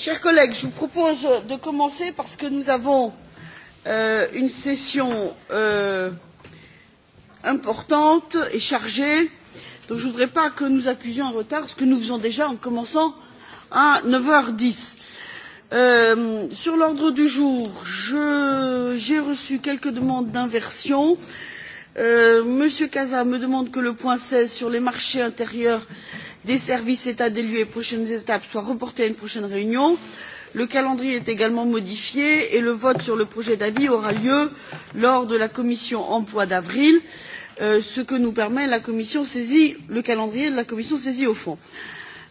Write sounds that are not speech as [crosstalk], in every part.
chers collègues je vous propose de commencer parce que nous avons une session importante et chargée donc je ne voudrais pas que nous accusions un retard ce que nous faisons déjà en commençant à neuf h dix. sur l'ordre du jour j'ai reçu quelques demandes d'inversion. m. casa me demande que le point seize sur les marchés intérieurs des services état des lieux et prochaines étapes soit reporté à une prochaine réunion. le calendrier est également modifié et le vote sur le projet d'avis aura lieu lors de la commission emploi d'avril ce que nous permet le calendrier de la commission saisie au fond.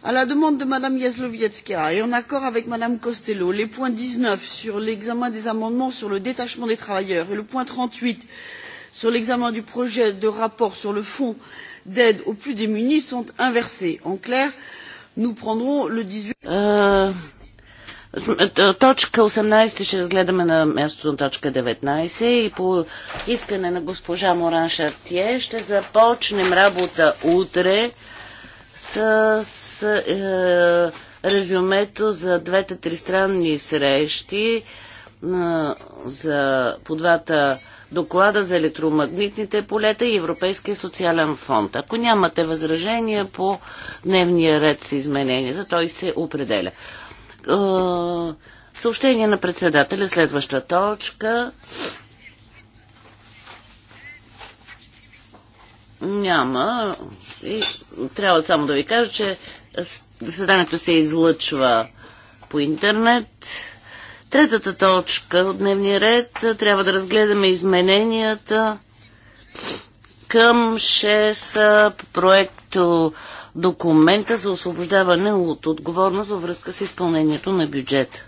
à la demande de mme jazlowiecka et en accord avec mme costello les points dix neuf sur l'examen des amendements sur le détachement des travailleurs et le point trente huit sur l'examen du projet de rapport sur le fonds d'aide aux plus démunis sont inversées. En clair, nous prendrons le 18. Е, е, точка 18 ще разгледаме на мястото на точка 19 и по искане на госпожа Моран Шартие ще започнем работа утре с, с е, резюмето за двете тристранни срещи е, за, по двата доклада за електромагнитните полета и Европейския социален фонд. Ако нямате възражения по дневния ред с изменения, за той се определя. Съобщение на председателя, следваща точка. Няма. И трябва само да ви кажа, че заседанието се излъчва по интернет. Третата точка от дневния ред трябва да разгледаме измененията към 6 проекто документа за освобождаване от отговорност във връзка с изпълнението на бюджет.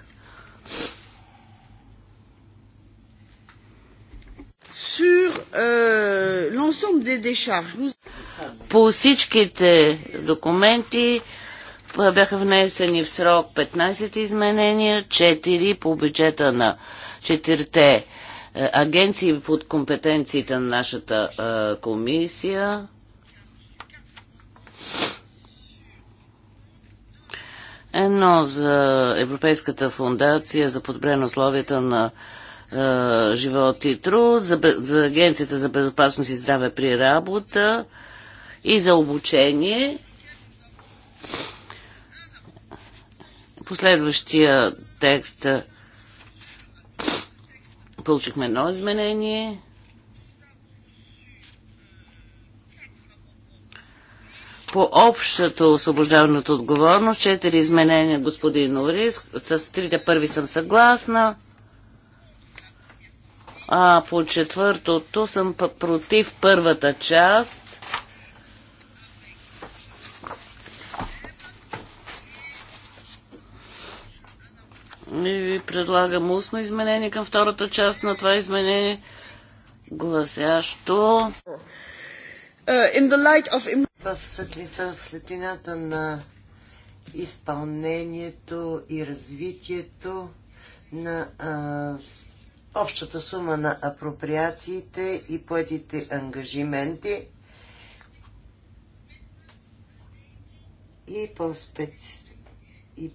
Euh, по всичките документи бяха внесени в срок 15 изменения, 4 по бюджета на 4-те е, агенции под компетенциите на нашата е, комисия. Едно за Европейската фундация за подобрено условията на е, живот и труд, за, за Агенцията за безопасност и здраве при работа и за обучение. Последващия текст получихме едно изменение. по общата освобождаваната отговорност. Четири изменения, господин Норис, С трите първи съм съгласна. А по четвъртото съм против първата част. И предлагам устно изменение към втората част на това изменение, гласящо... Uh, in the light of... В светлината, в светлината на изпълнението и развитието на а, общата сума на апроприациите и поетите ангажименти и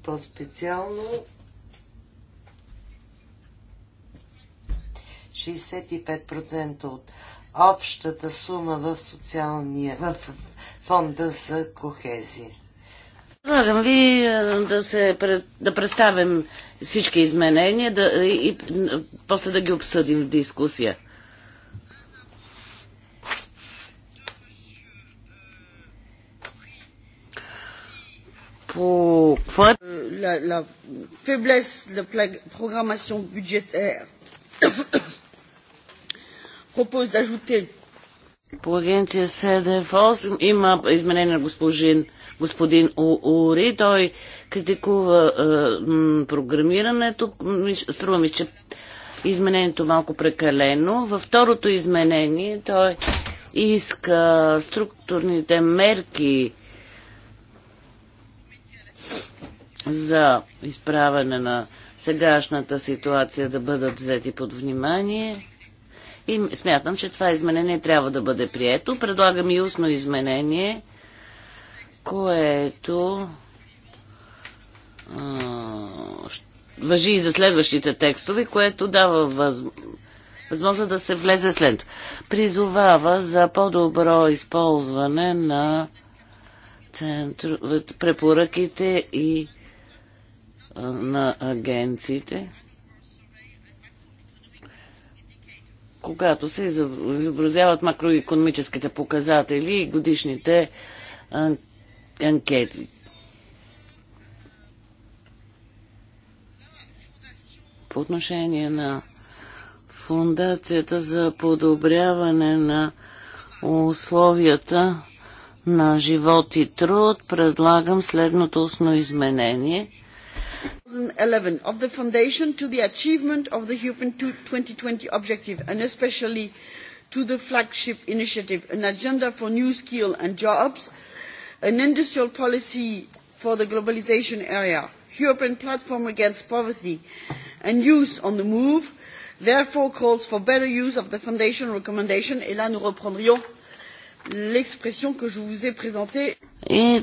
по-специално 65% от общата сума в социалния, в фонда за кохезия. Предлагам ви е, да, се, да представим всички изменения да, и, и после да ги обсъдим в дискусия. По какво е? La, la faiblesse de la programmation budgétaire propose d'ajouter. По агенция СДФ има изменение на госпожин, господин Ури. Той критикува е, програмирането. Струва ми, че изменението е малко прекалено. Във второто изменение той иска структурните мерки за изправяне на сегашната ситуация да бъдат взети под внимание. И смятам, че това изменение трябва да бъде прието. Предлагам и устно изменение, което а, въжи и за следващите текстове, което дава възможно да се влезе след. Призовава за по-добро използване на центр... препоръките и на агенциите. когато се изобразяват макроекономическите показатели и годишните ан... анкети. По отношение на Фундацията за подобряване на условията на живот и труд предлагам следното основно изменение – eleven of the foundation to the achievement of the European 2020 objective and especially to the flagship initiative, an agenda for new skills and jobs, an industrial policy for the globalisation area, European platform against poverty and youth on the move, therefore calls for better use of the foundation recommendation. Et là, nous reprendrions l'expression que je vous ai présentée. Et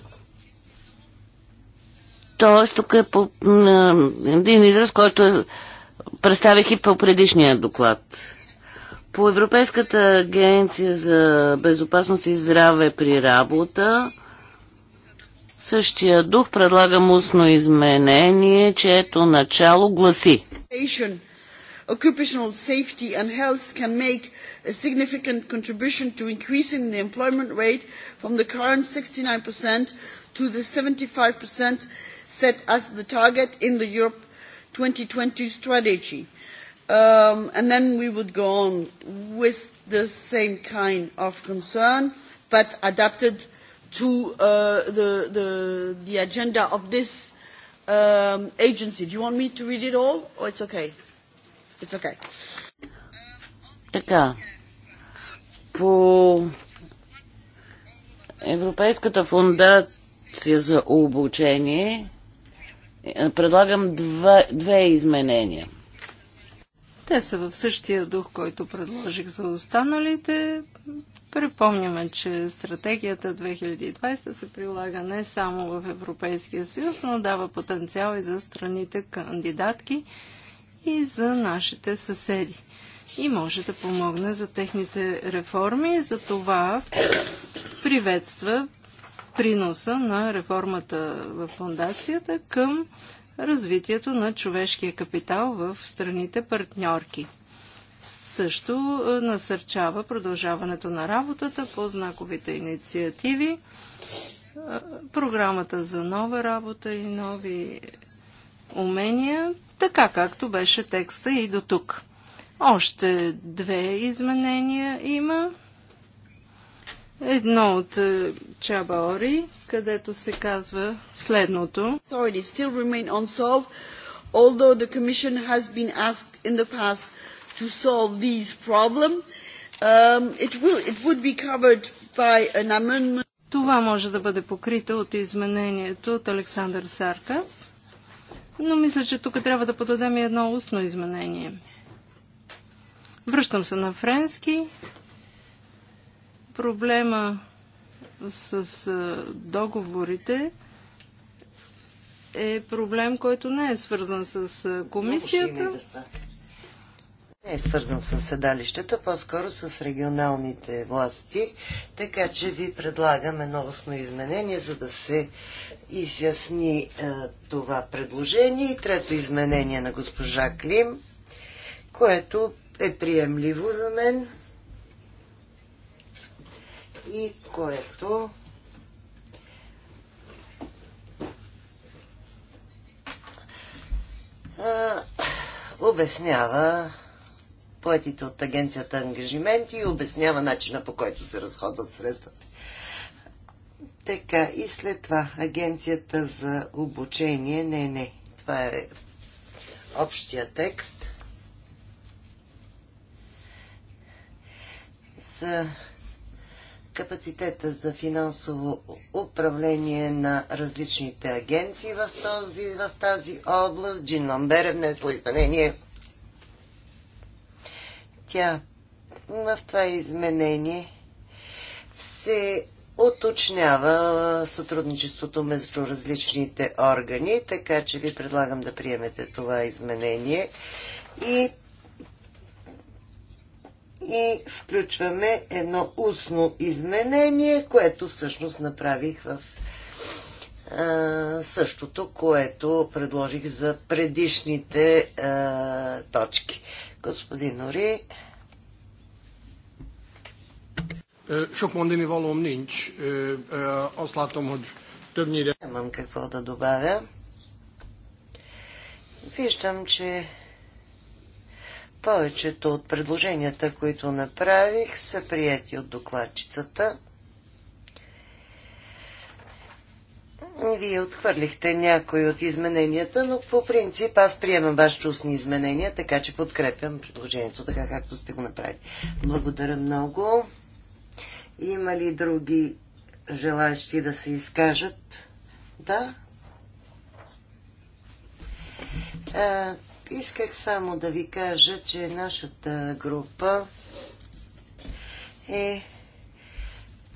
Тоест, тук е по, един израз, който е, представих и по предишния доклад. По Европейската агенция за безопасност и здраве при работа същия дух предлага мусно изменение, чието начало гласи. Occupational safety and health can make a significant contribution to increasing the employment rate from the current 69% to the 75% set as the target in the Europe 2020 strategy. Um, and then we would go on with the same kind of concern, but adapted to uh, the, the, the agenda of this um, agency. Do you want me to read it all, or it's okay? It's okay. Така, по Европейската фундация за обучение Предлагам два, две изменения. Те са в същия дух, който предложих за останалите. Припомняме, че стратегията 2020 се прилага не само в Европейския съюз, но дава потенциал и за страните кандидатки и за нашите съседи. И може да помогне за техните реформи. За това приветства приноса на реформата в фундацията към развитието на човешкия капитал в страните партньорки. Също е, насърчава продължаването на работата по знаковите инициативи, е, програмата за нова работа и нови умения, така както беше текста и до тук. Още две изменения има едно от е, Чабаори, където се казва следното. still remain unsolved, although the Commission has been asked in the past to solve these problems. Um, it, will, it would be covered by an amendment. Това може да бъде покрито от изменението от Александър Саркас, но мисля, че тук трябва да подадем и едно устно изменение. Връщам се на френски. Проблема с договорите е проблем, който не е свързан с комисията. Не е свързан с седалището, по-скоро с регионалните власти, така че ви предлагам едно основно изменение, за да се изясни е, това предложение и трето изменение на госпожа Клим, което е приемливо за мен и което а, обяснява поетите от агенцията ангажименти и обяснява начина по който се разходват средствата. Така, и след това агенцията за обучение. Не, не, това е общия текст. За капацитета за финансово управление на различните агенции в, този, в тази област. Джин Ламбер е внесла изменение. Тя в това изменение се уточнява сътрудничеството между различните органи, така че ви предлагам да приемете това изменение. И и включваме едно устно изменение, което всъщност направих в а, същото, което предложих за предишните а, точки. Господин Ори. Е, sok mondani valóm nincs. Е, е, azt látom, Нямам какво да добавя. Виждам, че повечето от предложенията, които направих, са прияти от докладчицата. Вие отхвърлихте някои от измененията, но по принцип аз приемам вашите устни изменения, така че подкрепям предложението, така както сте го направили. Благодаря много. Има ли други желащи да се изкажат? Да. Исках само да ви кажа, че нашата група е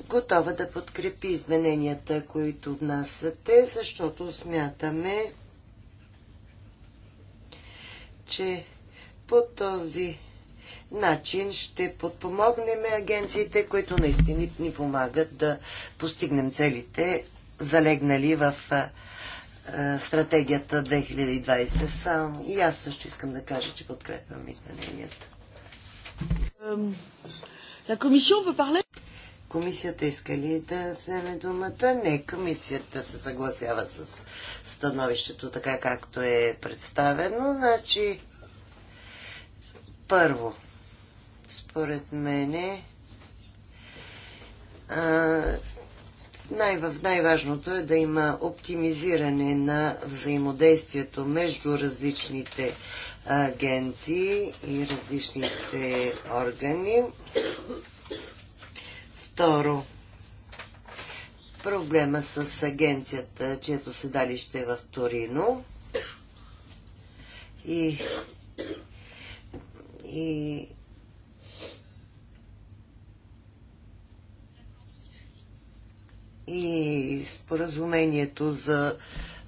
готова да подкрепи измененията, които внасяте, защото смятаме, че по този начин ще подпомогнем агенциите, които наистина ни помагат да постигнем целите, залегнали в е, стратегията 2020. Сам и аз също искам да кажа, че подкрепям измененията. Комисията иска ли да вземе думата? Не, комисията се съгласява с становището така както е представено. Значи, първо, според мене, най- най-важното е да има оптимизиране на взаимодействието между различните агенции и различните органи. Второ, проблема с агенцията, чието седалище е в Торино и, и и споразумението за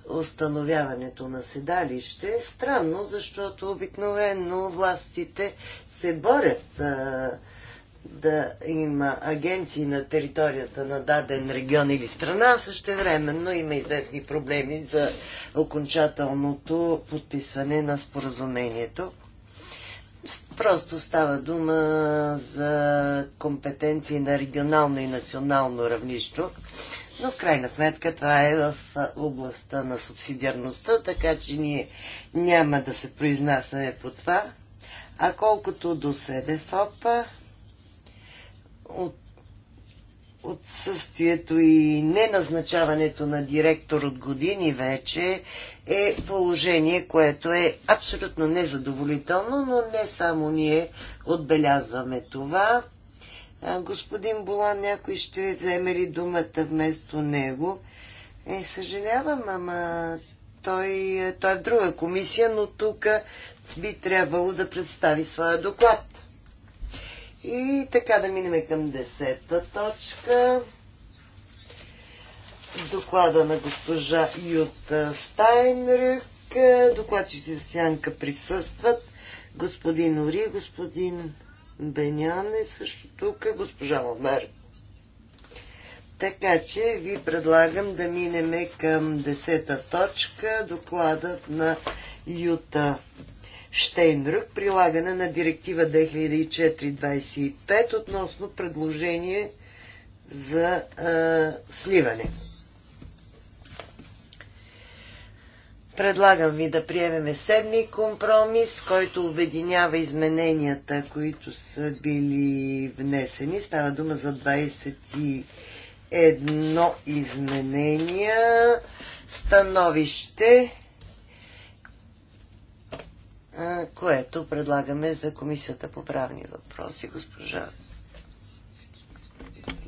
установяването на седалище. Странно, защото обикновено властите се борят а, да има агенции на територията на даден регион или страна, същевременно има известни проблеми за окончателното подписване на споразумението. Просто става дума за компетенции на регионално и национално равнище, но в крайна сметка това е в областта на субсидиарността, така че ние няма да се произнасяме по това. А колкото до СДФОПа, от отсъствието и неназначаването на директор от години вече е положение, което е абсолютно незадоволително, но не само ние отбелязваме това. господин Болан, някой ще вземе ли думата вместо него? Е, съжалявам, ама той, той е в друга комисия, но тук би трябвало да представи своя доклад. И така да минем към десета точка. Доклада на госпожа Юта Стайнрък. Докладчици в сянка присъстват. Господин Ори, господин Бенян е също тук, госпожа Ламер. Така че ви предлагам да минеме към десета точка, докладът на Юта Штейнрък, е прилагане на директива 2004-25 относно предложение за а, сливане. Предлагам ви да приемеме седми компромис, който обединява измененията, които са били внесени. Става дума за 21 изменения. Становище което предлагаме за Комисията по правни въпроси. Госпожа,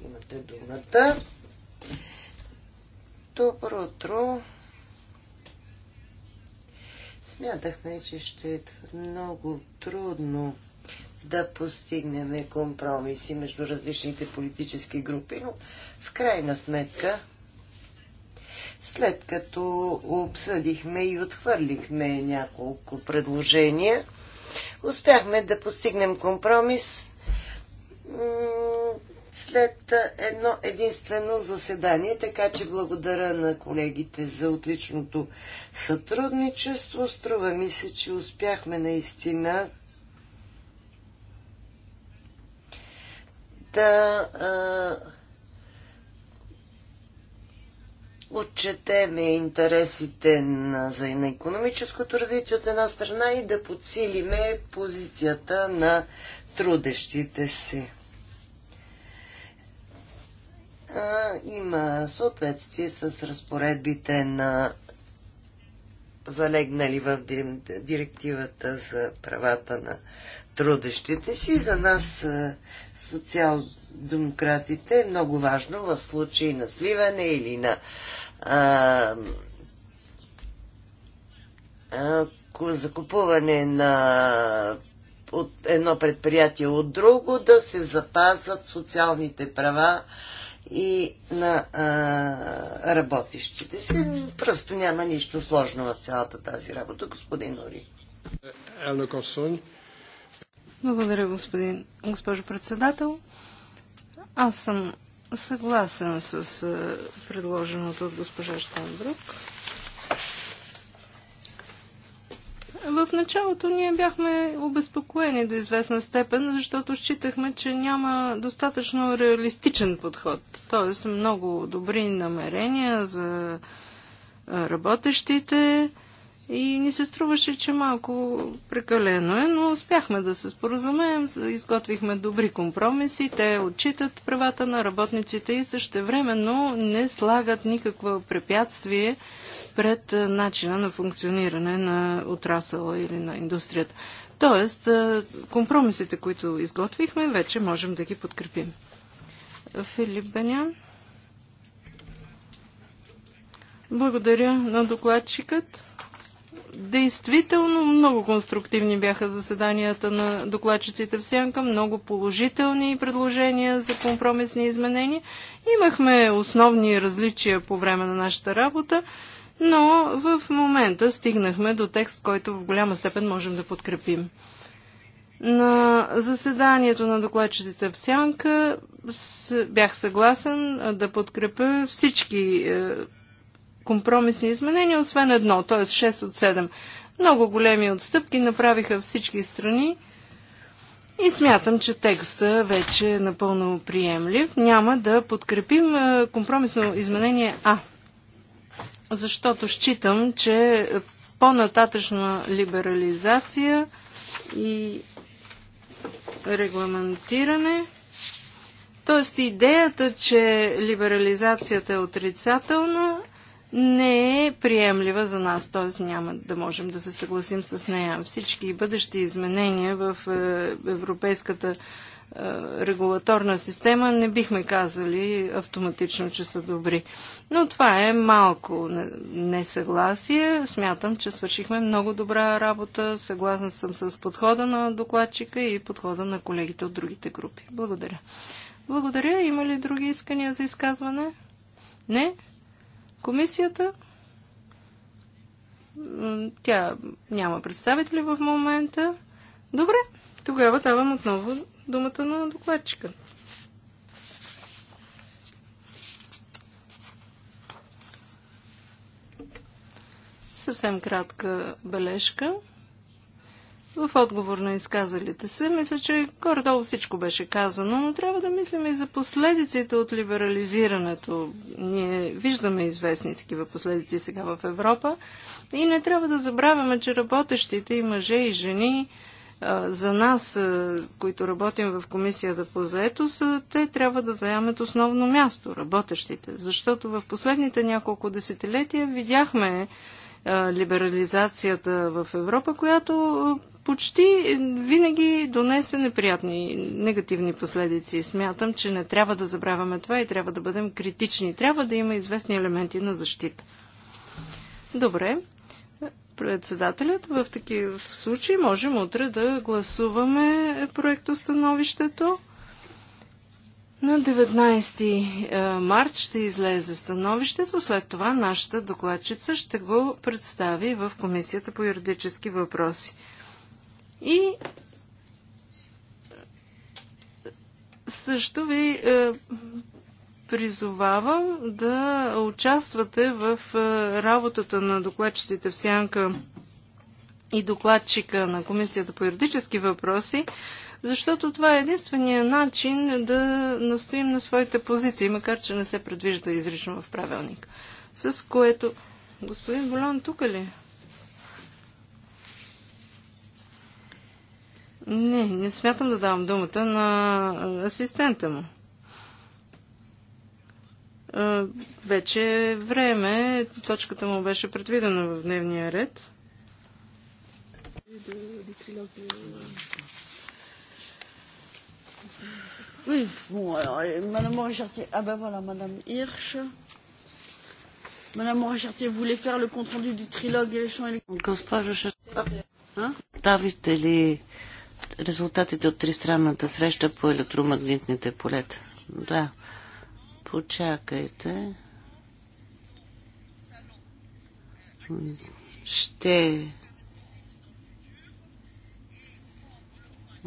имате думата. Добро утро. Смятахме, че ще е много трудно да постигнем компромиси между различните политически групи, но в крайна сметка след като обсъдихме и отхвърлихме няколко предложения, успяхме да постигнем компромис след едно единствено заседание, така че благодаря на колегите за отличното сътрудничество. Струва ми се, че успяхме наистина да отчетеме интересите на, за, на економическото развитие от една страна и да подсилиме позицията на трудещите си. А, има съответствие с разпоредбите на залегнали в директивата за правата на трудещите си. За нас социал-демократите е много важно в случай на сливане или на а, а, закупуване на от едно предприятие от друго, да се запазват социалните права и на а, работещите си. Просто няма нищо сложно в цялата тази работа, господин Ори. Благодаря, господин, госпожо председател. Аз съм Съгласен с е, предложеното от госпожа Штанбрук. В началото ние бяхме обезпокоени до известна степен, защото считахме, че няма достатъчно реалистичен подход. Тоест много добри намерения за е, работещите, и ни се струваше, че малко прекалено е, но успяхме да се споразумеем, изготвихме добри компромиси, те отчитат правата на работниците и същевременно не слагат никакво препятствие пред начина на функциониране на отрасъла или на индустрията. Тоест, компромисите, които изготвихме, вече можем да ги подкрепим. Филип Бенян. Благодаря на докладчикът действително много конструктивни бяха заседанията на докладчиците в Сянка, много положителни предложения за компромисни изменения. Имахме основни различия по време на нашата работа, но в момента стигнахме до текст, който в голяма степен можем да подкрепим. На заседанието на докладчиците в Сянка бях съгласен да подкрепя всички е, компромисни изменения, освен едно, т.е. 6 от 7. Много големи отстъпки направиха всички страни и смятам, че текста вече е напълно приемлив. Няма да подкрепим е, компромисно изменение А, защото считам, че по-нататъчна либерализация и регламентиране Тоест идеята, че либерализацията е отрицателна, не е приемлива за нас, т.е. няма да можем да се съгласим с нея. Всички бъдещи изменения в е, европейската е, регулаторна система не бихме казали автоматично, че са добри. Но това е малко несъгласие. Смятам, че свършихме много добра работа. Съгласна съм с подхода на докладчика и подхода на колегите от другите групи. Благодаря. Благодаря. Има ли други искания за изказване? Не? Комисията тя няма представители в момента. Добре, тогава давам отново думата на докладчика. Съвсем кратка бележка. В отговор на изказалите се, мисля, че горе-долу всичко беше казано, но трябва да мислим и за последиците от либерализирането. Ние виждаме известни такива последици сега в Европа и не трябва да забравяме, че работещите и мъже и жени за нас, които работим в комисията по заетост, те трябва да заемат основно място, работещите. Защото в последните няколко десетилетия видяхме либерализацията в Европа, която почти винаги донесе неприятни негативни последици. Смятам, че не трябва да забравяме това и трябва да бъдем критични. Трябва да има известни елементи на защита. Добре. Председателят в такива случаи можем утре да гласуваме проектостановището. На 19 е, март ще излезе становището, след това нашата докладчица ще го представи в Комисията по юридически въпроси. И също ви е, призовавам да участвате в е, работата на докладчиците в Сянка и докладчика на Комисията по юридически въпроси, защото това е единствения начин да настоим на своите позиции, макар че не се предвижда изрично в правилник. С което... Господин Болон, тук е ли? Не, не смятам да давам думата на асистента му. Вече е време. Точката му беше предвидена в дневния ред. Госпожо Шаш... Давите ли резултатите от тристранната среща по електромагнитните полета. Да, почакайте. Ще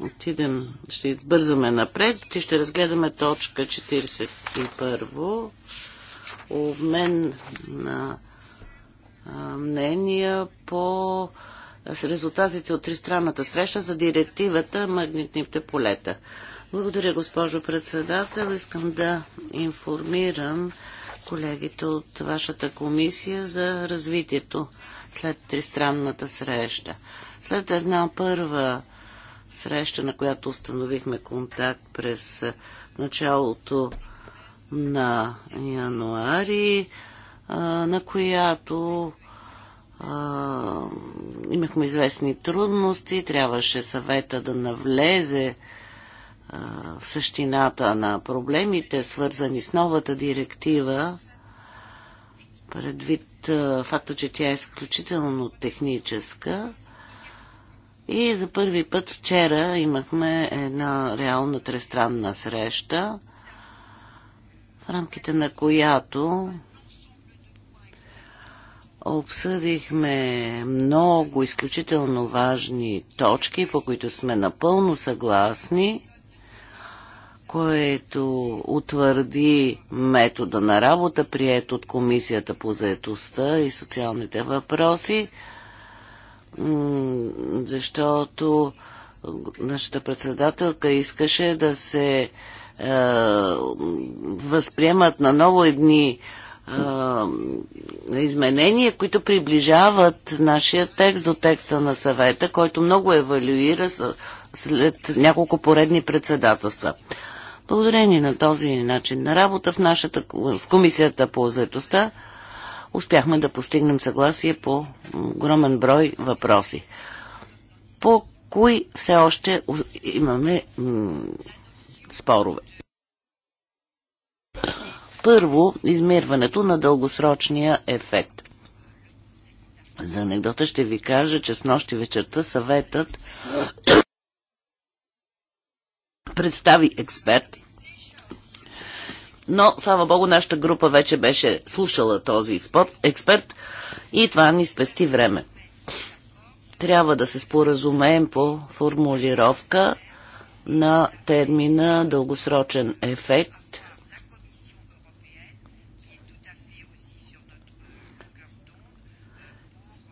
отидем, ще избързаме напред и ще разгледаме точка 41. Обмен на мнения по с резултатите от тристранната среща за директивата магнитните полета. Благодаря, госпожо председател. Искам да информирам колегите от вашата комисия за развитието след тристранната среща. След една първа среща, на която установихме контакт през началото на януари, на която имахме известни трудности, трябваше съвета да навлезе а, в същината на проблемите, свързани с новата директива, предвид а, факта, че тя е изключително техническа. И за първи път вчера имахме една реална тристранна среща, в рамките на която Обсъдихме много изключително важни точки, по които сме напълно съгласни, което утвърди метода на работа, прият от Комисията по заетостта и социалните въпроси, защото нашата председателка искаше да се е, възприемат наново едни а, изменения, които приближават нашия текст до текста на съвета, който много евалюира след няколко поредни председателства. Благодарение на този начин на работа в, нашата, в комисията по заедостта успяхме да постигнем съгласие по огромен брой въпроси. По кои все още имаме спорове? Първо, измерването на дългосрочния ефект. За анекдота ще ви кажа, че с нощи вечерта съветът представи експерт. Но, слава Богу, нашата група вече беше слушала този експерт и това ни спести време. Трябва да се споразумеем по формулировка на термина дългосрочен ефект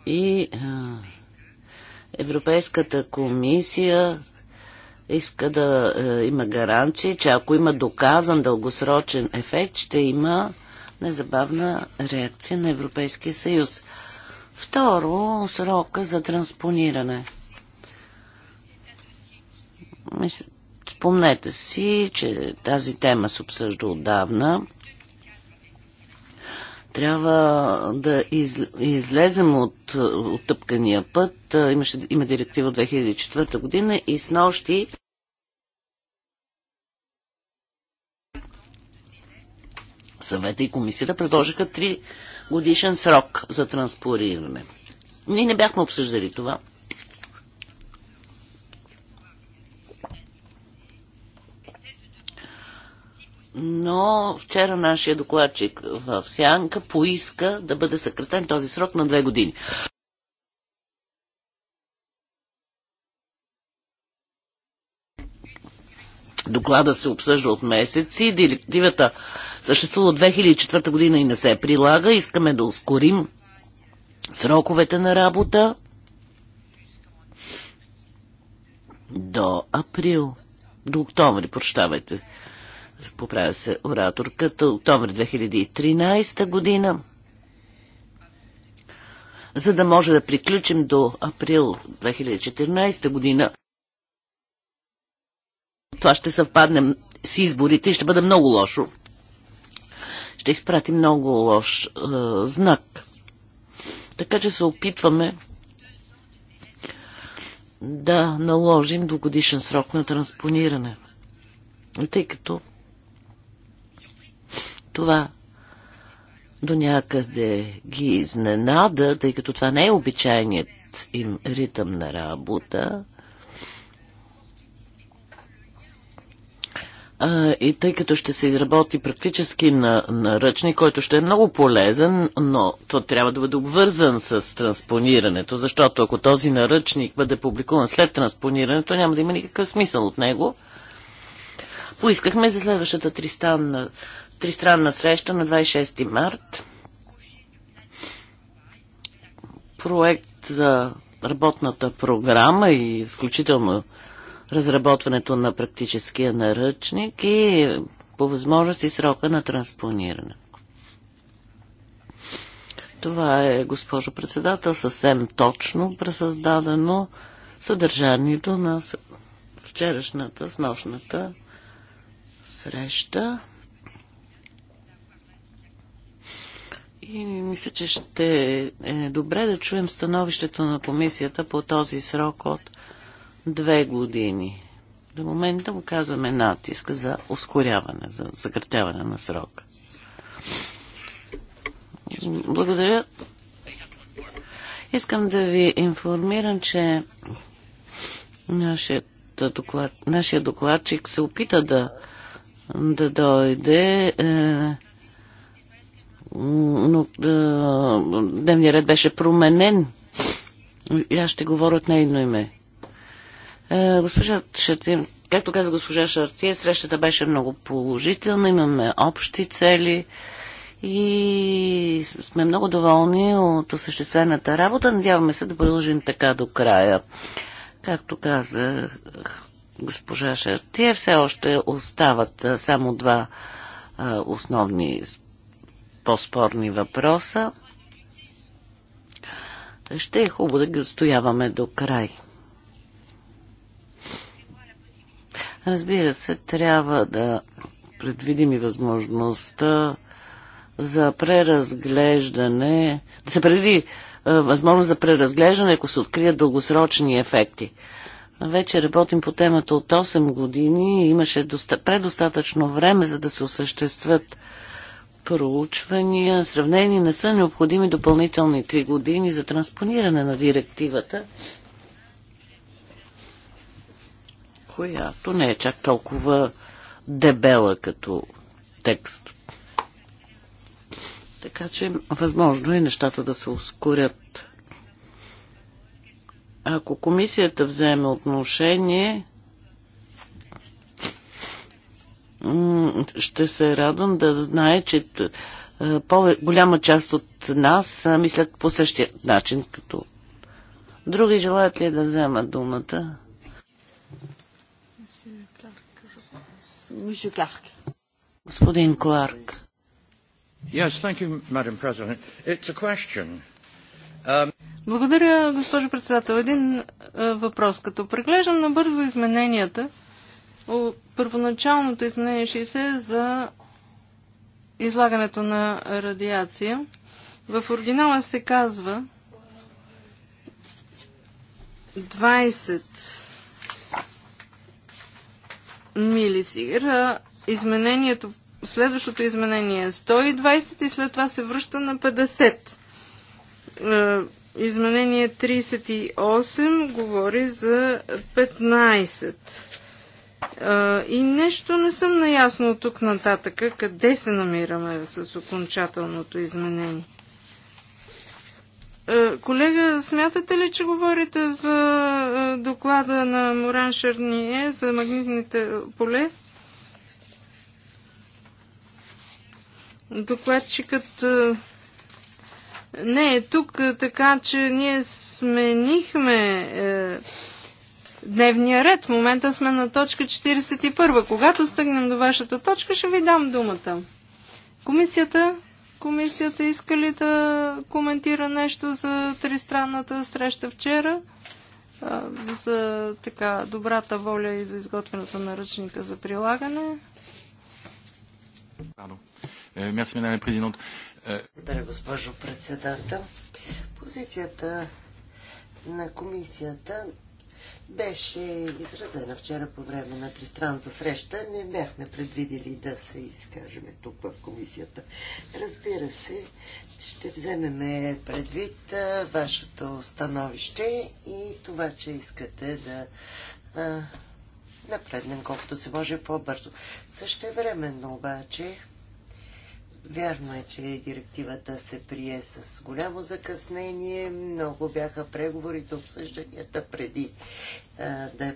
И а, Европейската комисия иска да е, има гаранции, че ако има доказан дългосрочен ефект, ще има незабавна реакция на Европейския съюз. Второ, срока за транспониране. Спомнете си, че тази тема се обсъжда отдавна трябва да из, излезем от оттъпкания път. Имаше, има директива от 2004 година и с нощи съвета и комисията предложиха 3 годишен срок за транспориране. Ние не бяхме обсъждали това. но вчера нашия докладчик в Сянка поиска да бъде съкратен този срок на две години. Доклада се обсъжда от месеци. Директивата съществува от 2004 година и не се прилага. Искаме да ускорим сроковете на работа до април, до октомври, прощавайте поправя се ораторката, октомври 2013 година, за да може да приключим до април 2014 година. Това ще съвпадне с изборите и ще бъде много лошо. Ще изпрати много лош е, знак. Така че се опитваме да наложим двогодишен срок на транспониране. Тъй като това до някъде ги изненада, тъй като това не е обичайният им ритъм на работа. и тъй като ще се изработи практически на, наръчник, който ще е много полезен, но то трябва да бъде обвързан с транспонирането, защото ако този наръчник бъде публикуван след транспонирането, няма да има никакъв смисъл от него. Поискахме за следващата тристанна тристранна среща на 26 март. Проект за работната програма и включително разработването на практическия наръчник и по възможност и срока на транспониране. Това е, госпожо председател, съвсем точно пресъздадено съдържанието на вчерашната, снощната среща. И мисля, че ще е добре да чуем становището на комисията по този срок от две години. До момента му казваме натиск за ускоряване, за съкратяване на срока. Благодаря. Искам да ви информирам, че нашият, доклад, нашия докладчик се опита да, да дойде. Е, но дневният ред беше променен. И аз ще говоря от нейно име. Госпожа Шатин, както каза госпожа Шартия, срещата беше много положителна, имаме общи цели и сме много доволни от осъществената работа. Надяваме се да продължим така до края. Както каза госпожа Шартия, все още остават само два основни по-спорни въпроса. Ще е хубаво да ги отстояваме до край. Разбира се, трябва да предвидим и възможността за преразглеждане, да се преди е, възможност за преразглеждане, ако се открият дългосрочни ефекти. Вече работим по темата от 8 години и имаше доста, предостатъчно време, за да се осъществят проучвания, сравнение не са необходими допълнителни три години за транспониране на директивата, която не е чак толкова дебела като текст. Така че възможно е нещата да се ускорят. Ако комисията вземе отношение, ще се радвам да знае, че по-голяма част от нас мислят по същия начин, като други желаят ли да вземат думата? Господин Кларк. Yes, thank you, Madam President. It's a question. Um... Благодаря, госпожо председател. Един въпрос. Като преглеждам набързо измененията, първоначалното изменение 60 е за излагането на радиация. В оригинала се казва 20 милисигра. Изменението, следващото изменение е 120 и след това се връща на 50. Е, изменение 38 говори за 15 и нещо не съм наясно от тук нататък. къде се намираме с окончателното изменение. Колега, смятате ли, че говорите за доклада на Моран Шарние за магнитните поле? Докладчикът не е тук, така че ние сменихме е, дневния ред. В момента сме на точка 41. Когато стъгнем до вашата точка, ще ви дам думата. Комисията, комисията иска ли да коментира нещо за тристранната среща вчера? за така добрата воля и за изготвянето на ръчника за прилагане. Е, е, Благодаря, госпожо председател. Позицията на комисията беше изразена вчера по време на тристранната среща. Не бяхме предвидели да се изкажеме тук в комисията. Разбира се, ще вземем предвид вашето становище и това, че искате да а, напреднем колкото се може по-бързо. Същевременно обаче Вярно е, че директивата се прие с голямо закъснение. Много бяха преговорите, обсъжданията преди а, да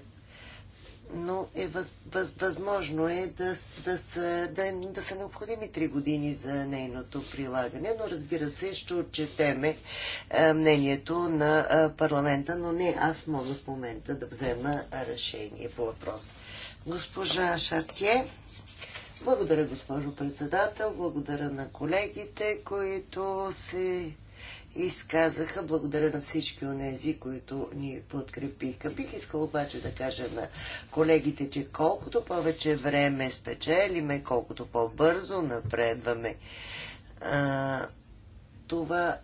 но е въз, въз, възможно е да, да, са, да, да са необходими три години за нейното прилагане, но разбира се, ще отчетеме а, мнението на а, парламента, но не аз мога в момента да взема решение по въпрос. Госпожа Шартие. Благодаря, госпожо председател. Благодаря на колегите, които се изказаха. Благодаря на всички онези, които ни подкрепиха. Бих искал обаче да кажа на колегите, че колкото повече време спечелиме, колкото по-бързо напредваме, а, това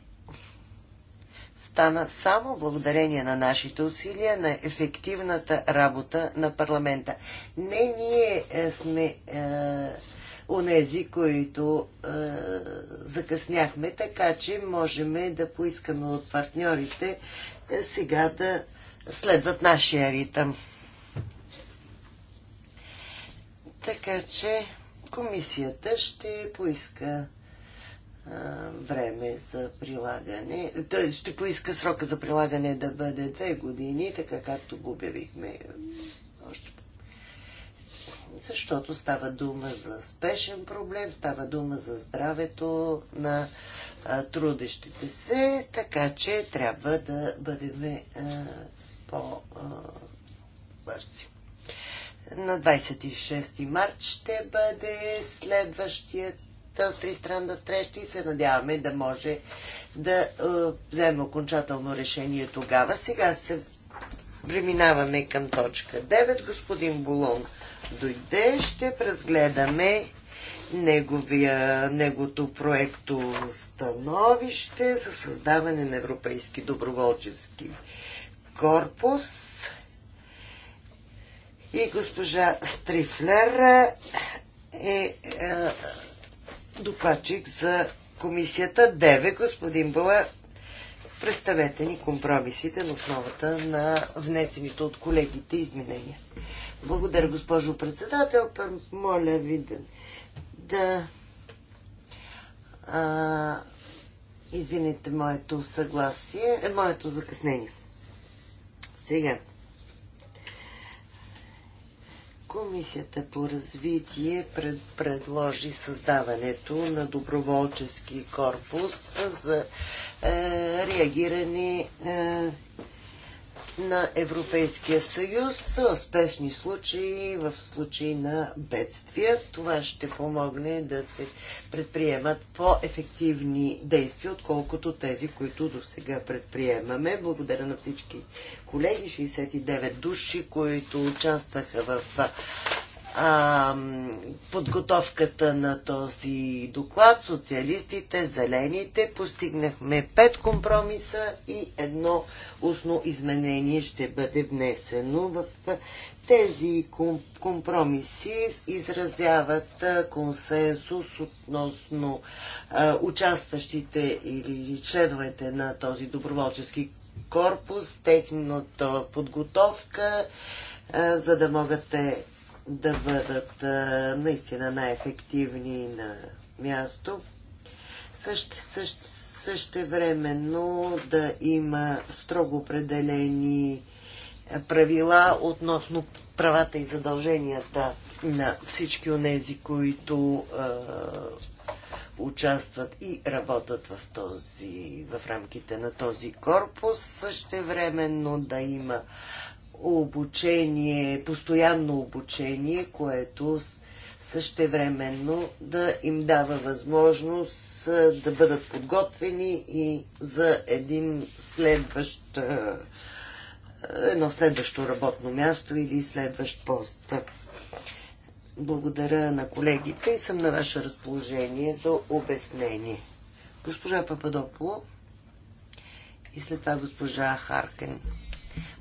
стана само благодарение на нашите усилия, на ефективната работа на парламента. Не ние е, сме е, унези, които е, закъсняхме, така че можем да поискаме от партньорите е, сега да следват нашия ритъм. Така че комисията ще поиска време за прилагане. Той ще поиска срока за прилагане да бъде две години, така както го обявихме Защото става дума за спешен проблем, става дума за здравето на трудещите се, така че трябва да бъдем по-бързи. На 26 март ще бъде следващият тристранна среща и се надяваме да може да е, вземе окончателно решение тогава. Сега се преминаваме към точка 9. Господин Болон дойде, ще разгледаме неговия, неговото проекто становище за създаване на Европейски доброволчески корпус. И госпожа Стрифлера е, е докладчик за комисията 9, господин Бала. Представете ни компромисите в основата на внесените от колегите изменения. Благодаря, госпожо председател. Моля ви да, да а, извините моето съгласие, е, моето закъснение. Сега. Комисията по развитие пред, предложи създаването на доброволчески корпус за е, реагиране е, на Европейския съюз в спешни случаи, в случаи на бедствия. Това ще помогне да се предприемат по-ефективни действия, отколкото тези, които до сега предприемаме. Благодаря на всички колеги, 69 души, които участваха в а, подготовката на този доклад, социалистите, зелените, постигнахме пет компромиса и едно устно изменение ще бъде внесено в тези компромиси изразяват консенсус относно участващите или членовете на този доброволчески корпус, техната подготовка, за да могат те да бъдат а, наистина най-ефективни на място. Също, също, същевременно да има строго определени правила относно правата и задълженията на всички тези, които а, участват и работят в, този, в рамките на този корпус. Същевременно да има обучение, постоянно обучение, което същевременно да им дава възможност да бъдат подготвени и за един следващ едно следващо работно място или следващ пост. Благодаря на колегите и съм на ваше разположение за обяснение. Госпожа Пападополо и след това госпожа Харкен.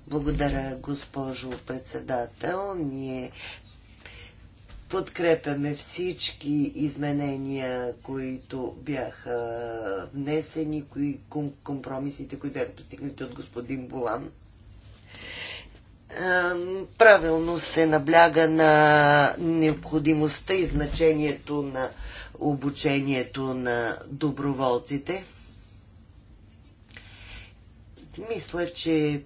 Благодаря, госпожо председател. Ние подкрепяме всички изменения, които бяха внесени, кои, компромисите, които бяха постигнати от господин Болан. Правилно се набляга на необходимостта и значението на обучението на доброволците. Мисля, че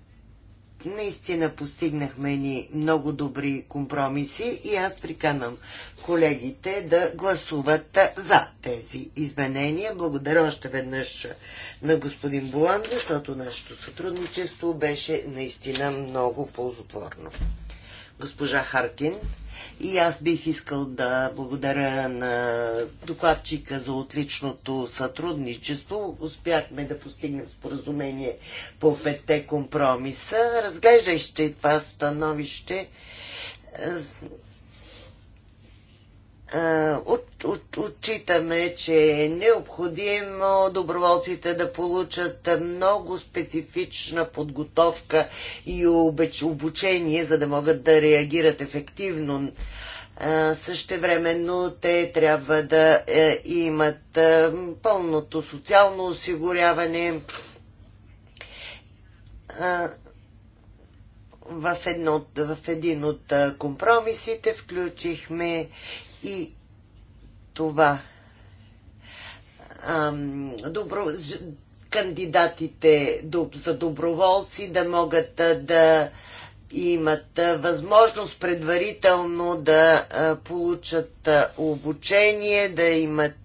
наистина постигнахме ни много добри компромиси и аз приканам колегите да гласуват за тези изменения. Благодаря още веднъж на господин Булан, защото нашето сътрудничество беше наистина много ползотворно. Госпожа Харкин. И аз бих искал да благодаря на докладчика за отличното сътрудничество. Успяхме да постигнем споразумение по петте компромиса. Разглеждащи това становище, е, от, от, отчитаме, че е необходимо доброволците да получат много специфична подготовка и обучение, за да могат да реагират ефективно. Е, същевременно те трябва да е, имат пълното социално осигуряване в, едно, в един от компромисите включихме и това ам, добро, кандидатите за доброволци да могат да имат възможност предварително да получат обучение, да имат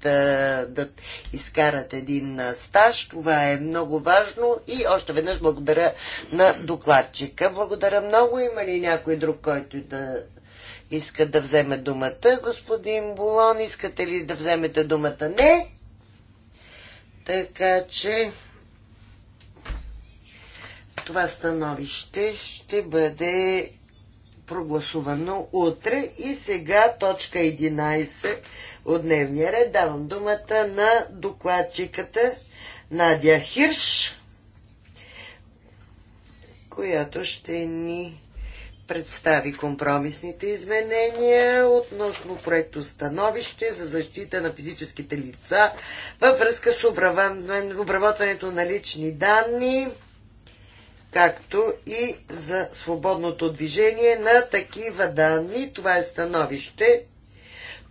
да изкарат един стаж. Това е много важно и още веднъж благодаря на докладчика. Благодаря много. Има ли някой друг, който да иска да вземе думата. Господин Болон, искате ли да вземете думата? Не. Така че това становище ще бъде прогласувано утре. И сега точка 11 от дневния ред. Давам думата на докладчиката Надя Хирш, която ще ни представи компромисните изменения относно проекто становище за защита на физическите лица във връзка с обработването на лични данни, както и за свободното движение на такива данни. Това е становище,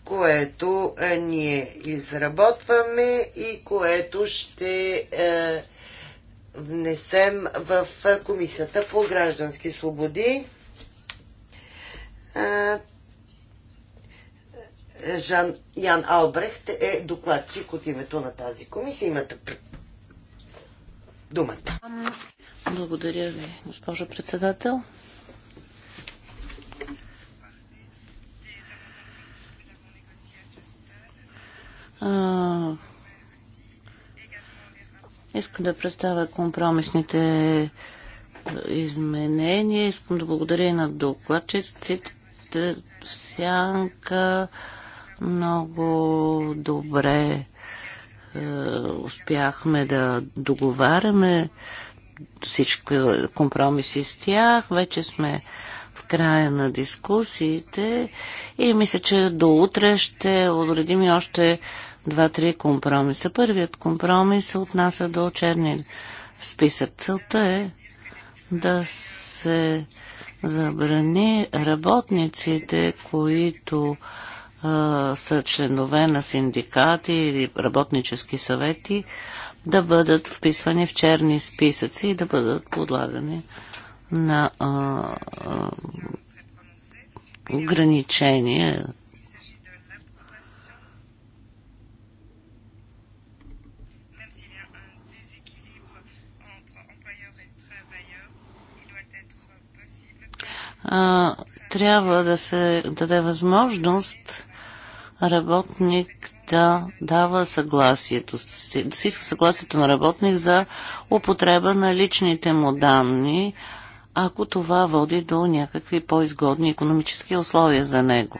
което е, ние изработваме и което ще е, внесем в е, Комисията по граждански свободи. Жан Ян Албрехт е докладчик от името на тази комисия. Имате думата. Благодаря ви, госпожо председател. А, искам да представя компромисните изменения. Искам да благодаря и на докладчиците, в сянка много добре е, успяхме да договаряме всички компромиси с тях. Вече сме в края на дискусиите и мисля, че до утре ще отредим и още два-три компромиса. Първият компромис се отнася до черния списък. Целта е да се забрани работниците, които а, са членове на синдикати или работнически съвети, да бъдат вписвани в черни списъци и да бъдат подлагани на а, а, ограничения трябва да се даде възможност работник да дава съгласието, да си иска съгласието на работник за употреба на личните му данни, ако това води до някакви по-изгодни економически условия за него.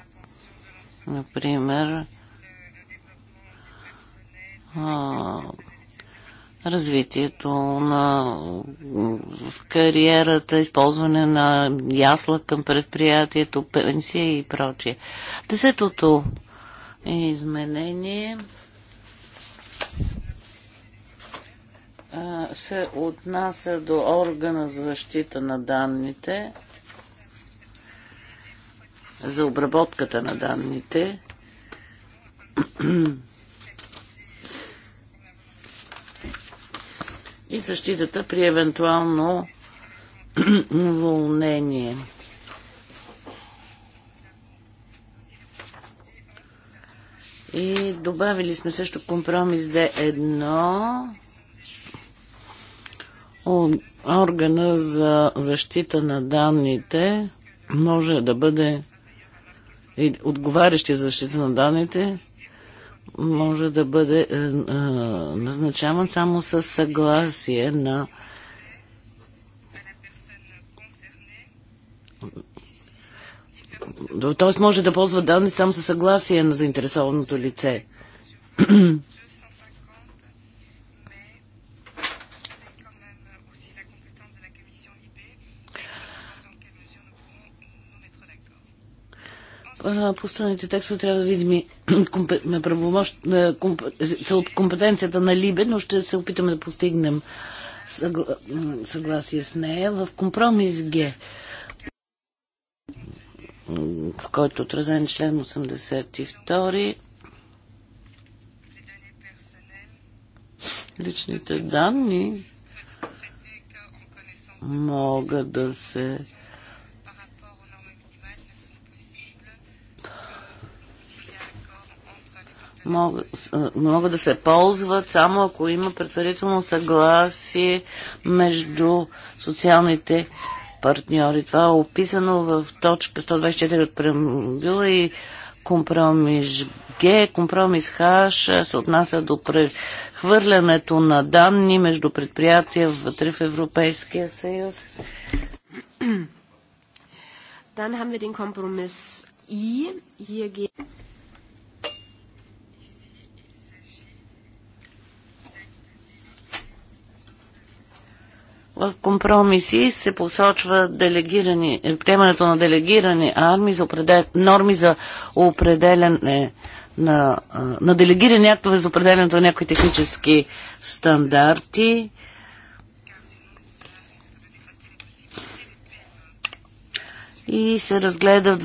Например, развитието на кариерата, използване на ясла към предприятието, пенсия и прочие. Десетото изменение се отнася до органа за защита на данните, за обработката на данните [clears throat] и защитата при евентуално [clears throat] уволнение. И добавили сме също компромис Д1 органа за защита на данните може да бъде и отговарящия за защита на данните може да бъде е, е, назначаван само с съгласие на Тоест може да ползва данни само със съгласие на заинтересованото лице. [clears throat] по текстове трябва да видим и [clears throat] компетенцията на Либе, но ще се опитаме да постигнем съгласие с нея в компромис Г, в който е отразен член 82. Личните данни могат да се могат, могат да се ползват само ако има предварително съгласие между социалните партньори. Това е описано в точка 124 от преамбюла и компромис Г, компромис Х се отнася до прехвърлянето на данни между предприятия вътре в Европейския съюз. Dann haben wir den Kompromiss I. Hier geht В компромиси се посочва делегирани, приемането на делегирани армии за определен, норми за определене на, на делегирани актове за определенето на някои технически стандарти. и се разгледа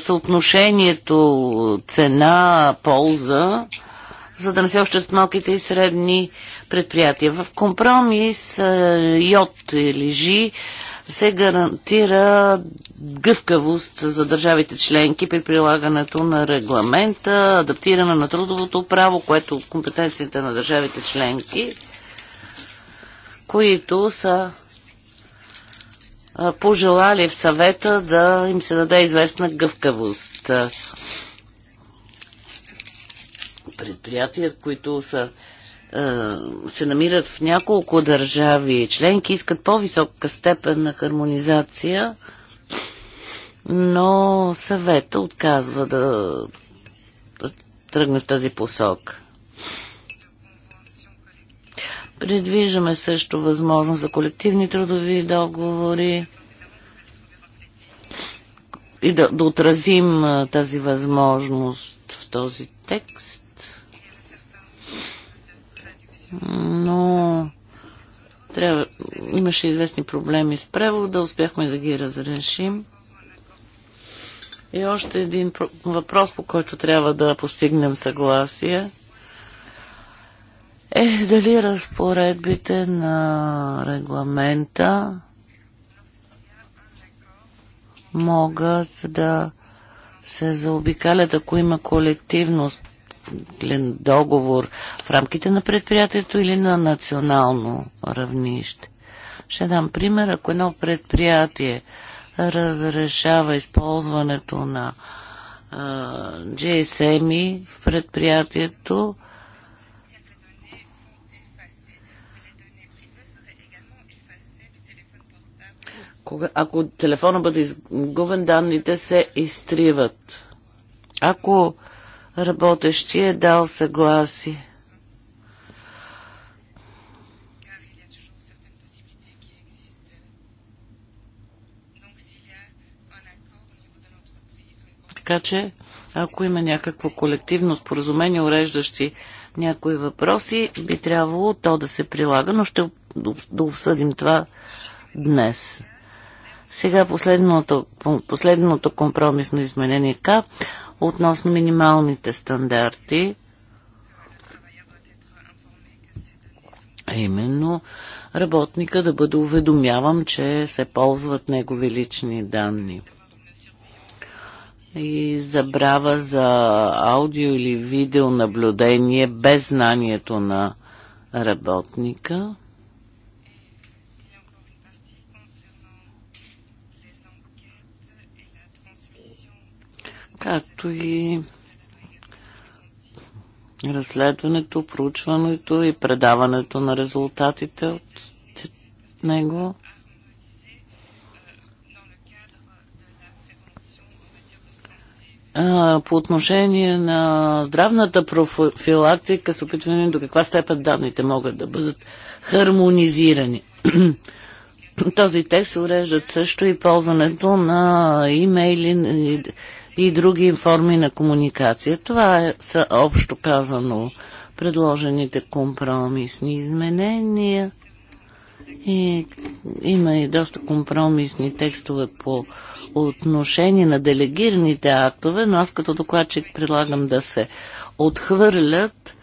съотношението цена-полза за да не се ощат малките и средни предприятия. В компромис е, йод или жи се гарантира гъвкавост за държавите членки при прилагането на регламента, адаптиране на трудовото право, което компетенциите на държавите членки, които са е, пожелали в съвета да им се даде известна гъвкавост предприятия, които са, е, се намират в няколко държави членки, искат по-висока степен на хармонизация, но съвета отказва да, да тръгне в тази посок. Предвиждаме също възможност за колективни трудови договори и да, да отразим тази възможност в този текст но трябва, имаше известни проблеми с превода, успяхме да ги разрешим. И още един въпрос, по който трябва да постигнем съгласие, е дали разпоредбите на регламента могат да се заобикалят, ако има колективност договор в рамките на предприятието или на национално равнище. Ще дам пример. Ако едно предприятие разрешава използването на GSM в предприятието, ако телефона бъде изгубен, данните се изтриват. Ако работещия е дал съгласие. Така че, ако има някакво колективно споразумение, уреждащи някои въпроси, би трябвало то да се прилага, но ще да обсъдим това днес. Сега последното, последното компромисно изменение К относно минималните стандарти. А именно работника да бъде уведомяван, че се ползват негови лични данни. И забрава за аудио или видеонаблюдение без знанието на работника. както и разследването, проучването и предаването на резултатите от него. по отношение на здравната профилактика се опитваме до каква степен данните могат да бъдат хармонизирани. [clears throat] Този текст уреждат също и ползването на имейли и други форми на комуникация. Това е, са общо казано предложените компромисни изменения. И има и доста компромисни текстове по отношение на делегираните актове, но аз като докладчик предлагам да се отхвърлят,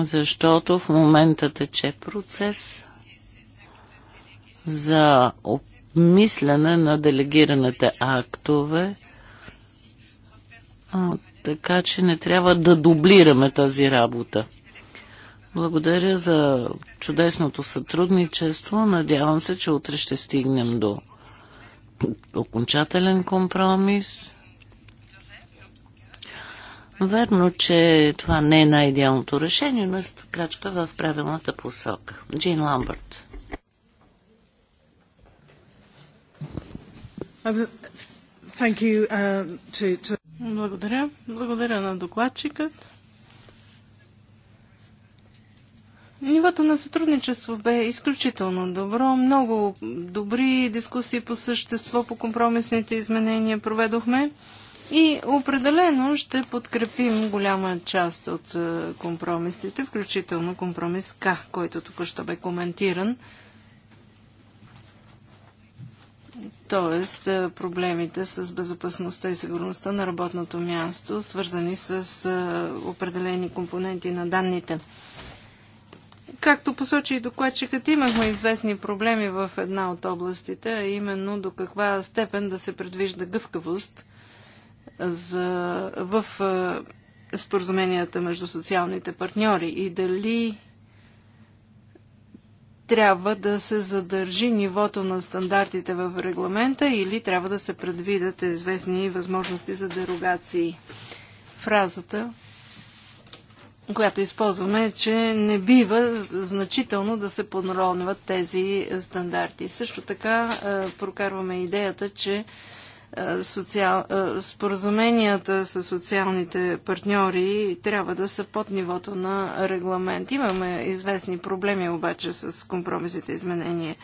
защото в момента тече процес за мислене на делегираните актове, а, така че не трябва да дублираме тази работа. Благодаря за чудесното сътрудничество. Надявам се, че утре ще стигнем до окончателен компромис. Верно, че това не е най-идеалното решение, но е крачка в правилната посока. Джин Ламбърт. Uh, uh, Благодаря. Благодаря на докладчикът. Нивото на сътрудничество бе изключително добро. Много добри дискусии по същество, по компромисните изменения проведохме. И определено ще подкрепим голяма част от е, компромисите, включително компромис К, който току-що бе коментиран. Тоест, е, проблемите с безопасността и сигурността на работното място, свързани с е, определени компоненти на данните. Както посочи и докладчикът, имахме известни проблеми в една от областите, а именно до каква степен да се предвижда гъвкавост е, за, в споразуменията между социалните партньори и дали трябва да се задържи нивото на стандартите в регламента или трябва да се предвидят известни възможности за дерогации. Фразата, която използваме е, че не бива значително да се подронват тези стандарти. Също така е, прокарваме идеята, че е, социал... Е, споразуменията с социалните партньори трябва да са под нивото на регламент. Имаме известни проблеми обаче с компромисите изменения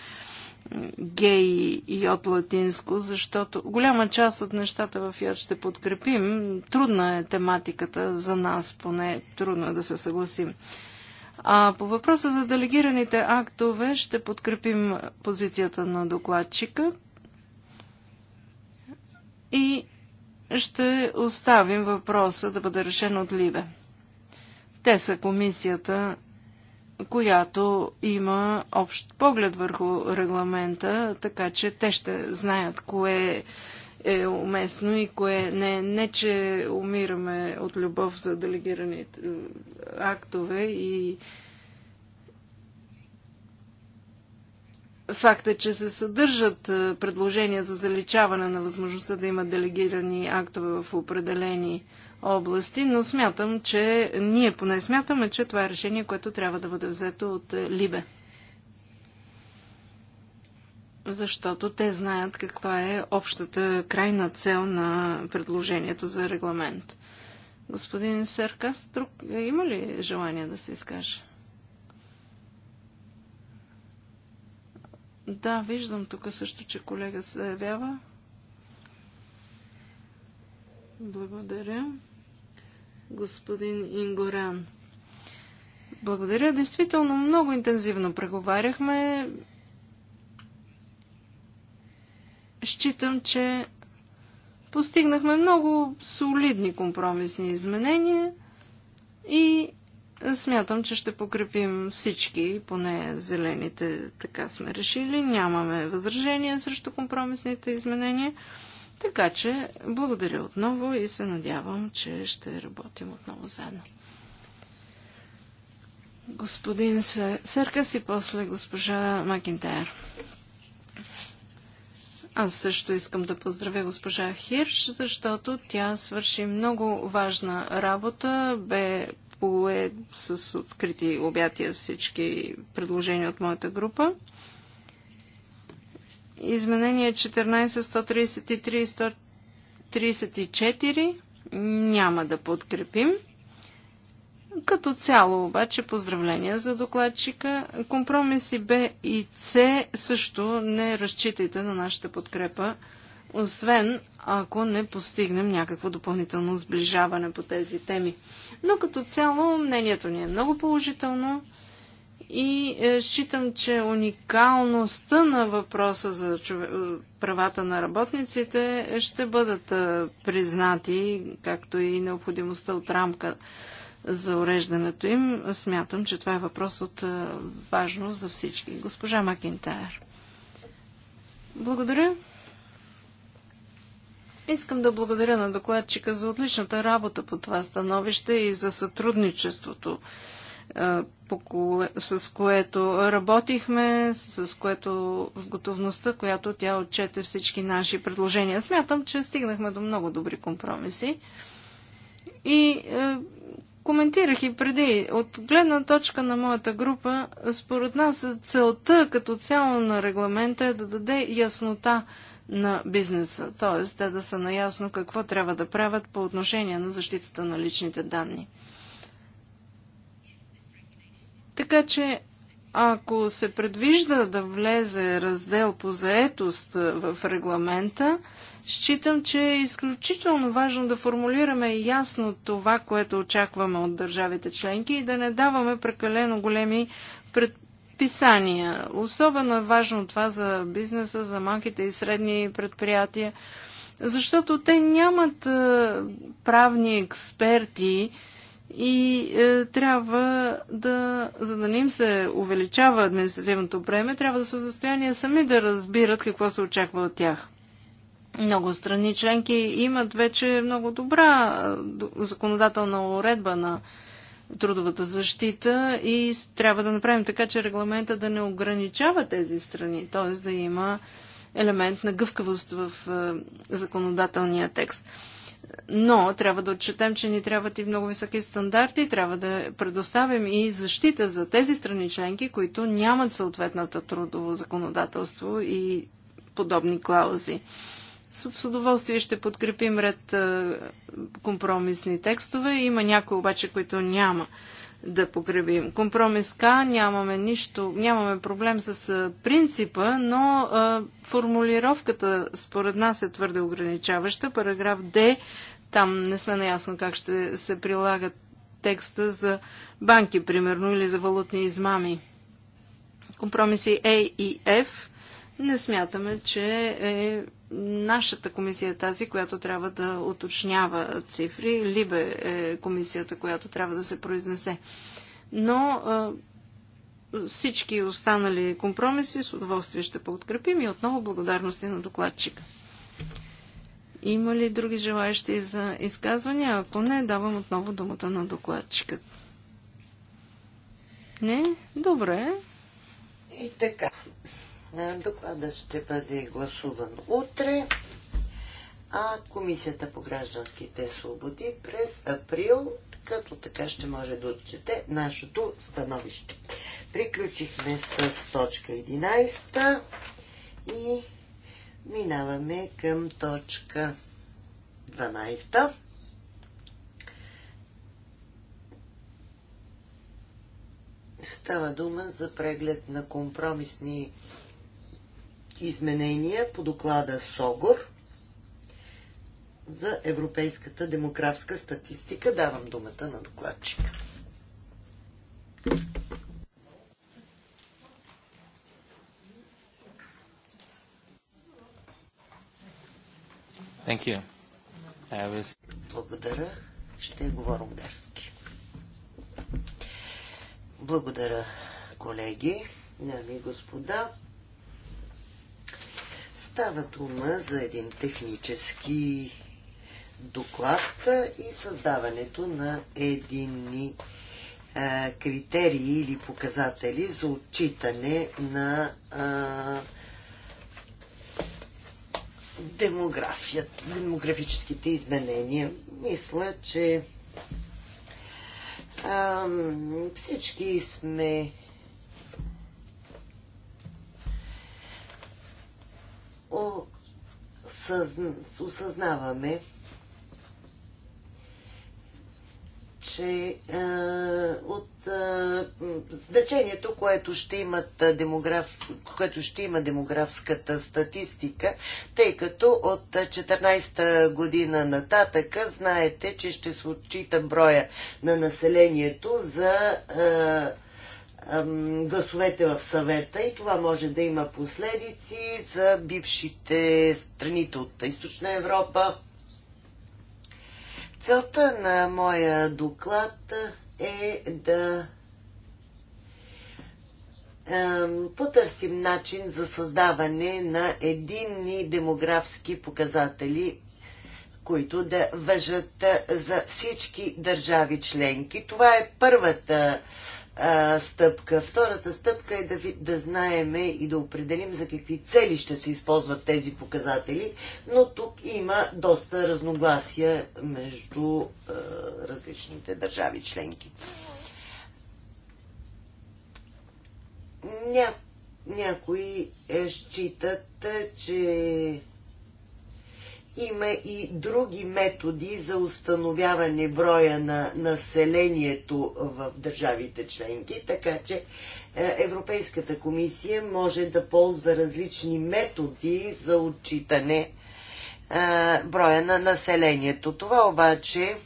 гей и от латинско, защото голяма част от нещата в Йод ще подкрепим. Трудна е тематиката за нас, поне трудно е да се съгласим. А по въпроса за делегираните актове ще подкрепим позицията на докладчика, и ще оставим въпроса да бъде решен от Либе. Те са комисията, която има общ поглед върху регламента, така че те ще знаят кое е уместно и кое не. Не, че умираме от любов за делегираните актове и факта, е, че се съдържат е, предложения за заличаване на възможността да има делегирани актове в определени области, но смятам, че ние поне смятаме, че това е решение, което трябва да бъде взето от е, Либе. Защото те знаят каква е общата крайна цел на предложението за регламент. Господин Серкас, друг има ли желание да се изкаже? Да, виждам тук също, че колега се явява. Благодаря. Господин Ингоран. Благодаря. Действително много интензивно преговаряхме. Считам, че постигнахме много солидни компромисни изменения и Смятам, че ще покрепим всички, поне зелените, така сме решили. Нямаме възражения срещу компромисните изменения. Така че, благодаря отново и се надявам, че ще работим отново заедно. Господин Серкас и после госпожа Макинтайр. Аз също искам да поздравя госпожа Хирш, защото тя свърши много важна работа, бе Хубаво е с открити обятия всички предложения от моята група. Изменение 14, 133 и 134 няма да подкрепим. Като цяло обаче поздравления за докладчика. Компромиси Б и С също не разчитайте на нашата подкрепа, освен ако не постигнем някакво допълнително сближаване по тези теми. Но като цяло мнението ни е много положително и е, считам, че уникалността на въпроса за чове... правата на работниците ще бъдат е, признати, както и необходимостта от рамка за уреждането им. Смятам, че това е въпрос от е, важност за всички. Госпожа Макинтайр. Благодаря. Искам да благодаря на докладчика за отличната работа по това становище и за сътрудничеството, е, с което работихме, с което в готовността, която тя отчете всички наши предложения. Смятам, че стигнахме до много добри компромиси. И е, коментирах и преди, от гледна точка на моята група, според нас целта като цяло на регламента е да даде яснота на бизнеса, т.е. те да са наясно какво трябва да правят по отношение на защитата на личните данни. Така че, ако се предвижда да влезе раздел по заетост в регламента, считам, че е изключително важно да формулираме ясно това, което очакваме от държавите членки и да не даваме прекалено големи пред, Писания. Особено е важно това за бизнеса, за малките и средни предприятия, защото те нямат е, правни експерти и е, трябва да, за да не им се увеличава административното време, трябва да са в състояние сами да разбират какво се очаква от тях. Много страни членки имат вече много добра е, законодателна уредба на трудовата защита и трябва да направим така, че регламента да не ограничава тези страни, т.е. да има елемент на гъвкавост в е, законодателния текст. Но трябва да отчетем, че ни трябват и много високи стандарти, трябва да предоставим и защита за тези страни членки, които нямат съответната трудово законодателство и подобни клаузи. С удоволствие ще подкрепим ред компромисни текстове. Има някои обаче, които няма да покрепим. Компромис К нямаме нищо, нямаме проблем с принципа, но а, формулировката според нас е твърде ограничаваща. Параграф Д, там не сме наясно как ще се прилагат текста за банки, примерно, или за валутни измами. Компромиси Е и Ф не смятаме, че е нашата комисия е тази, която трябва да уточнява цифри. Либе е комисията, която трябва да се произнесе. Но всички останали компромиси с удоволствие ще подкрепим и отново благодарности на докладчика. Има ли други желаящи за изказвания? Ако не, давам отново думата на докладчика. Не? Добре. И така. Докладът ще бъде гласуван утре, а Комисията по гражданските свободи през април, като така ще може да отчете нашето становище. Приключихме с точка 11 и минаваме към точка 12. Става дума за преглед на компромисни изменения по доклада СОГОР за европейската демографска статистика. Давам думата на докладчика. Thank you. I was... Благодаря. Ще говоря унгарски. Благодаря, колеги, дами и господа. Става дума за един технически доклад и създаването на единни а, критерии или показатели за отчитане на а, демографията, демографическите изменения. Мисля, че а, всички сме осъзнаваме, че а, е, от а, е, значението, което ще, имат е, демограф, което ще има демографската статистика, тъй като от 14-та година нататък знаете, че ще се отчита броя на населението за а, гласовете в съвета и това може да има последици за бившите страните от Източна Европа. Целта на моя доклад е да потърсим начин за създаване на единни демографски показатели, които да въжат за всички държави членки. Това е първата а, стъпка. Втората стъпка е да, ви, да знаеме и да определим за какви цели ще се използват тези показатели, но тук има доста разногласия между а, различните държави членки. Ня, някои е, считат, че има и други методи за установяване броя на населението в държавите членки, така че е, Европейската комисия може да ползва различни методи за отчитане е, броя на населението. Това обаче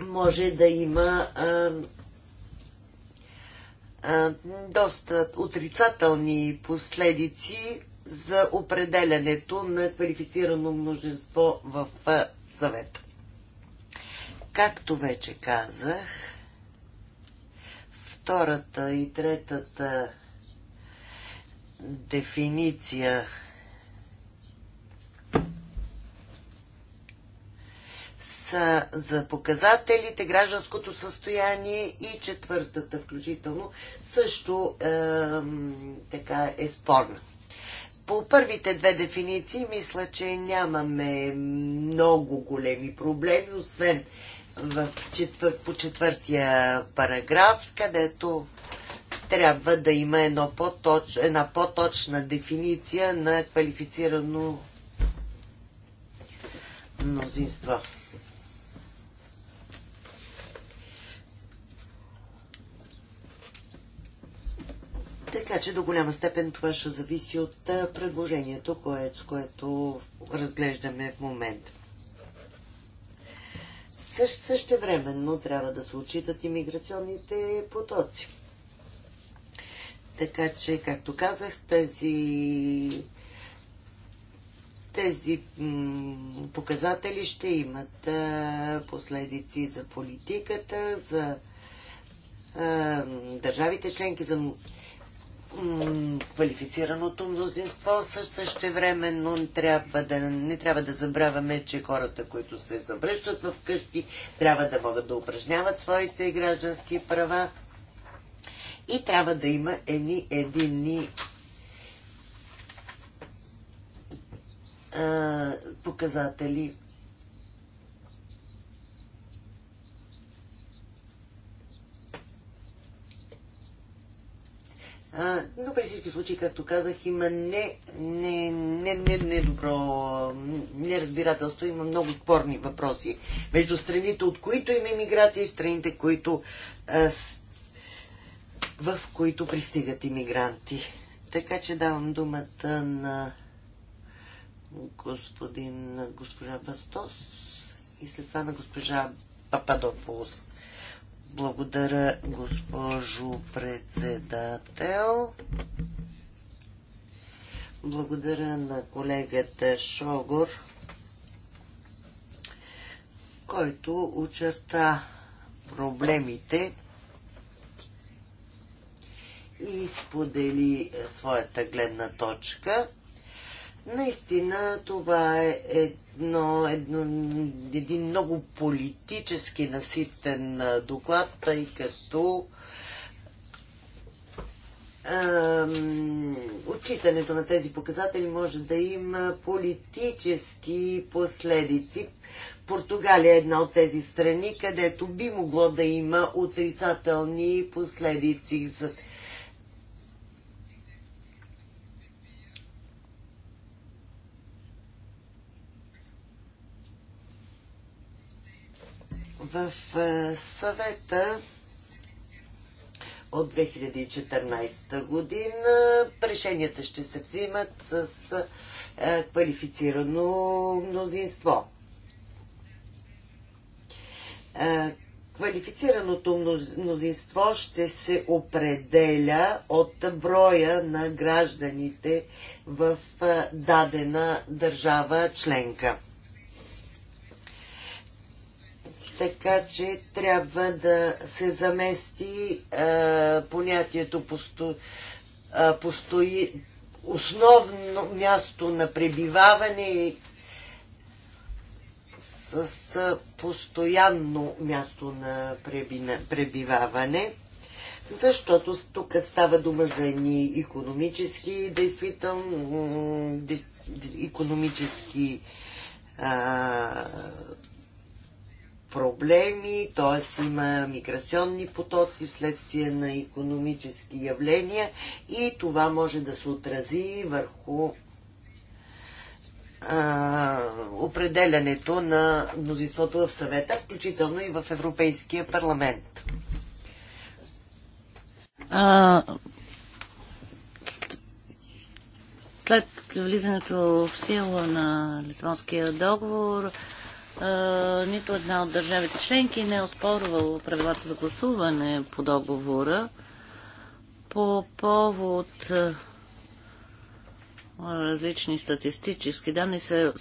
може да има е, доста отрицателни последици за определянето на квалифицирано множество в съвета. Както вече казах, втората и третата дефиниция са за показателите, гражданското състояние и четвъртата включително също е, така е спорна. По първите две дефиниции мисля, че нямаме много големи проблеми, освен в четвър... по четвъртия параграф, където трябва да има едно по-точ... една по-точна дефиниция на квалифицирано мнозинство. Така че до голяма степен това ще зависи от предложението, което, което разглеждаме в момента. Също, същевременно трябва да се отчитат и миграционните потоци. Така че, както казах, тези, тези показатели ще имат а, последици за политиката, за а, държавите членки, за квалифицираното мнозинство. Същевременно трябва да, не трябва да забравяме, че хората, които се завръщат в къщи, трябва да могат да упражняват своите граждански права и трябва да има едни единни показатели но при всички случаи, както казах, има не, не, не, не, не добро неразбирателство, има много спорни въпроси между страните, от които има иммиграция и страните, които, а, с, в които пристигат иммигранти. Така че давам думата на господин, на госпожа Бастос и след това на госпожа Пападополос. Благодаря, госпожо председател. Благодаря на колегата Шогор, който участа проблемите и сподели своята гледна точка. Наистина това е едно, едно, един много политически наситен доклад, тъй като отчитането на тези показатели може да има политически последици. Португалия е една от тези страни, където би могло да има отрицателни последици. в е, съвета от 2014 година. Решенията ще се взимат с е, квалифицирано мнозинство. Е, квалифицираното мнозинство ще се определя от броя на гражданите в дадена държава членка. така че трябва да се замести а, понятието посто, а, постои, основно място на пребиваване с, с постоянно място на пребиваване защото тук става дума за едни економически действително економически а, проблеми, т.е. има миграционни потоци вследствие на економически явления и това може да се отрази върху а, определянето на мнозинството в съвета, включително и в Европейския парламент. А, след влизането в сила на Лисбонския договор, е, нито една от държавите членки не е оспорвала правилата за гласуване по договора по повод е, различни статистически данни се,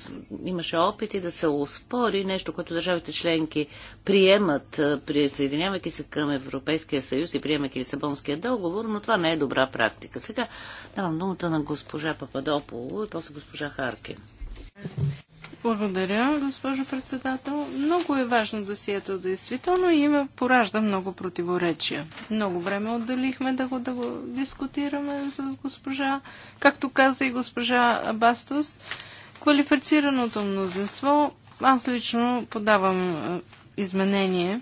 имаше опити да се успори нещо, което държавите членки приемат, е, присъединявайки се към Европейския съюз и приемайки Лисабонския договор, но това не е добра практика. Сега давам думата на госпожа Пападополо и после госпожа Харкин. Благодаря, госпожо председател. Много е важно досието действително и има, поражда много противоречия. Много време отделихме да го, да го дискутираме с госпожа, както каза и госпожа Бастус, квалифицираното мнозинство. Аз лично подавам е, изменение,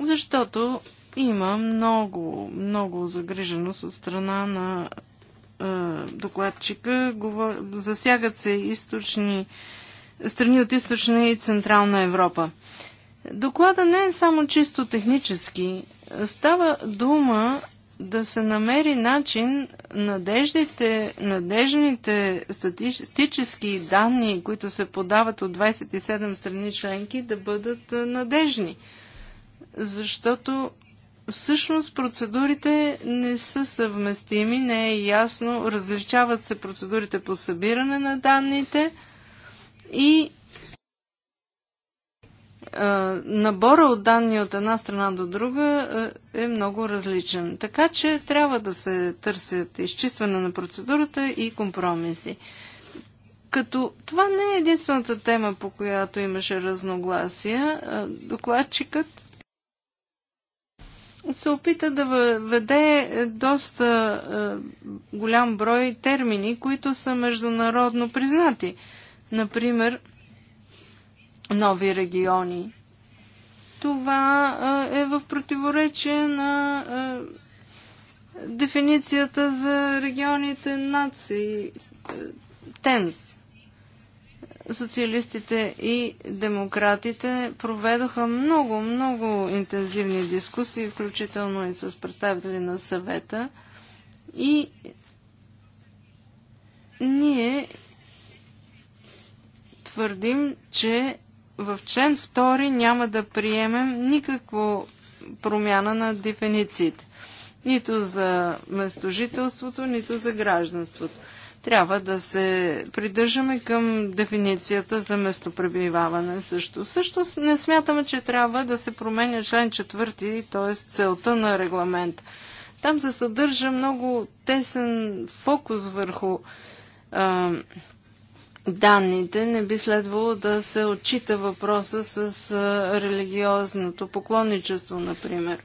защото има много, много загриженост от страна на е, докладчика. Говор Засягат се източни страни от източна и централна Европа. Доклада не е само чисто технически. Става дума да се намери начин надеждите, надежните статистически данни, които се подават от 27 страни членки, да бъдат надежни. Защото всъщност процедурите не са съвместими, не е ясно, различават се процедурите по събиране на данните – и набора от данни от една страна до друга е много различен. Така че трябва да се търсят изчистване на процедурата и компромиси. Като това не е единствената тема, по която имаше разногласия, докладчикът се опита да въведе доста голям брой термини, които са международно признати. Например, нови региони. Това е в противоречие на дефиницията за регионите нации ТЕНС. Социалистите и демократите проведоха много, много интензивни дискусии, включително и с представители на съвета. И ние твърдим, че в член 2 няма да приемем никакво промяна на дефинициите. Нито за местожителството, нито за гражданството. Трябва да се придържаме към дефиницията за местопребиваване също. Също не смятаме, че трябва да се променя член 4, т.е. целта на регламент. Там се съдържа много тесен фокус върху а, данните не би следвало да се отчита въпроса с религиозното поклонничество, например.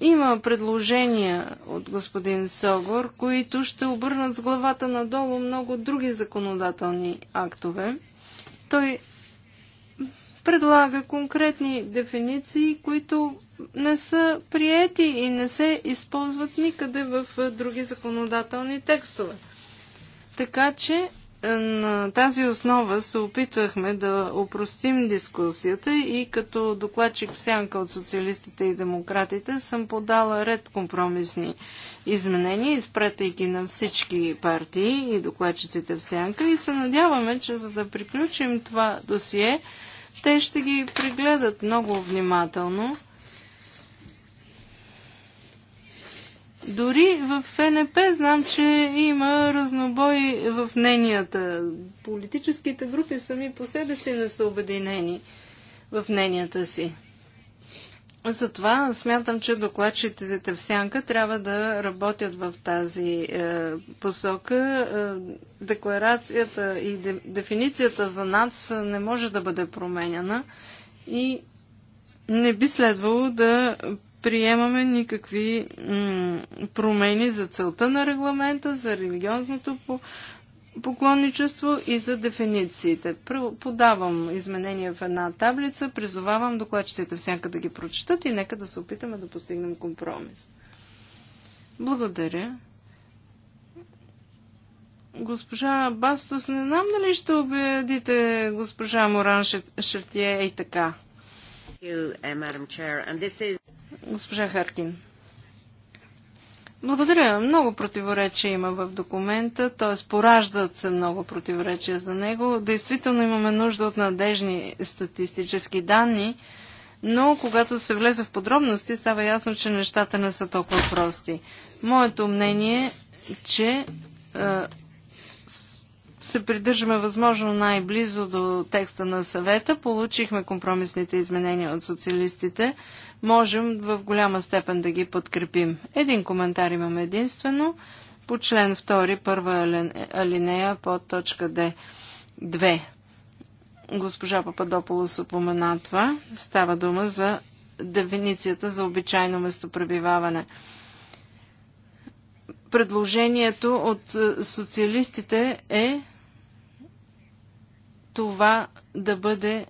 Има предложения от господин Согор, които ще обърнат с главата надолу много други законодателни актове. Той предлага конкретни дефиниции, които не са приети и не се използват никъде в други законодателни текстове. Така че е, на тази основа се опитвахме да опростим дискусията и като докладчик в сянка от социалистите и демократите съм подала ред компромисни изменения, изпратейки на всички партии и докладчиците в сянка и се надяваме, че за да приключим това досие, те ще ги прегледат много внимателно Дори в ФНП знам, че има разнобой в мненията. Политическите групи сами по себе си не са обединени в мненията си. Затова смятам, че докладчиците в сянка трябва да работят в тази е, посока. Е, декларацията и де, дефиницията за нас не може да бъде променена и не би следвало да приемаме никакви промени за целта на регламента, за религиозното по поклонничество и за дефинициите. Подавам изменения в една таблица, призовавам докладчиците всяка да ги прочитат и нека да се опитаме да постигнем компромис. Благодаря. Госпожа Бастос, не знам дали ще убедите госпожа Моран Шертие и така. Госпожа Харкин. Благодаря. Много противоречия има в документа, т.е. пораждат се много противоречия за него. Действително имаме нужда от надежни статистически данни, но когато се влезе в подробности, става ясно, че нещата не са толкова прости. Моето мнение е, че е, се придържаме възможно най-близо до текста на съвета. Получихме компромисните изменения от социалистите можем в голяма степен да ги подкрепим. Един коментар имам единствено по член 2, първа алинея по точка Д. 2. Госпожа се упомена това. Става дума за дефиницията за обичайно местопребиваване. Предложението от е, социалистите е това да бъде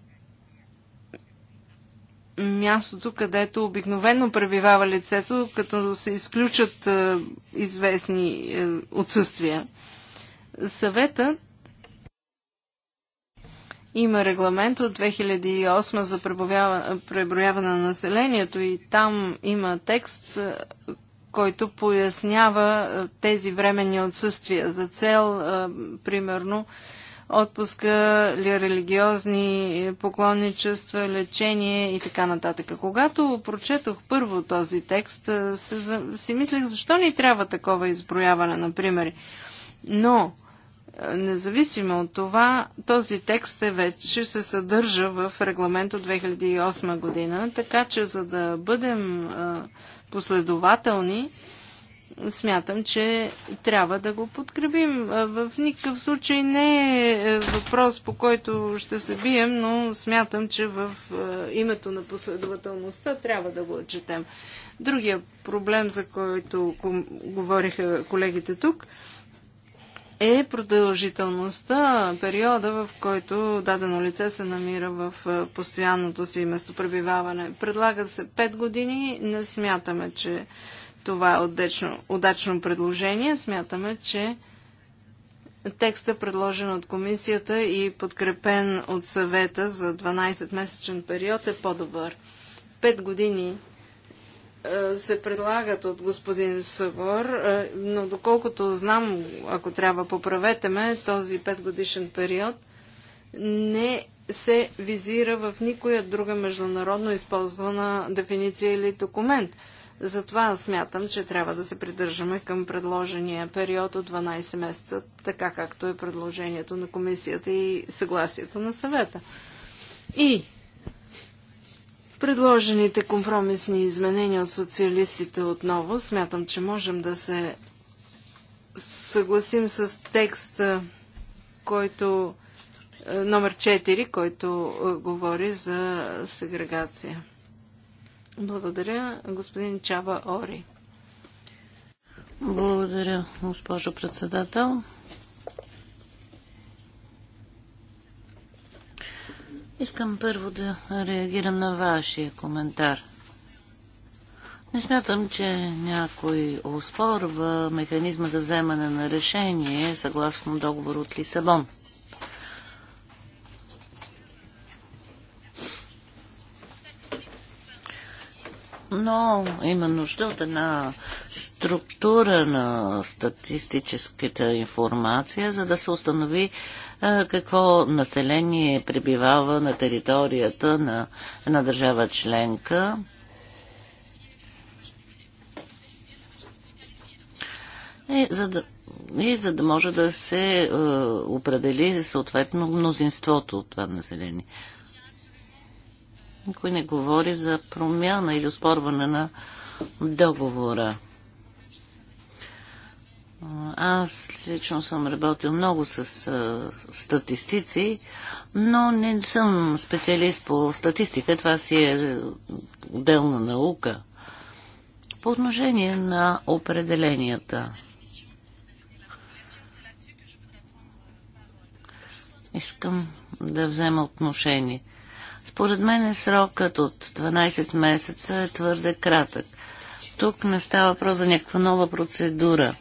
мястото, където обикновено пребивава лицето, като се изключат е, известни е, отсъствия. Съвета има регламент от 2008 за преброяване на населението и там има текст, е, който пояснява е, тези временни отсъствия за цел, е, примерно, отпуска, религиозни е, поклонничества, лечение и така нататък. Когато прочетох първо този текст, е, си мислех защо ни трябва такова изброяване, например. Но, е, независимо от това, този текст е вече се съдържа в регламент от 2008 година, така че за да бъдем последователни, смятам, че трябва да го подкрепим. В никакъв случай не е въпрос, по който ще се бием, но смятам, че в името на последователността трябва да го отчетем. Другия проблем, за който говориха колегите тук, е продължителността, периода, в който дадено лице се намира в постоянното си местопребиваване. Предлагат се 5 години, не смятаме, че това е отдачно, удачно предложение. Смятаме, че текста, предложен от комисията и подкрепен от съвета за 12-месечен период е по-добър. Пет години е, се предлагат от господин Съвор, е, но доколкото знам, ако трябва поправете ме, този петгодишен период не се визира в никоя друга международно използвана дефиниция или документ. Затова смятам, че трябва да се придържаме към предложения период от 12 месеца, така както е предложението на комисията и съгласието на съвета. И предложените компромисни изменения от социалистите отново, смятам, че можем да се съгласим с текста, който е, номер 4, който е, говори за сегрегация. Благодаря, господин Чава Ори. Благодаря, госпожо председател. Искам първо да реагирам на вашия коментар. Не смятам, че някой оспорва механизма за вземане на решение съгласно договор от Лисабон. но има нужда от една структура на статистическата информация, за да се установи е, какво население пребивава на територията на една държава членка. И за да, и за да може да се е, определи съответно мнозинството от това население. Никой не говори за промяна или спорване на договора. Аз лично съм работил много с а, статистици, но не съм специалист по статистика. Това си е отделна наука. По отношение на определенията. Искам да взема отношение. Според мен е срокът от 12 месеца е твърде кратък. Тук не става въпрос за някаква нова процедура.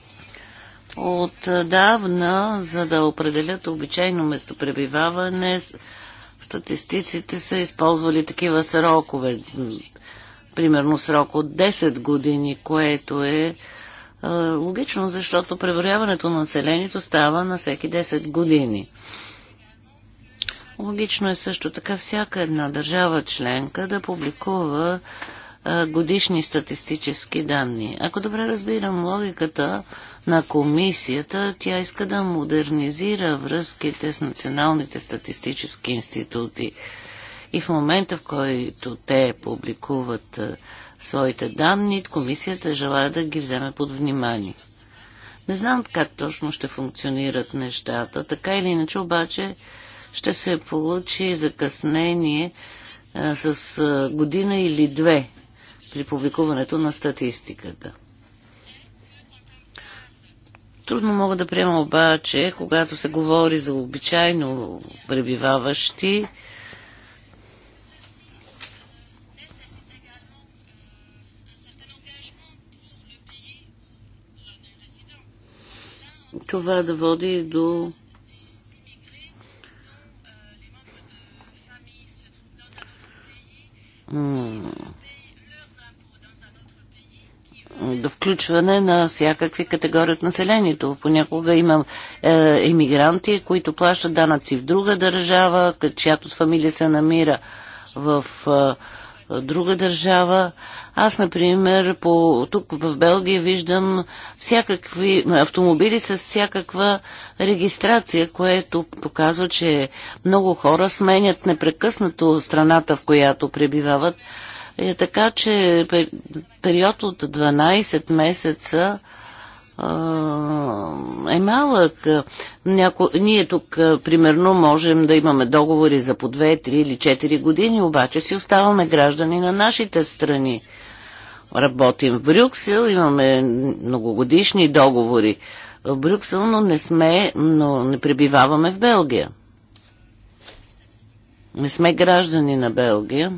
Отдавна, за да определят обичайно местопребиваване, статистиците са използвали такива срокове. Примерно срок от 10 години, което е, е логично, защото преброяването на населението става на всеки 10 години. Логично е също така всяка една държава членка да публикува годишни статистически данни. Ако добре разбирам логиката на комисията, тя иска да модернизира връзките с националните статистически институти. И в момента, в който те публикуват своите данни, комисията желая да ги вземе под внимание. Не знам как точно ще функционират нещата, така или иначе обаче ще се получи закъснение а, с а, година или две при публикуването на статистиката. Трудно мога да приема обаче, когато се говори за обичайно пребиваващи, това да води до до включване на всякакви категории от населението. Понякога има емигранти, които плащат данъци в друга държава, чиято фамилия се намира в е, друга държава. Аз, например, по, тук в Белгия виждам всякакви автомобили с всякаква регистрация, което показва, че много хора сменят непрекъснато страната, в която пребивават. Е, така че период от 12 месеца е малък. Няко... Ние тук, примерно, можем да имаме договори за по 2, 3 или 4 години, обаче си оставаме граждани на нашите страни. Работим в Брюксел, имаме многогодишни договори в Брюксел, но не сме, но не пребиваваме в Белгия. Не сме граждани на Белгия.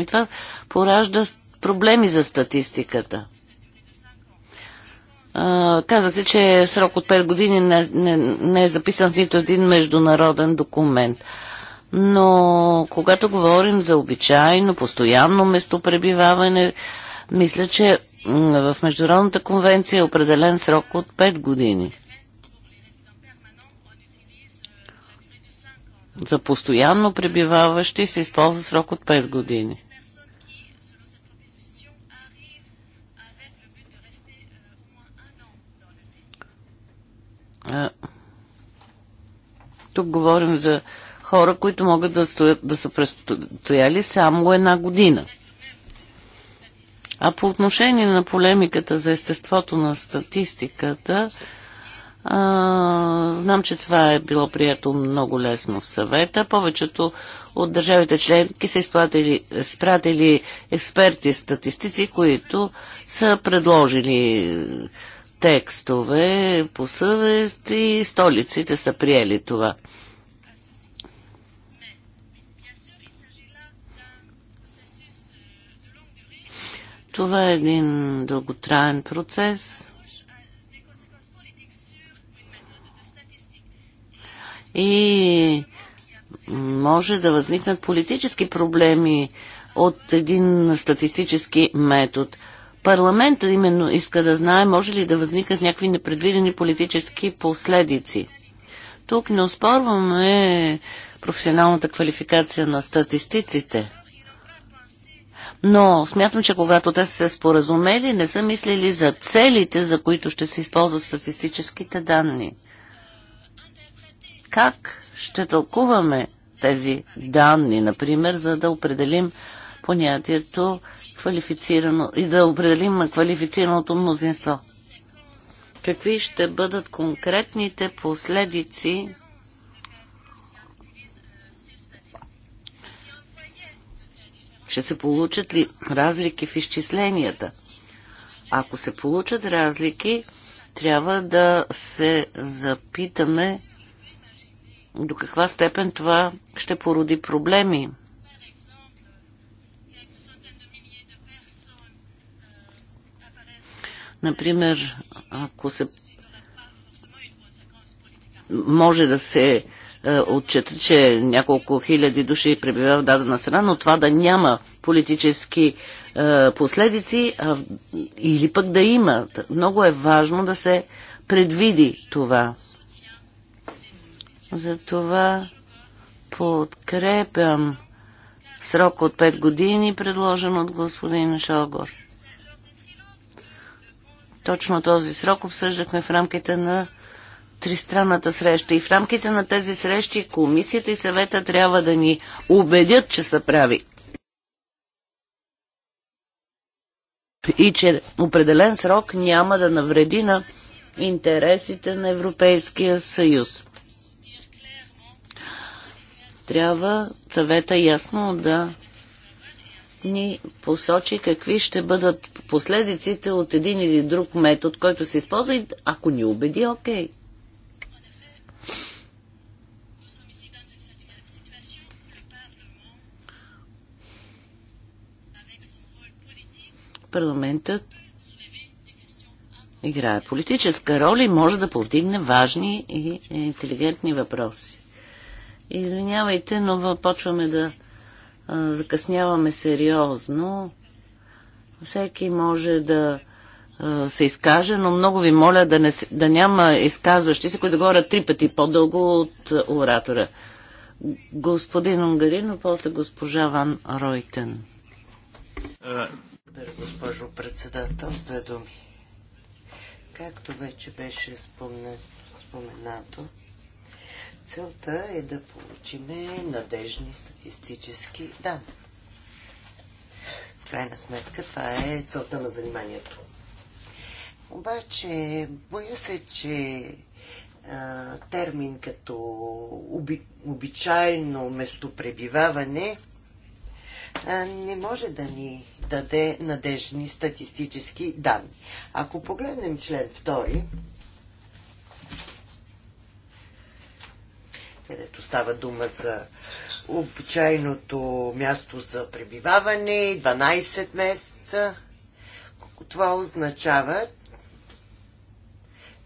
И това поражда проблеми за статистиката казахте, че срок от 5 години не, не, не е записан в нито един международен документ. Но когато говорим за обичайно, постоянно местопребиваване, мисля, че в Международната конвенция е определен срок от 5 години. За постоянно пребиваващи се използва срок от 5 години. Тук говорим за хора, които могат да, стоят, да са престояли само една година. А по отношение на полемиката за естеството на статистиката, а, знам, че това е било прието много лесно в съвета. Повечето от държавите членки са изпратили, изпратили експерти, статистици, които са предложили текстове по съвест и столиците са приели това. Това е един дълготраен процес. И може да възникнат политически проблеми от един статистически метод – Парламента именно иска да знае, може ли да възникнат някакви непредвидени политически последици. Тук не оспорваме професионалната квалификация на статистиците. Но смятам, че когато те са се споразумели, не са мислили за целите, за които ще се използват статистическите данни. Как ще тълкуваме тези данни, например, за да определим понятието квалифицирано и да определим квалифицираното мнозинство. Какви ще бъдат конкретните последици Ще се получат ли разлики в изчисленията? Ако се получат разлики, трябва да се запитаме до каква степен това ще породи проблеми Например, ако се може да се е, отчета, че няколко хиляди души пребивават в дадена страна, но това да няма политически е, последици а, или пък да има. Много е важно да се предвиди това. Затова подкрепям срок от 5 години, предложен от господин Шогор. Точно този срок обсъждахме в рамките на тристранната среща. И в рамките на тези срещи комисията и съвета трябва да ни убедят, че са прави. И че определен срок няма да навреди на интересите на Европейския съюз. Трябва съвета ясно да ни посочи какви ще бъдат последиците от един или друг метод, който се използва и ако ни убеди, окей. Парламентът играе политическа роля и може да повдигне важни и интелигентни въпроси. Извинявайте, но почваме да закъсняваме сериозно. Всеки може да се изкаже, но много ви моля да, не, да няма изказващи се, които да говорят три пъти по-дълго от оратора. Господин Унгарин, после госпожа Ван Ройтен. Благодаря, госпожо председател. С две думи. Както вече беше спомен... споменато, Целта е да получиме надежни статистически данни. В крайна сметка това е целта на заниманието. Обаче, боя се, че а, термин като оби, обичайно местопребиваване а, не може да ни даде надежни статистически данни. Ако погледнем член 2, където става дума за обичайното място за пребиваване, 12 месеца. Това означава,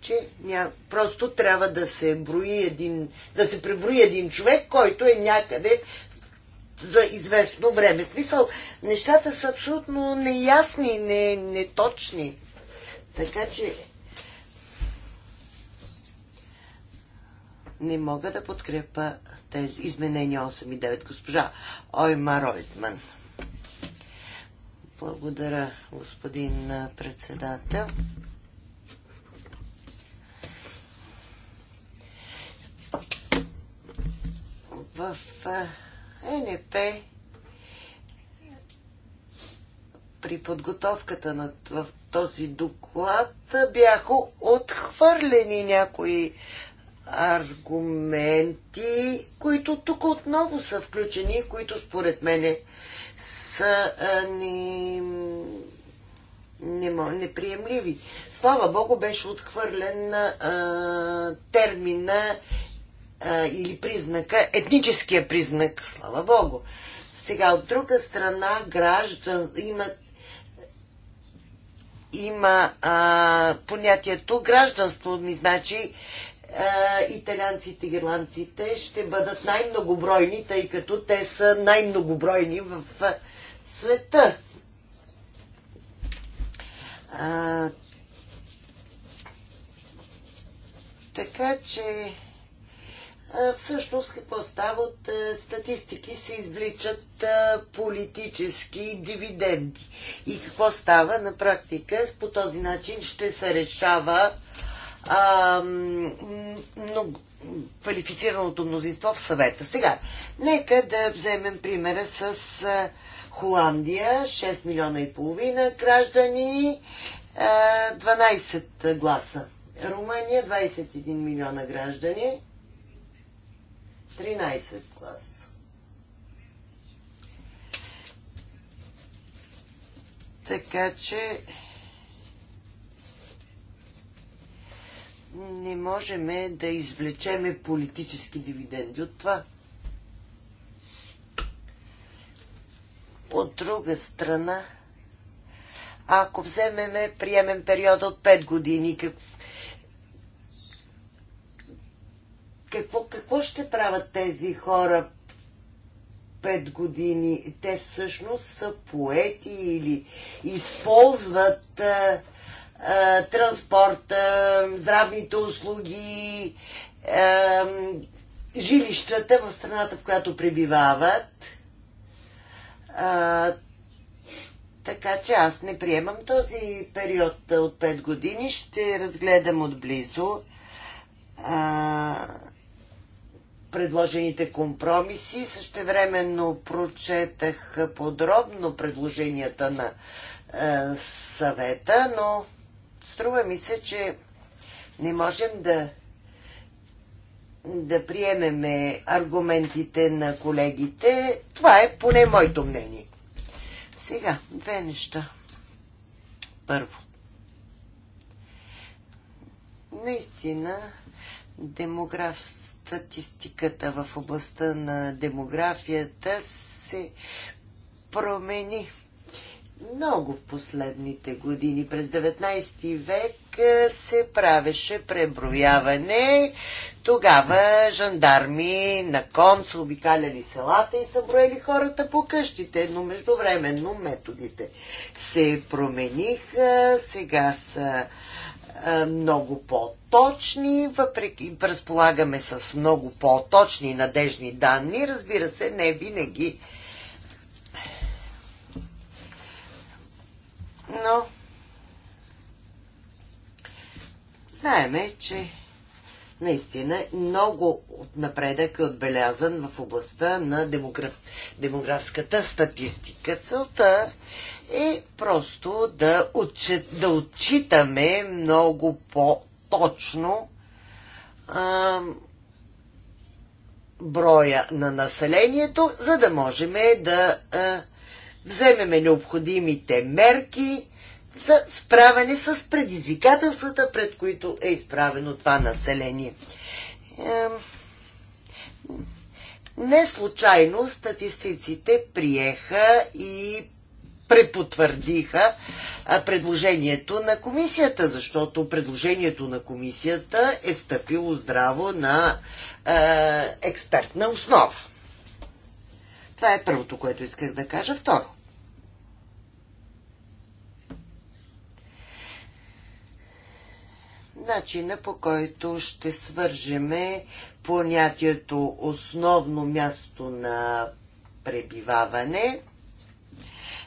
че ня... просто трябва да се брои един, да се преброи един човек, който е някъде за известно време. Смисъл, нещата са абсолютно неясни, не, неточни. Така че не мога да подкрепа тези изменения 8 и 9. Госпожа Ойма Ройтман. Благодаря, господин председател. В НП при подготовката на, в този доклад бяха отхвърлени някои аргументи, които тук отново са включени, които според мене са а, ни, не, неприемливи. Слава Богу, беше отхвърлен а, термина а, или признака, етническия признак, слава Богу. Сега, от друга страна, граждан има, има а, понятието гражданство, ми значи италианците и ирландците ще бъдат най-многобройни, тъй като те са най-многобройни в света. А, така че всъщност какво става от статистики се извличат политически дивиденди. И какво става на практика? По този начин ще се решава а, но, квалифицираното мнозинство в съвета. Сега, нека да вземем примера с а, Холандия, 6 милиона и половина граждани, а, 12 гласа. Румъния, 21 милиона граждани, 13 гласа. Така че не можем да извлечеме политически дивиденди от това. От друга страна, ако вземеме приемен период от 5 години, как... какво, какво ще правят тези хора 5 години? Те всъщност са поети или използват а, транспорта, здравните услуги, жилищата в страната, в която пребивават. така че аз не приемам този период от 5 години. Ще разгледам отблизо предложените компромиси. Същевременно прочетах подробно предложенията на съвета, но Струва ми се, че не можем да да приемеме аргументите на колегите. Това е поне моето мнение. Сега, две неща. Първо. Наистина, демограф, статистиката в областта на демографията се промени много в последните години. През 19 век е, се правеше преброяване. Тогава жандарми на кон са обикаляли селата и са броели хората по къщите, но междувременно методите се промениха. Сега са е, много по-точни, въпреки разполагаме с много по-точни и надежни данни. Разбира се, не винаги но знаеме, че наистина много напредък е отбелязан в областта на демограф... демографската статистика. Целта е просто да, отчит... да отчитаме много по-точно ам... броя на населението, за да можем да а вземеме необходимите мерки за справяне с предизвикателствата, пред които е изправено това население. Не случайно статистиците приеха и препотвърдиха предложението на комисията, защото предложението на комисията е стъпило здраво на е, експертна основа. Това е първото, което исках да кажа. Второ. Начина по който ще свържеме понятието основно място на пребиваване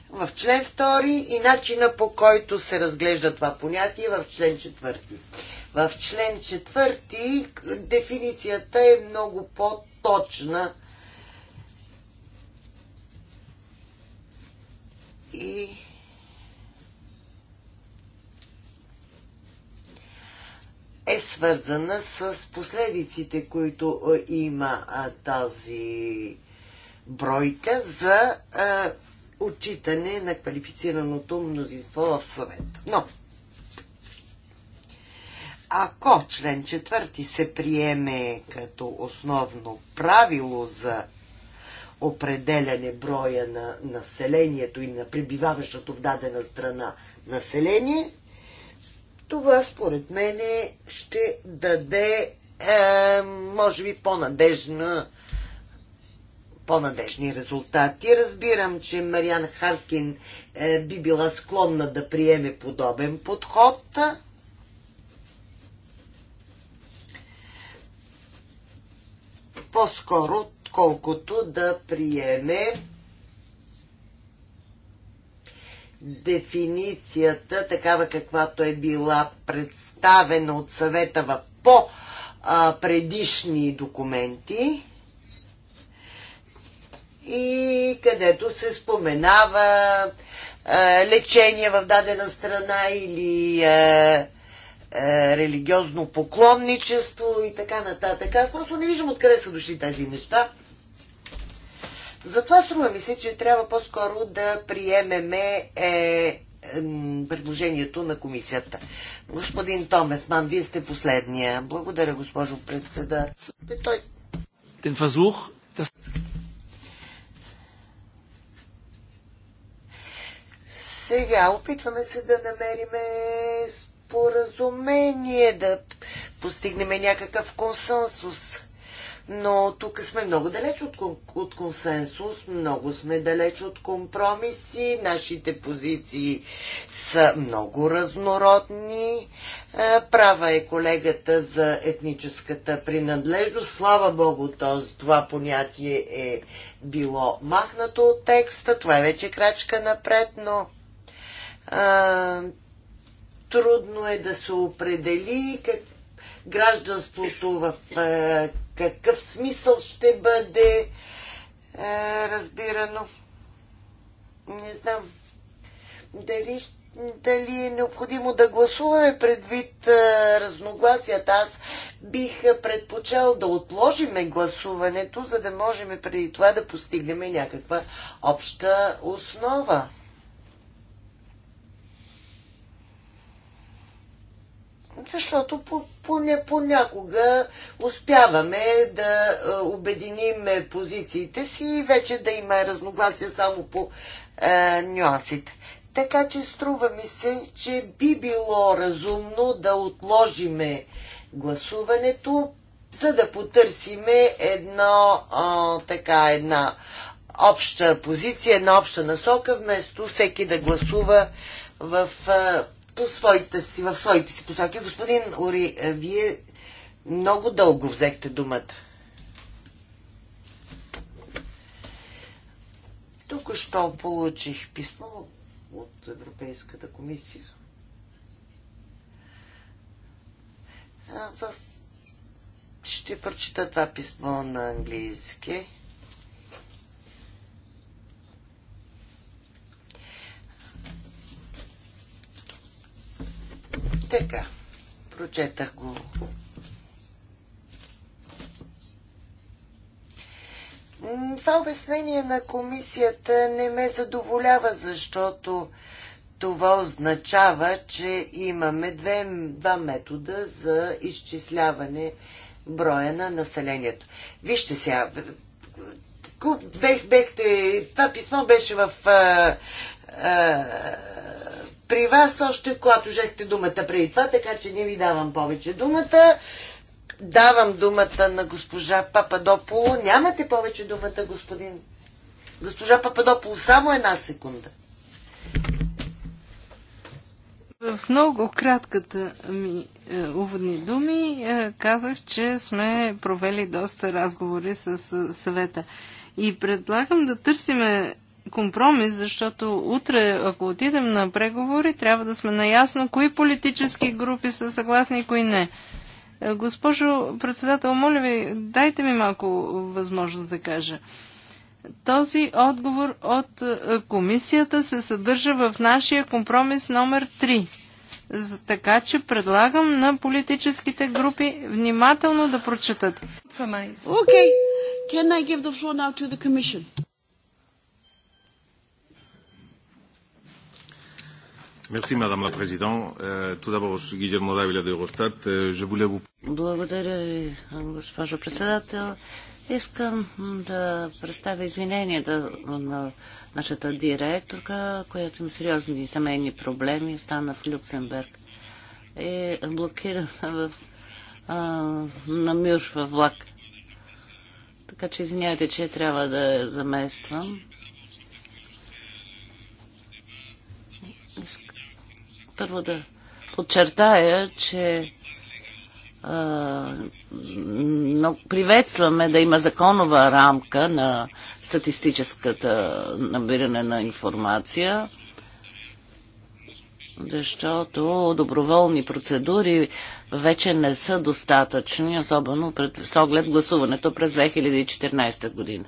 в член 2 и начина по който се разглежда това понятие в член 4. В член 4 дефиницията е много по-точна и е свързана с последиците, които е, има тази бройка за отчитане на квалифицираното мнозинство в съвета. Но, ако член 4 се приеме като основно правило за определяне броя на населението и на пребиваващото в дадена страна население, това според мен ще даде, е, може би, по-надежна по-надежни резултати. Разбирам, че Мариан Харкин е, би била склонна да приеме подобен подход. По-скоро отколкото да приеме дефиницията, такава каквато е била представена от съвета в по-предишни документи и където се споменава лечение в дадена страна или религиозно поклонничество и така нататък. Аз просто не виждам откъде са дошли тези неща. Затова струва ми се, че трябва по-скоро да приемеме е, предложението на комисията. Господин Томесман, вие сте последния. Благодаря, госпожо председател. Той... Сега опитваме се да намериме споразумение, да постигнем някакъв консенсус но тук сме много далеч от, от консенсус, много сме далеч от компромиси, нашите позиции са много разнородни. Е, права е колегата за етническата принадлежност. Слава Богу, този, това понятие е било махнато от текста. Това е вече крачка напред, но а, трудно е да се определи как гражданството в е, какъв смисъл ще бъде е, разбирано. Не знам дали, дали е необходимо да гласуваме предвид е, разногласията. Аз бих е, предпочел да отложиме гласуването, за да можем преди това да постигнем някаква обща основа. защото понякога успяваме да е, обединим позициите си и вече да има разногласия само по е, нюансите. Така че струва ми се, че би било разумно да отложиме гласуването, за да потърсиме едно, а, така, една обща позиция, една обща насока, вместо всеки да гласува в а, е, по своите си, в своите си посоки. Господин Ори, е, вие много дълго взехте думата. тук що получих писмо от Европейската комисия. В... Ще прочита това писмо на английски. Така, прочетах го. Това обяснение на комисията не ме задоволява, защото това означава, че имаме две, два метода за изчисляване броя на населението. Вижте сега, бех, бехте, това писмо беше в а, а, при вас още когато жехте думата преди това, така че не ви давам повече думата. Давам думата на госпожа Пападополо. Нямате повече думата, господин. Госпожа Пападополо, само една секунда. В много кратката ми е, уводни думи е, казах, че сме провели доста разговори с е, съвета. И предлагам да търсиме компромис, защото утре, ако отидем на преговори, трябва да сме наясно кои политически групи са съгласни и кои не. Е, госпожо председател, моля ви, дайте ми малко възможност да кажа. Този отговор от е, комисията се съдържа в нашия компромис номер 3. Така че предлагам на политическите групи внимателно да прочетат. Okay. Can I give the floor now to the commission? Madame la Présidente. Euh, tout d'abord, Guillermo de Eurostat. Euh, je voulais vous... Благодаря ви, госпожо председател. Искам да представя извиненията на нашата директорка, която има сериозни семейни проблеми, стана в Люксембург. Е блокирана в, а, на мюр във влак. Така че извинявайте, че трябва да я замествам. първо да подчертая, че но приветстваме да има законова рамка на статистическата набиране на информация, защото доброволни процедури вече не са достатъчни, особено пред, с оглед гласуването през 2014 година.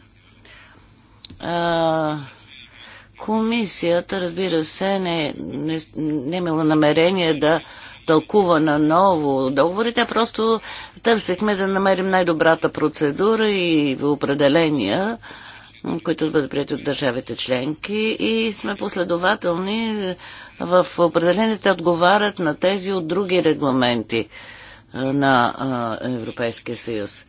Комисията, разбира се, не, не, не е имала намерение да тълкува на ново договорите, а просто търсехме да намерим най-добрата процедура и определения, които да бъдат прияти от държавите членки и сме последователни в определените отговарят на тези от други регламенти на Европейския съюз.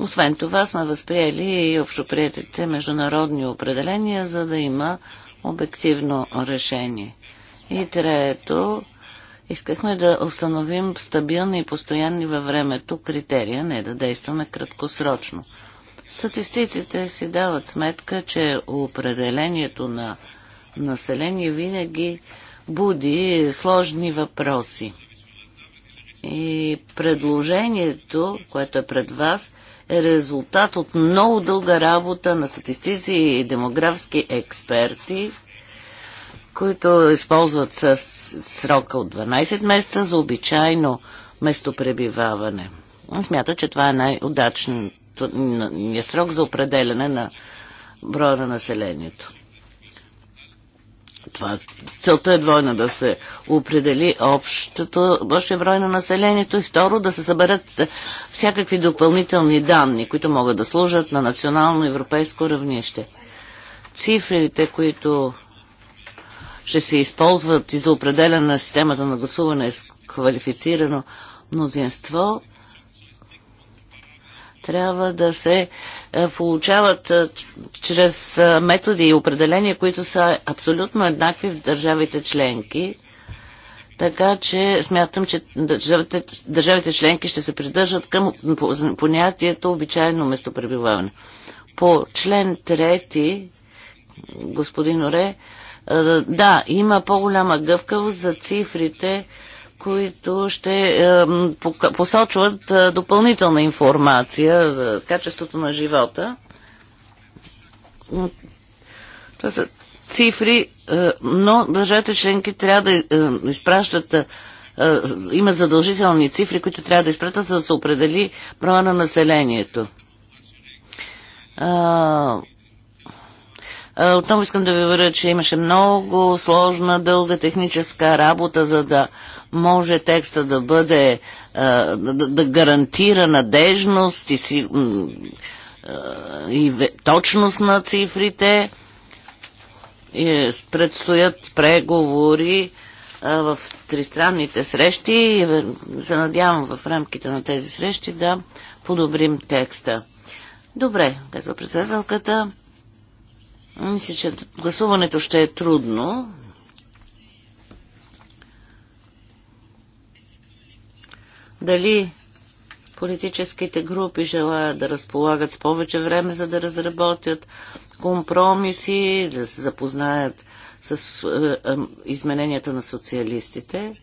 Освен това сме възприели и общоприятите международни определения, за да има обективно решение. И трето, искахме да установим стабилни и постоянни във времето критерия, не да действаме краткосрочно. Статистиците си дават сметка, че определението на население винаги буди сложни въпроси. И предложението, което е пред вас, резултат от много дълга работа на статистици и демографски експерти, които използват със срока от 12 месеца за обичайно местопребиваване. Смята, че това е най-удачният срок за определене на броя на населението това, целта е двойна да се определи общото, общия брой на населението и второ да се съберат всякакви допълнителни данни, които могат да служат на национално европейско равнище. Цифрите, които ще се използват и за определяне на системата на гласуване е с квалифицирано мнозинство, трябва да се е, получават е, чрез е, методи и определения, които са абсолютно еднакви в държавите членки. Така че смятам, че държавите, държавите членки ще се придържат към понятието обичайно местопребиваване. По член 3, господин Оре, да, има по-голяма гъвкавост за цифрите, които ще посочват е, допълнителна информация за качеството на живота. Това са цифри, е, но държавите членки трябва да е, изпращат има задължителни цифри, които трябва да изпратят, за да се определи броя на населението. Отново искам да ви уверя, че имаше много сложна, дълга техническа работа, за да може текста да бъде, да, да гарантира надежност и, си, и точност на цифрите. И е, предстоят преговори в тристранните срещи и е, се надявам в рамките на тези срещи да подобрим текста. Добре, казва председателката. Мисля, че гласуването ще е трудно, Дали политическите групи желаят да разполагат с повече време, за да разработят компромиси, да се запознаят с е, е, измененията на социалистите,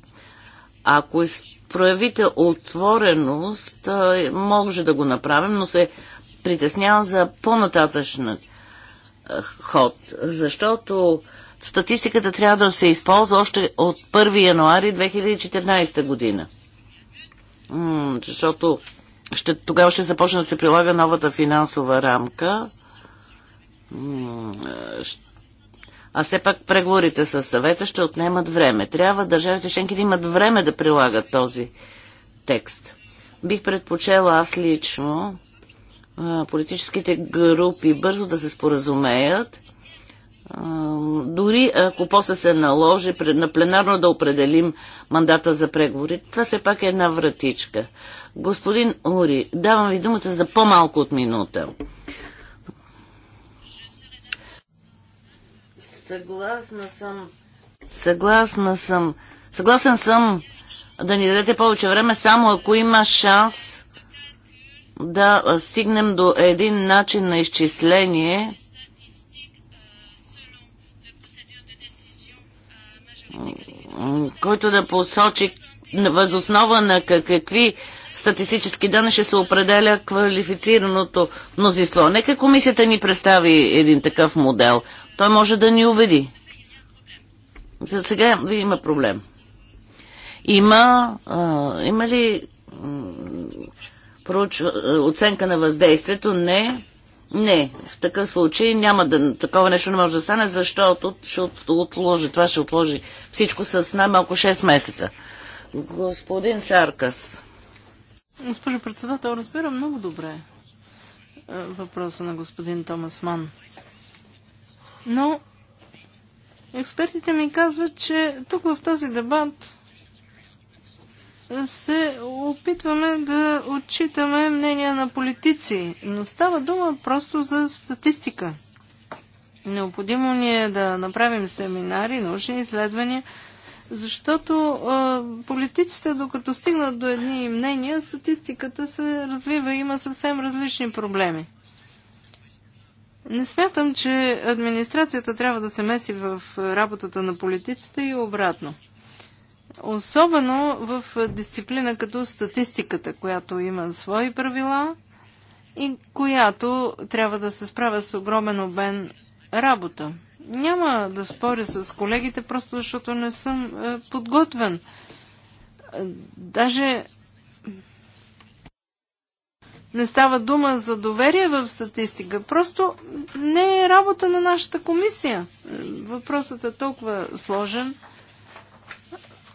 Ако проявите отвореност, е, може да го направим, но се притеснявам за по-нататъчна е, ход, защото статистиката трябва да се използва още от 1 януари 2014 година защото ще, тогава ще започне да се прилага новата финансова рамка. Е, а все пак преговорите с съвета ще отнемат време. Трябва държавите членки да имат време да прилагат този текст. Бих предпочела аз лично политическите групи бързо да се споразумеят дори ако после се наложи на пленарно да определим мандата за преговори. Това все пак е една вратичка. Господин Ури, давам ви думата за по-малко от минута. Съгласна съм. Съгласна съм. Съгласен съм да ни дадете повече време, само ако има шанс да стигнем до един начин на изчисление, който да посочи възоснова на какви статистически данни ще се определя квалифицираното мнозинство. Нека комисията ни представи един такъв модел. Той може да ни убеди. За сега ви има проблем. Има, а, има ли проуч, оценка на въздействието? Не. Не, в такъв случай няма да, такова нещо не може да стане, защото ще отложи, това ще отложи всичко с най-малко 6 месеца. Господин Саркас. Госпожо председател, разбирам много добре е, въпроса на господин Томас Ман. Но експертите ми казват, че тук в този дебат се опитваме да отчитаме мнения на политици, но става дума просто за статистика. Необходимо ни е да направим семинари, научни изследвания, защото а, политиците, докато стигнат до едни мнения, статистиката се развива и има съвсем различни проблеми. Не смятам, че администрацията трябва да се меси в работата на политиците и обратно. Особено в дисциплина като статистиката, която има свои правила и която трябва да се справя с огромен обен работа. Няма да споря с колегите, просто защото не съм е, подготвен. Даже не става дума за доверие в статистика. Просто не е работа на нашата комисия. Въпросът е толкова сложен.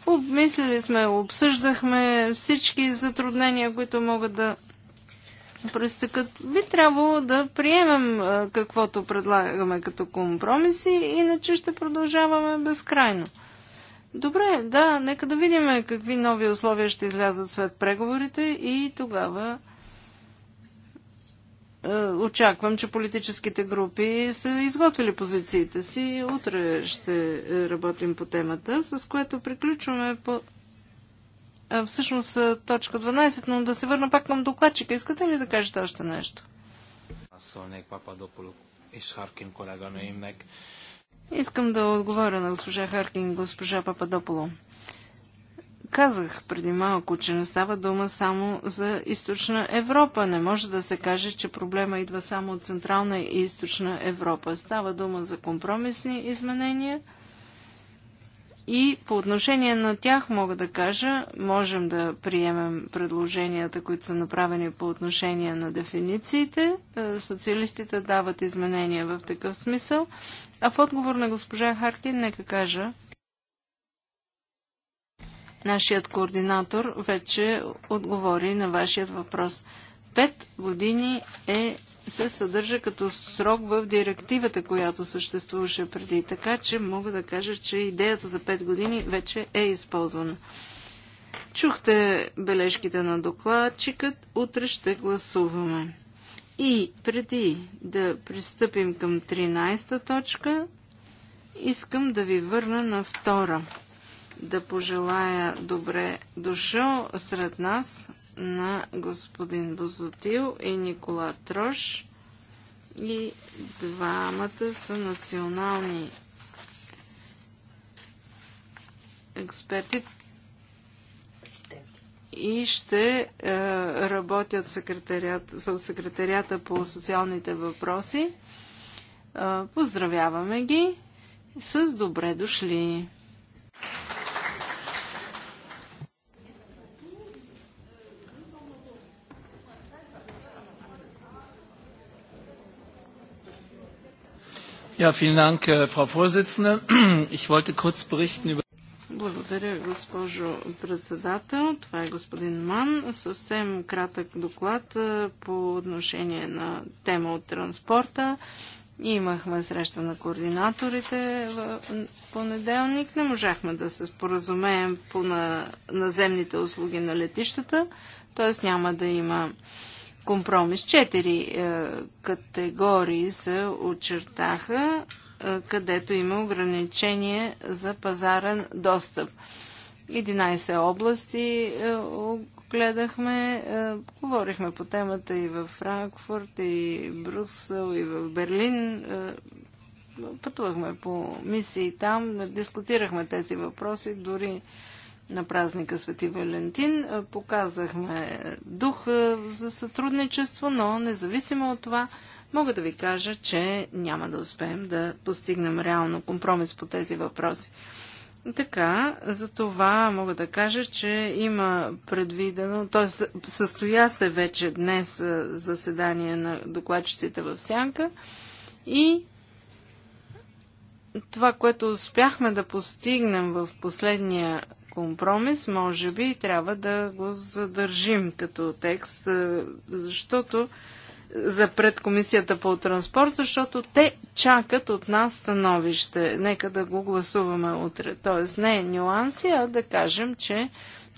Обмислили сме, обсъждахме всички затруднения, които могат да пристъкат. Би трябвало да приемем каквото предлагаме като компромиси, иначе ще продължаваме безкрайно. Добре, да, нека да видим какви нови условия ще излязат след преговорите и тогава е, очаквам, че политическите групи са изготвили позициите си. Утре ще е, работим по темата, с което приключваме по... Е, всъщност точка 12, но да се върна пак към докладчика. Искате ли да кажете още нещо? Искам да отговоря на госпожа Харкин госпожа Пападополо. Казах преди малко, че не става дума само за източна Европа. Не може да се каже, че проблема идва само от Централна и източна Европа. Става дума за компромисни изменения. И по отношение на тях мога да кажа, можем да приемем предложенията, които са направени по отношение на дефинициите. Е, социалистите дават изменения в такъв смисъл. А в отговор на госпожа Харкин, нека кажа, Нашият координатор вече отговори на вашият въпрос. Пет години е, се съдържа като срок в директивата, която съществуваше преди. Така че мога да кажа, че идеята за пет години вече е използвана. Чухте бележките на докладчикът. Утре ще гласуваме. И преди да пристъпим към 13-та точка, искам да ви върна на втора да пожелая добре дошъл сред нас на господин Бозотил и Никола Трош. И двамата са национални експерти и ще е, работят в секретарията по социалните въпроси. Е, поздравяваме ги с добре дошли! Ja, vielen Dank, äh, Frau Vorsitzende. [clears throat] Ich wollte kurz berichten über благодаря, госпожо председател. Това е господин Ман. Съвсем кратък доклад по отношение на тема от транспорта. Имахме среща на координаторите в понеделник. Не можахме да се споразумеем по наземните услуги на летищата, т.е. няма да има компромис. Четири е, категории се очертаха, е, където има ограничение за пазарен достъп. 11 области е, гледахме, говорихме по темата и в Франкфурт, и Брюксел, и в Берлин. Пътувахме по мисии там, дискутирахме тези въпроси, дори на празника Свети Валентин. Е, показахме дух за сътрудничество, но независимо от това, мога да ви кажа, че няма да успеем да постигнем реално компромис по тези въпроси. Така, за това мога да кажа, че има предвидено, т.е. състоя се вече днес е, заседание на докладчиците в Сянка и това, което успяхме да постигнем в последния компромис, може би трябва да го задържим като текст, е, защото е, за пред комисията по транспорт, защото те чакат от нас становище. Нека да го гласуваме утре. Тоест не е нюанси, а да кажем, че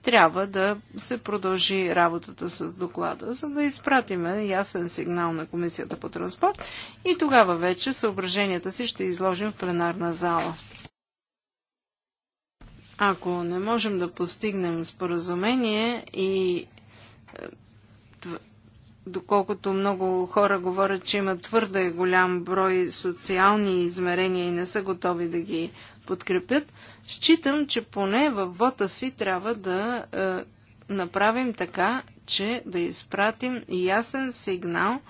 трябва да се продължи работата с доклада, за да изпратиме ясен сигнал на комисията по транспорт и тогава вече съображенията си ще изложим в пленарна зала. Ако не можем да постигнем споразумение и е, доколкото много хора говорят, че има твърде голям брой социални измерения и не са готови да ги подкрепят, считам, че поне в вота си трябва да е, направим така, че да изпратим ясен сигнал,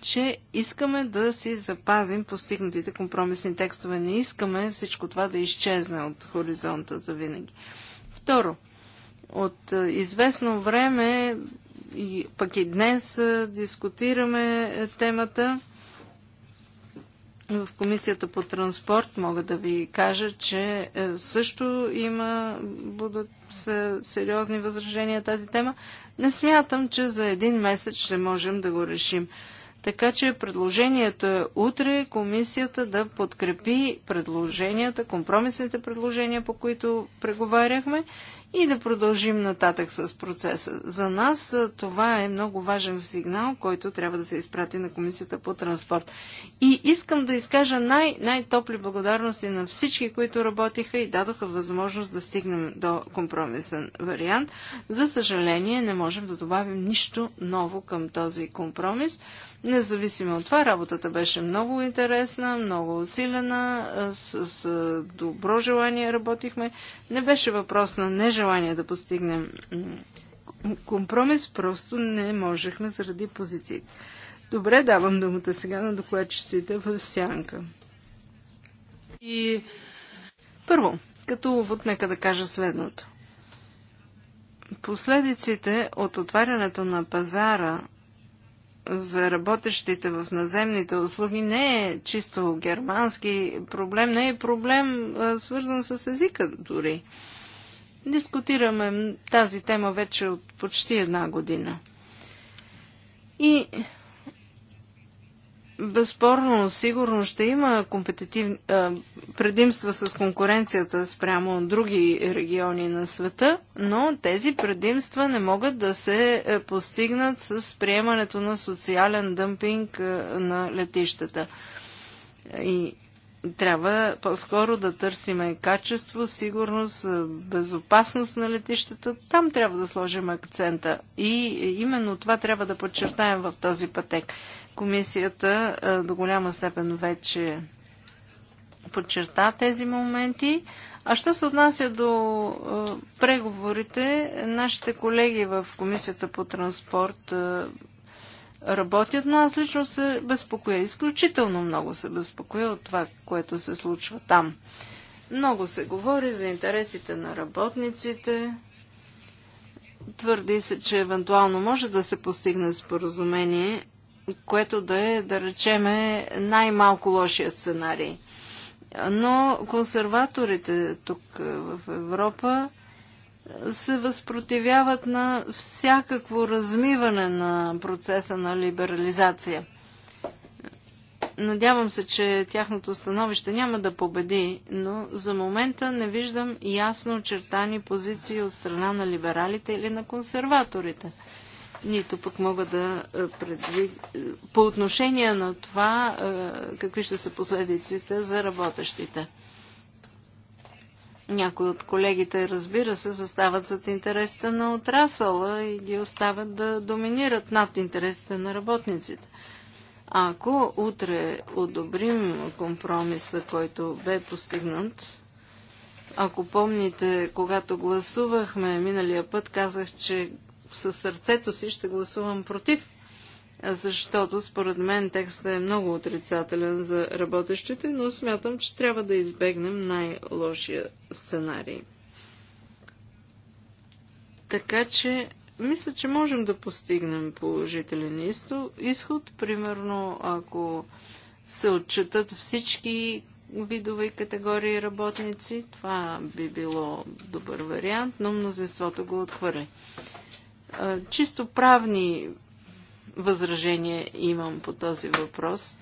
че искаме да си запазим постигнатите компромисни текстове. Не искаме всичко това да изчезне от хоризонта за винаги. Второ, от е, известно време и пък и днес е, дискутираме е, темата в Комисията по транспорт. Мога да ви кажа, че също има, будат сериозни възражения тази тема. Не смятам, че за един месец ще можем да го решим. Така че предложението е утре комисията да подкрепи предложенията, компромисните предложения, по които преговаряхме и да продължим нататък с процеса. За нас това е много важен сигнал, който трябва да се изпрати на Комисията по транспорт. И искам да изкажа най- най-топли благодарности на всички, които работиха и дадоха възможност да стигнем до компромисен вариант. За съжаление, не можем да добавим нищо ново към този компромис. Независимо от това, работата беше много интересна, много усилена, с, с добро желание работихме. Не беше въпрос на не желание да постигнем компромис, просто не можехме заради позициите. Добре, давам думата сега на докладчиците в сянка. И първо, като увод, нека да кажа следното. Последиците от отварянето на пазара за работещите в наземните услуги не е чисто германски проблем, не е проблем а, свързан с езика дори. А, Дискутираме тази тема вече от почти една година. И безспорно, сигурно ще има компетитив... предимства с конкуренцията спрямо други региони на света, но тези предимства не могат да се е, постигнат с приемането на социален дъмпинг е, на летищата. И трябва по-скоро да търсиме качество, сигурност, е, безопасност на летищата. Там трябва да сложим акцента. И именно това трябва да подчертаем в този пътек. Комисията е, до голяма степен вече подчерта тези моменти. А що се отнася до е, преговорите, нашите колеги в Комисията по транспорт работят, но аз лично се безпокоя. Изключително много се безпокоя от това, което се случва там. Много се говори за интересите на работниците. Твърди се, че евентуално може да се постигне споразумение, което да е, да речеме, най-малко лошият сценарий. Но консерваторите тук в Европа се възпротивяват на всякакво размиване на процеса на либерализация. Надявам се, че тяхното становище няма да победи, но за момента не виждам ясно очертани позиции от страна на либералите или на консерваторите. Нито пък мога да е, предвид... Е, по отношение на това е, какви ще са последиците за работещите. Някои от колегите, разбира се, застават зад интересите на отрасъла и ги оставят да доминират над интересите на работниците. А ако утре одобрим компромиса, който бе постигнат, ако помните, когато гласувахме миналия път, казах, че със сърцето си ще гласувам против защото според мен текстът е много отрицателен за работещите, но смятам, че трябва да избегнем най-лошия сценарий. Така че, мисля, че можем да постигнем положителен изход. Примерно, ако се отчитат всички видове и категории работници, това би било добър вариант, но мнозинството го отхвърли. Чисто правни възражение имам по този въпрос.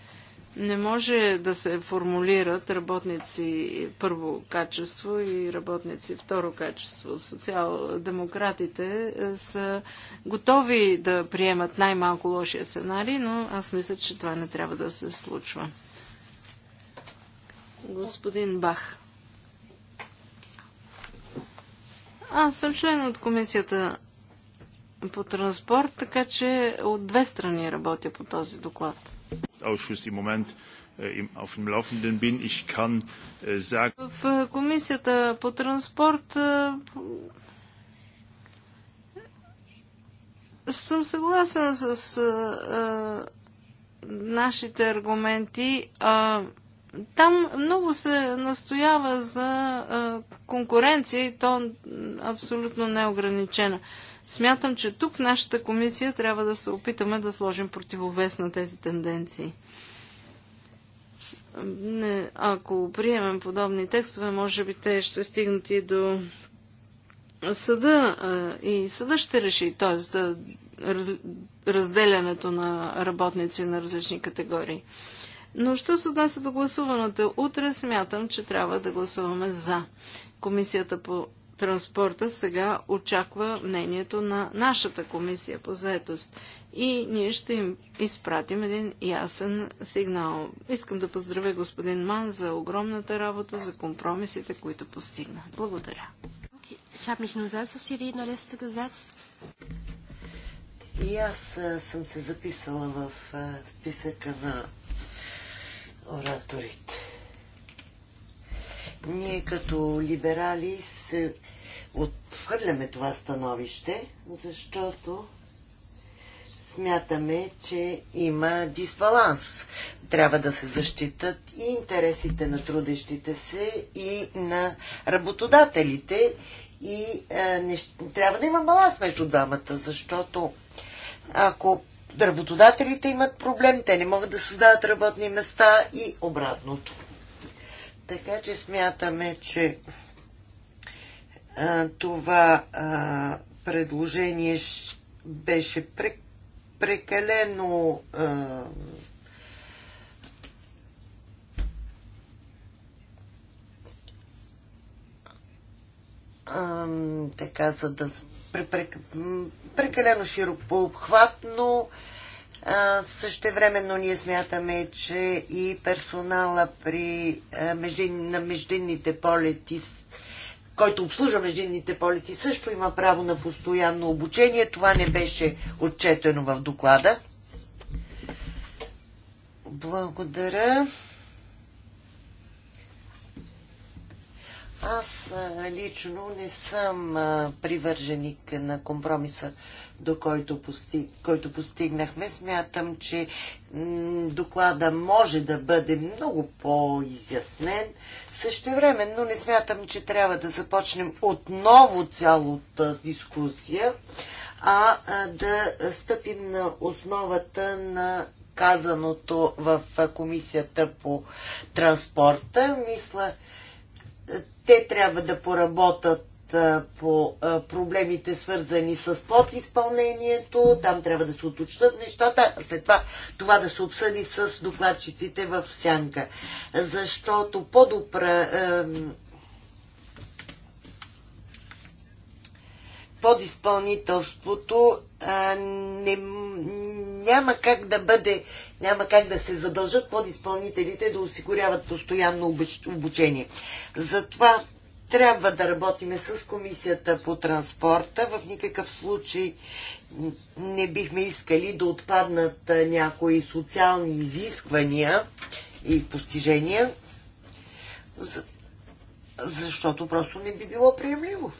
Не може да се формулират работници първо качество и работници второ качество. Социал-демократите е, са готови да приемат най-малко лошия сценарий, но аз мисля, че това не трябва да се случва. Господин Бах. Аз съм член от комисията по транспорт, така че от две страни работя по този доклад. Э, э, В э, комисията по транспорт съм съгласен с нашите аргументи. Там много се настоява за конкуренция и то абсолютно неограничена. Е Смятам, че тук в нашата комисия трябва да се опитаме да сложим противовес на тези тенденции. Не, ако приемем подобни текстове, може би те ще стигнат и до съда и съда ще реши, т.е. Да раз, разделянето на работници на различни категории. Но що се отнася до гласуваната утре, смятам, че трябва да гласуваме за. Комисията по транспорта сега очаква мнението на нашата комисия по заетост и ние ще им изпратим един ясен сигнал. Искам да поздравя господин Ман за огромната работа, за компромисите, които постигна. Благодаря. И аз съм се записала в списъка на ораторите. Ние като либерали се отхвърляме това становище, защото смятаме, че има дисбаланс. Трябва да се защитат и интересите на трудещите се и на работодателите и а, е, не, трябва да има баланс между двамата, защото ако работодателите имат проблем, те не могат да създават работни места и обратното. Така че смятаме, че а, това а, предложение беше прекалено а, а, така, за да прекалено широко обхватно. А, Същевременно ние смятаме, че и персонала при, междин, на междинните полети, който обслужва междинните полети, също има право на постоянно обучение. Това не беше отчетено в доклада. Благодаря. Аз лично не съм привърженик на компромиса, до който, пости... който постигнахме. Смятам, че доклада може да бъде много по-изяснен. също време, но не смятам, че трябва да започнем отново цялата дискусия, а да стъпим на основата на казаното в комисията по транспорта. Мисля, те трябва да поработят по проблемите свързани с подизпълнението, там трябва да се уточнат нещата, след това това да се обсъди с докладчиците в сянка. Защото подупра... подизпълнителството не, няма как да бъде, няма как да се задължат изпълнителите, да осигуряват постоянно обучение. Затова трябва да работиме с комисията по транспорта. В никакъв случай не бихме искали да отпаднат някои социални изисквания и постижения, защото просто не би било приемливо.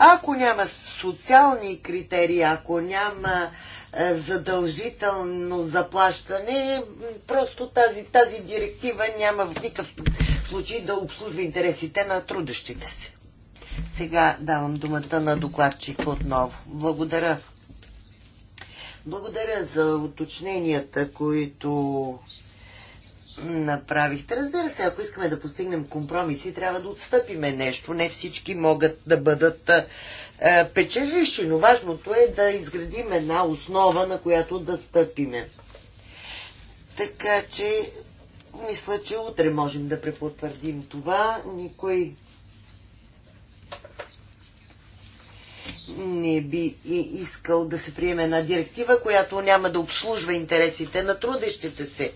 Ако няма социални критерии, ако няма е, задължително заплащане, просто тази, тази директива няма в никакъв случай да обслужва интересите на трудещите се. Сега давам думата на докладчика отново. Благодаря. Благодаря за уточненията, които направихте. Разбира се, ако искаме да постигнем компромиси, трябва да отстъпиме нещо. Не всички могат да бъдат е, печелищи, но важното е да изградим една основа, на която да стъпиме. Така че, мисля, че утре можем да препотвърдим това. Никой не би и искал да се приеме една директива, която няма да обслужва интересите на трудещите се.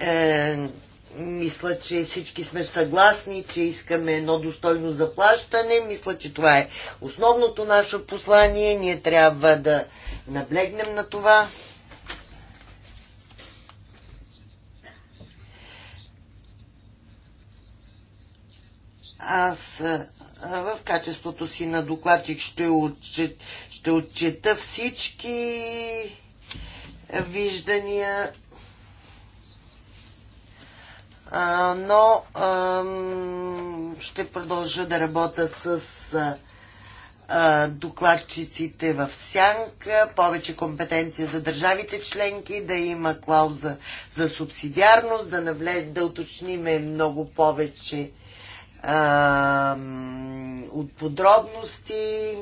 Е, мисля, че всички сме съгласни, че искаме едно достойно заплащане. Мисля, че това е основното наше послание. Ние трябва да наблегнем на това. Аз в качеството си на докладчик ще, отчет, ще отчета всички виждания но ще продължа да работя с докладчиците в сянка, повече компетенция за държавите членки, да има клауза за субсидиарност, да, навлез, да уточниме много повече а, от подробности,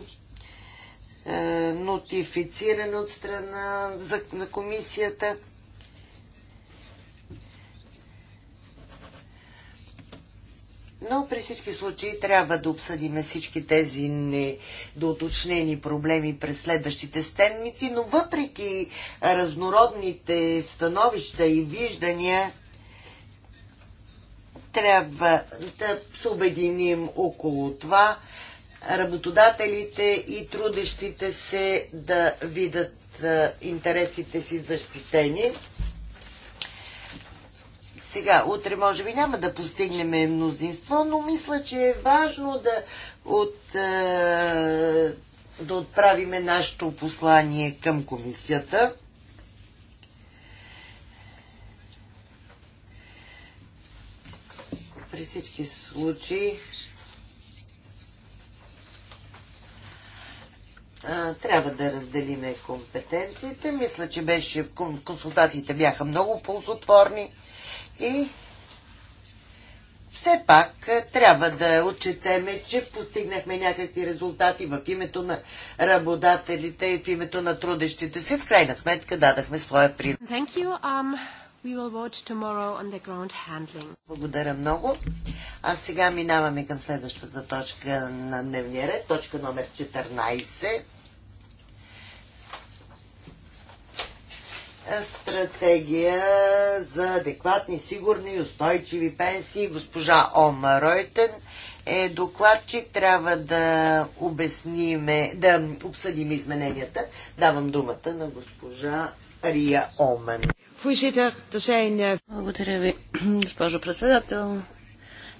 а, е, нотифициране от страна за, на комисията. Но при всички случаи трябва да обсъдим всички тези недоуточнени проблеми през следващите стенници, но въпреки разнородните становища и виждания, трябва да се обединим около това, работодателите и трудещите се да видят интересите си защитени. Сега, утре може би няма да постигнем мнозинство, но мисля, че е важно да, от, е, да отправиме нашето послание към комисията. При всички случаи трябва да разделиме компетенциите. Мисля, че беше, консултациите бяха много ползотворни. И все пак е, трябва да отчетеме, че постигнахме някакви резултати в името на работодателите и в името на трудещите си. В крайна сметка дадахме своя принос. Um, Благодаря много. А сега минаваме към следващата точка на дневния ред, точка номер 14. стратегия за адекватни, сигурни и устойчиви пенсии. Госпожа Ома Ройтен е докладчик. Трябва да обясниме, да обсъдим измененията. Давам думата на госпожа Рия Омен. Er eh, Благодаря ви, [clears throat] госпожо председател.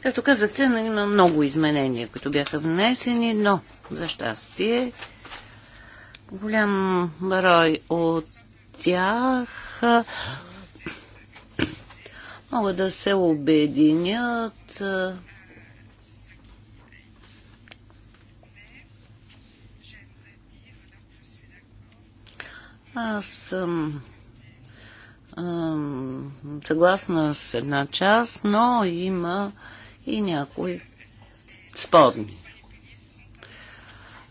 Както казахте, нали, има много изменения, които бяха внесени, но за щастие голям брой от тях могат да се обединят Аз съм съгласна с една част, но има и някои спорни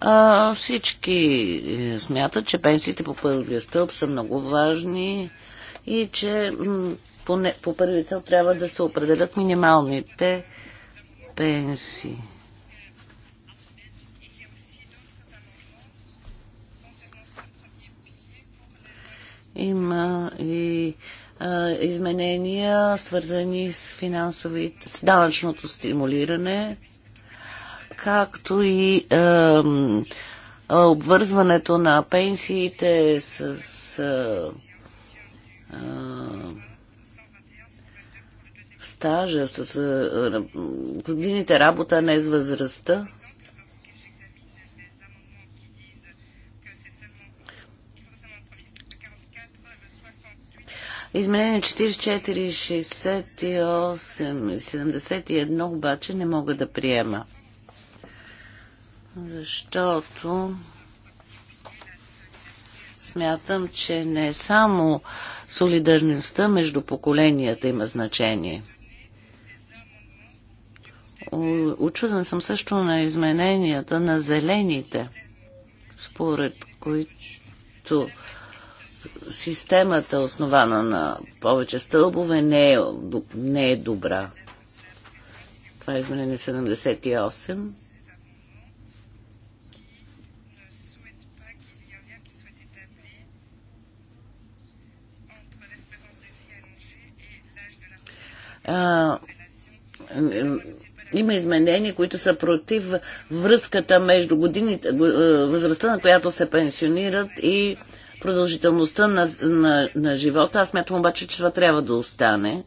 а, всички е, смятат, че пенсиите по първия стълб са много важни и че по, не, по първи стълб трябва да се определят минималните пенсии. Има и а, изменения, свързани с финансовите, с данъчното стимулиране както и е, обвързването на пенсиите с. Е, е, стажа, с е, годините работа, не с възрастта. Изменение 44, 68 и 71 обаче не мога да приема защото смятам, че не само солидарността между поколенията има значение. Очуден съм също на измененията на зелените, според които системата, основана на повече стълбове, не е, не е добра. Това е изменение 78. Е, има изменения, които са против връзката между годините, възрастта, на която се пенсионират и продължителността на, на, на живота. Аз мятам обаче, че това трябва да остане.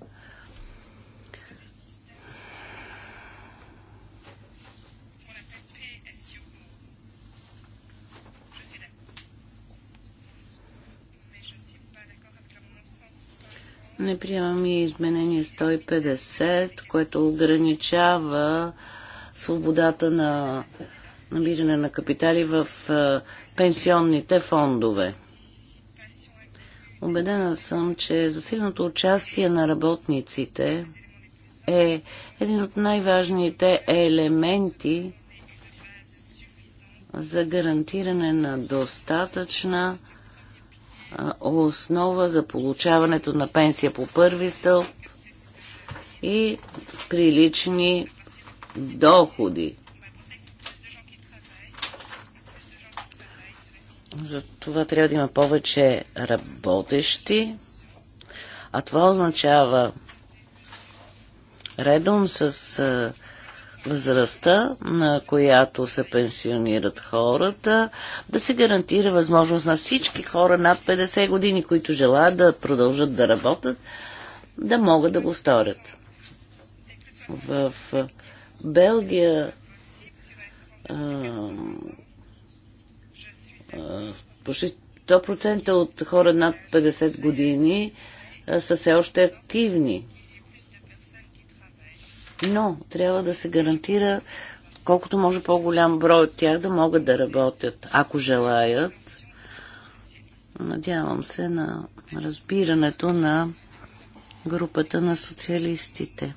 Не приемам и изменение 150, което ограничава свободата на набиране на капитали в пенсионните фондове. Обедена съм, че засиленото участие на работниците е един от най-важните елементи за гарантиране на достатъчна основа за получаването на пенсия по първи стълб и прилични доходи. За това трябва да има повече работещи, а това означава редом с възрастта, на която се пенсионират хората, да се гарантира възможност на всички хора над 50 години, които желаят да продължат да работят, да могат да го сторят. В Белгия почти 100% от хора над 50 години са все още активни но трябва да се гарантира колкото може по-голям брой от тях да могат да работят, ако желаят. Надявам се на разбирането на групата на социалистите.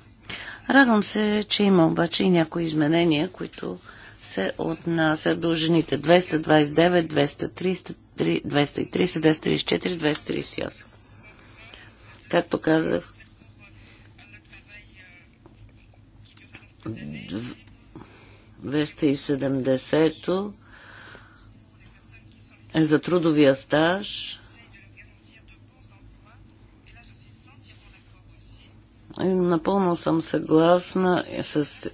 Радвам се, че има обаче и някои изменения, които се отнасят до жените. 229, 230, 230, 234, 238. Както казах, 270-то е за трудовия стаж. И напълно съм съгласна с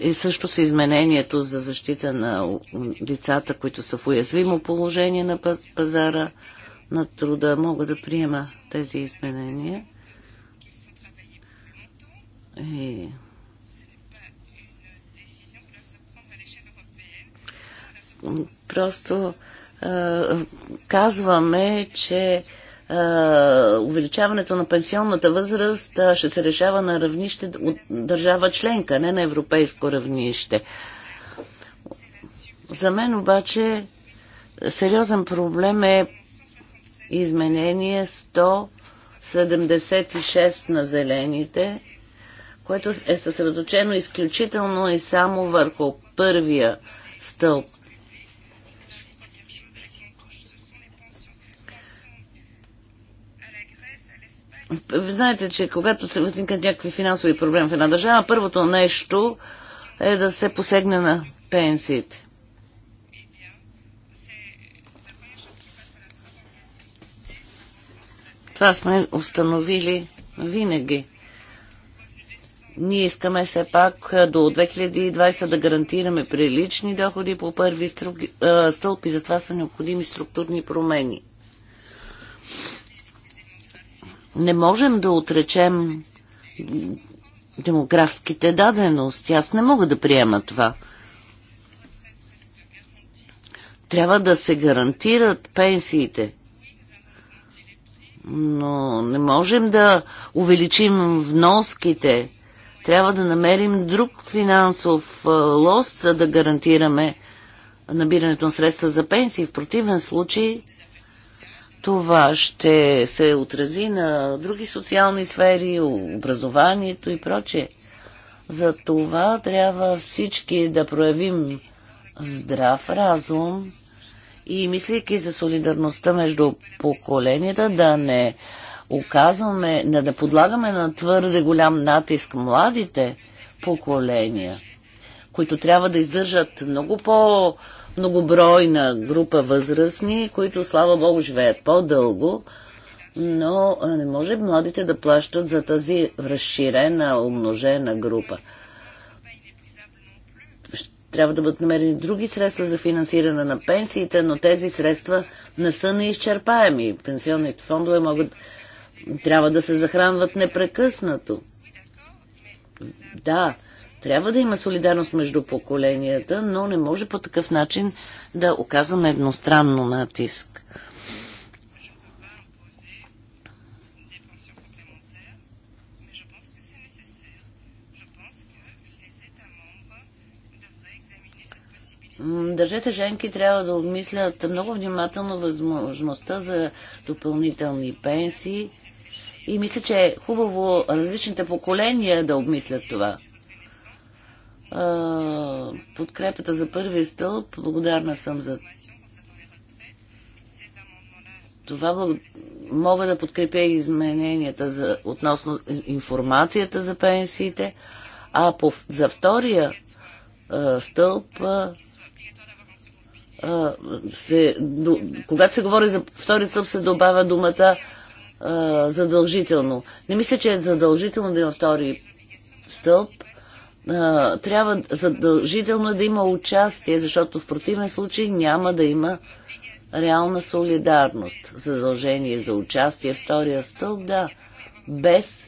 и също с изменението за защита на децата, които са в уязвимо положение на пазара на труда. Мога да приема тези изменения. И Просто а, казваме, че а, увеличаването на пенсионната възраст а, ще се решава на равнище от държава членка, не на европейско равнище. За мен обаче сериозен проблем е изменение 176 на зелените, което е съсредоточено изключително и само върху първия стълб. Знаете, че когато се възникнат някакви финансови проблеми в една държава, първото нещо е да се посегне на пенсиите. Това сме установили винаги. Ние искаме все пак до 2020 да гарантираме прилични доходи по първи стълб и затова са необходими структурни промени не можем да отречем демографските дадености. Аз не мога да приема това. Трябва да се гарантират пенсиите. Но не можем да увеличим вноските. Трябва да намерим друг финансов лост, за да гарантираме набирането на средства за пенсии. В противен случай това ще се отрази на други социални сфери, образованието и прочее. За това трябва всички да проявим здрав разум и мислейки за солидарността между поколенията, да не оказваме, да не подлагаме на твърде голям натиск младите поколения, които трябва да издържат много по- многобройна група възрастни, които, слава Богу, живеят по-дълго, но не може младите да плащат за тази разширена, умножена група. Трябва да бъдат намерени други средства за финансиране на пенсиите, но тези средства не са неизчерпаеми. Пенсионните фондове могат, трябва да се захранват непрекъснато. Да, трябва да има солидарност между поколенията, но не може по такъв начин да оказваме едностранно натиск. Държете женки трябва да обмислят много внимателно възможността за допълнителни пенсии и мисля, че е хубаво различните поколения да обмислят това подкрепата за първия стълб. Благодарна съм за това. Мога да подкрепя измененията за, относно информацията за пенсиите, а по, за втория а, стълб а, се, до, когато се говори за втори стълб, се добавя думата а, задължително. Не мисля, че е задължително да има втори стълб, трябва задължително да има участие, защото в противен случай няма да има реална солидарност. Задължение за участие в втория стълб, да, без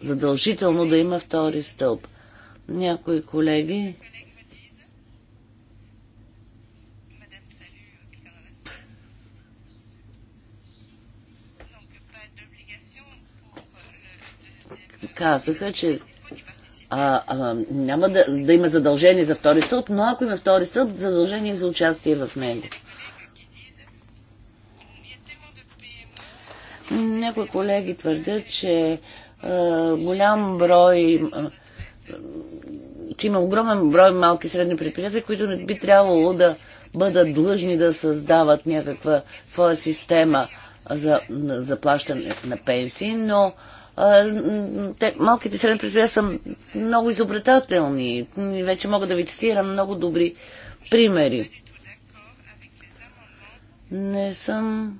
задължително да има втори стълб. Някои колеги казаха, че а, а, няма да, да има задължение за втори стълб, но ако има втори стълб, задължение за участие в него. Някои колеги твърдят, че а, голям брой. А, че има огромен брой малки и средни предприятия, които не би трябвало да бъдат длъжни да създават някаква своя система за заплащане на пенсии, но а, те, малките средни предприятия са много изобретателни. Вече мога да ви цитирам много добри примери. Не съм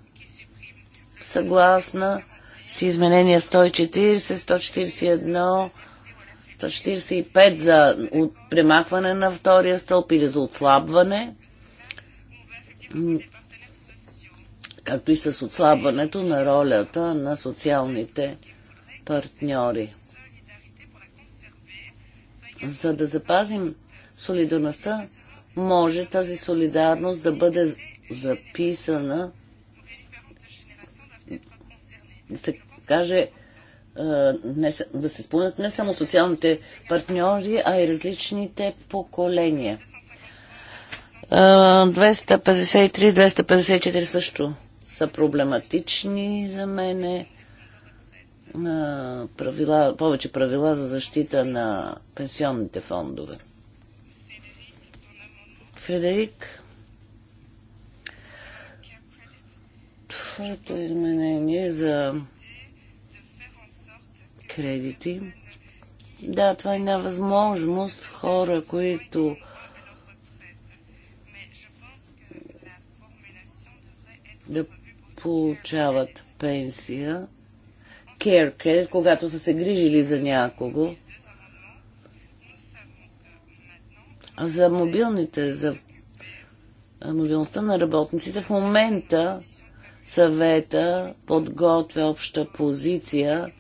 съгласна с изменения 140, 141, 145 за премахване на втория стълб или за отслабване, както и с отслабването на ролята на социалните партньори. За да запазим солидарността, може тази солидарност да бъде записана, се каже, не, да се спомнят не само социалните партньори, а и различните поколения. 253-254 също са проблематични за мене правила, повече правила за защита на пенсионните фондове. Фредерик, твоето изменение за кредити. Да, това е една възможност хора, които да получават пенсия care, когато са се грижили за някого. А за мобилните, за мобилността на работниците, в момента съвета подготвя обща позиция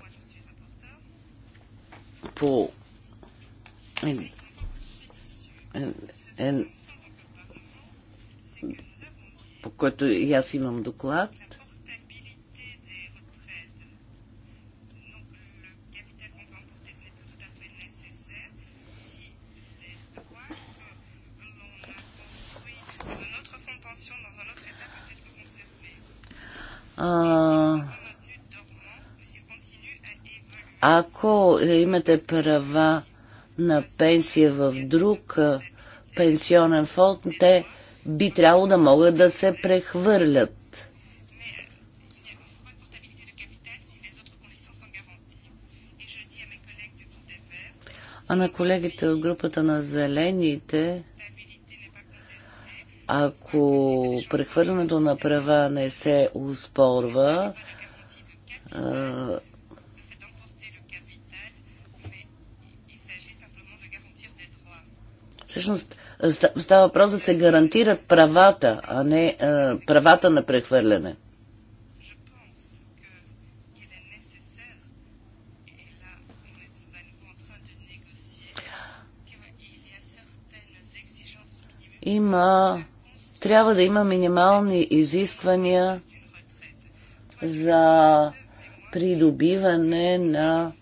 по по който и аз имам доклад. ако имате права на пенсия в друг пенсионен фонд, те би трябвало да могат да се прехвърлят. А на колегите от групата на зелените ако прехвърлянето на права не се успорва, всъщност става въпрос да се гарантират правата, а не правата на прехвърляне. има трябва да има минимални изисквания за придобиване на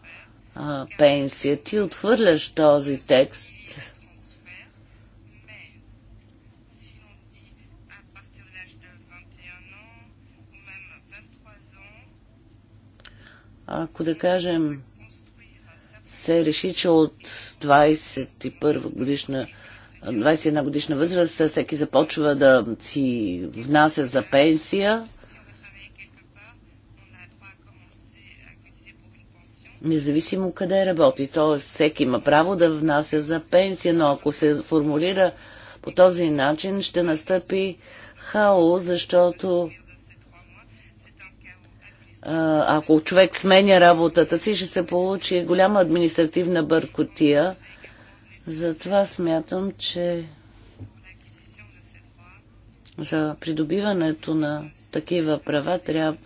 а, пенсия. Ти отхвърляш този текст. Ако да кажем се реши, че от 21 годишна 21 годишна възраст всеки започва да си внася за пенсия. Независимо къде работи, т.е. всеки има право да внася за пенсия, но ако се формулира по този начин, ще настъпи хаос, защото ако човек сменя работата си, ще се получи голяма административна бъркотия – затова смятам, че за придобиването на такива права трябва,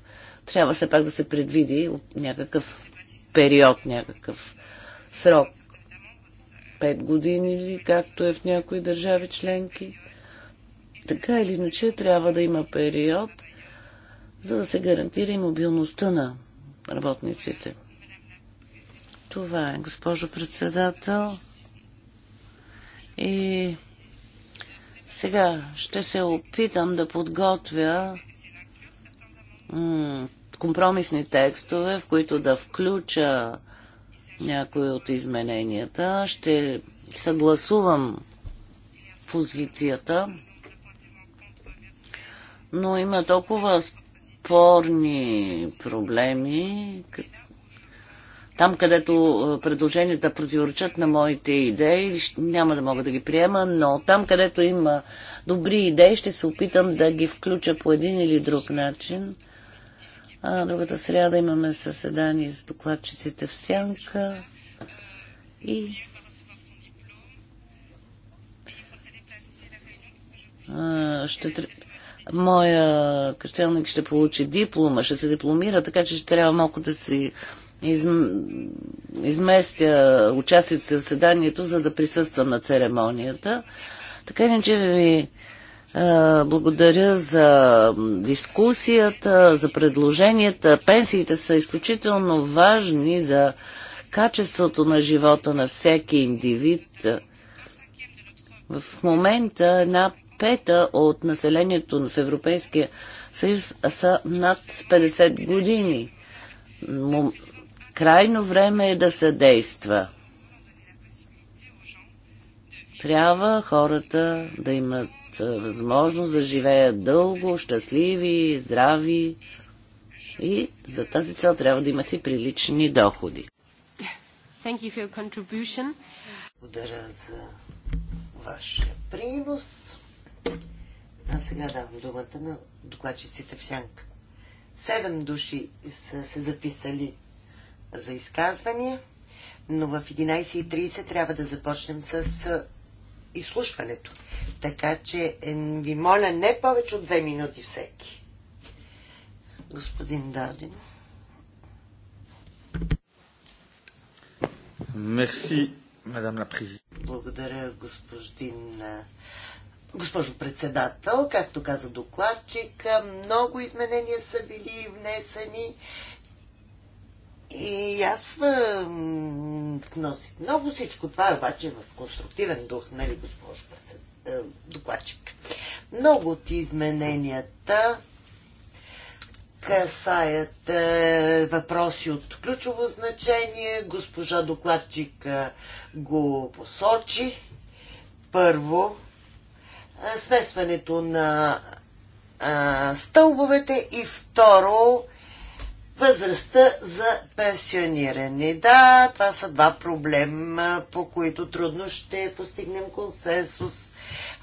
трябва все пак да се предвиди някакъв период, някакъв срок. Пет години, или както е в някои държави членки. Така или иначе трябва да има период, за да се гарантира и мобилността на работниците. Това е, госпожо председател. И сега ще се опитам да подготвя компромисни текстове, в които да включа някои от измененията. Ще съгласувам позицията, но има толкова спорни проблеми, там, където е, предложенията противоречат на моите идеи, няма да мога да ги приема, но там, където има добри идеи, ще се опитам да ги включа по един или друг начин. А, другата сряда имаме съседание с докладчиците в Сянка и а, ще Моя къщелник ще получи диплома, ще се дипломира, така че ще трябва малко да си из... изместя участието си в заседанието, за да присъствам на церемонията. Така че ви благодаря за дискусията, за предложенията. Пенсиите са изключително важни за качеството на живота на всеки индивид. В момента една пета от населението в Европейския съюз са над 50 години. Крайно време е да се действа. Трябва хората да имат възможност да живеят дълго, щастливи, здрави и за тази цел трябва да имат и прилични доходи. You Благодаря за вашия принос. А сега давам думата на докладчиците в сянка. Седем души са се записали за изказвания, но в 11.30 трябва да започнем с изслушването. Така че е, ви моля не повече от две минути всеки. Господин Дадин. Мерси, мадам ла Благодаря, господин Госпожо председател, както каза докладчик, много изменения са били внесени и аз вносих много всичко това, е обаче в конструктивен дух, нали, госпожо докладчик. Много от измененията касаят е, въпроси от ключово значение. Госпожа докладчик е, го посочи. Първо, е, смесването на е, стълбовете и второ, е, възрастта за пенсиониране. Да, това са два проблема, по които трудно ще постигнем консенсус.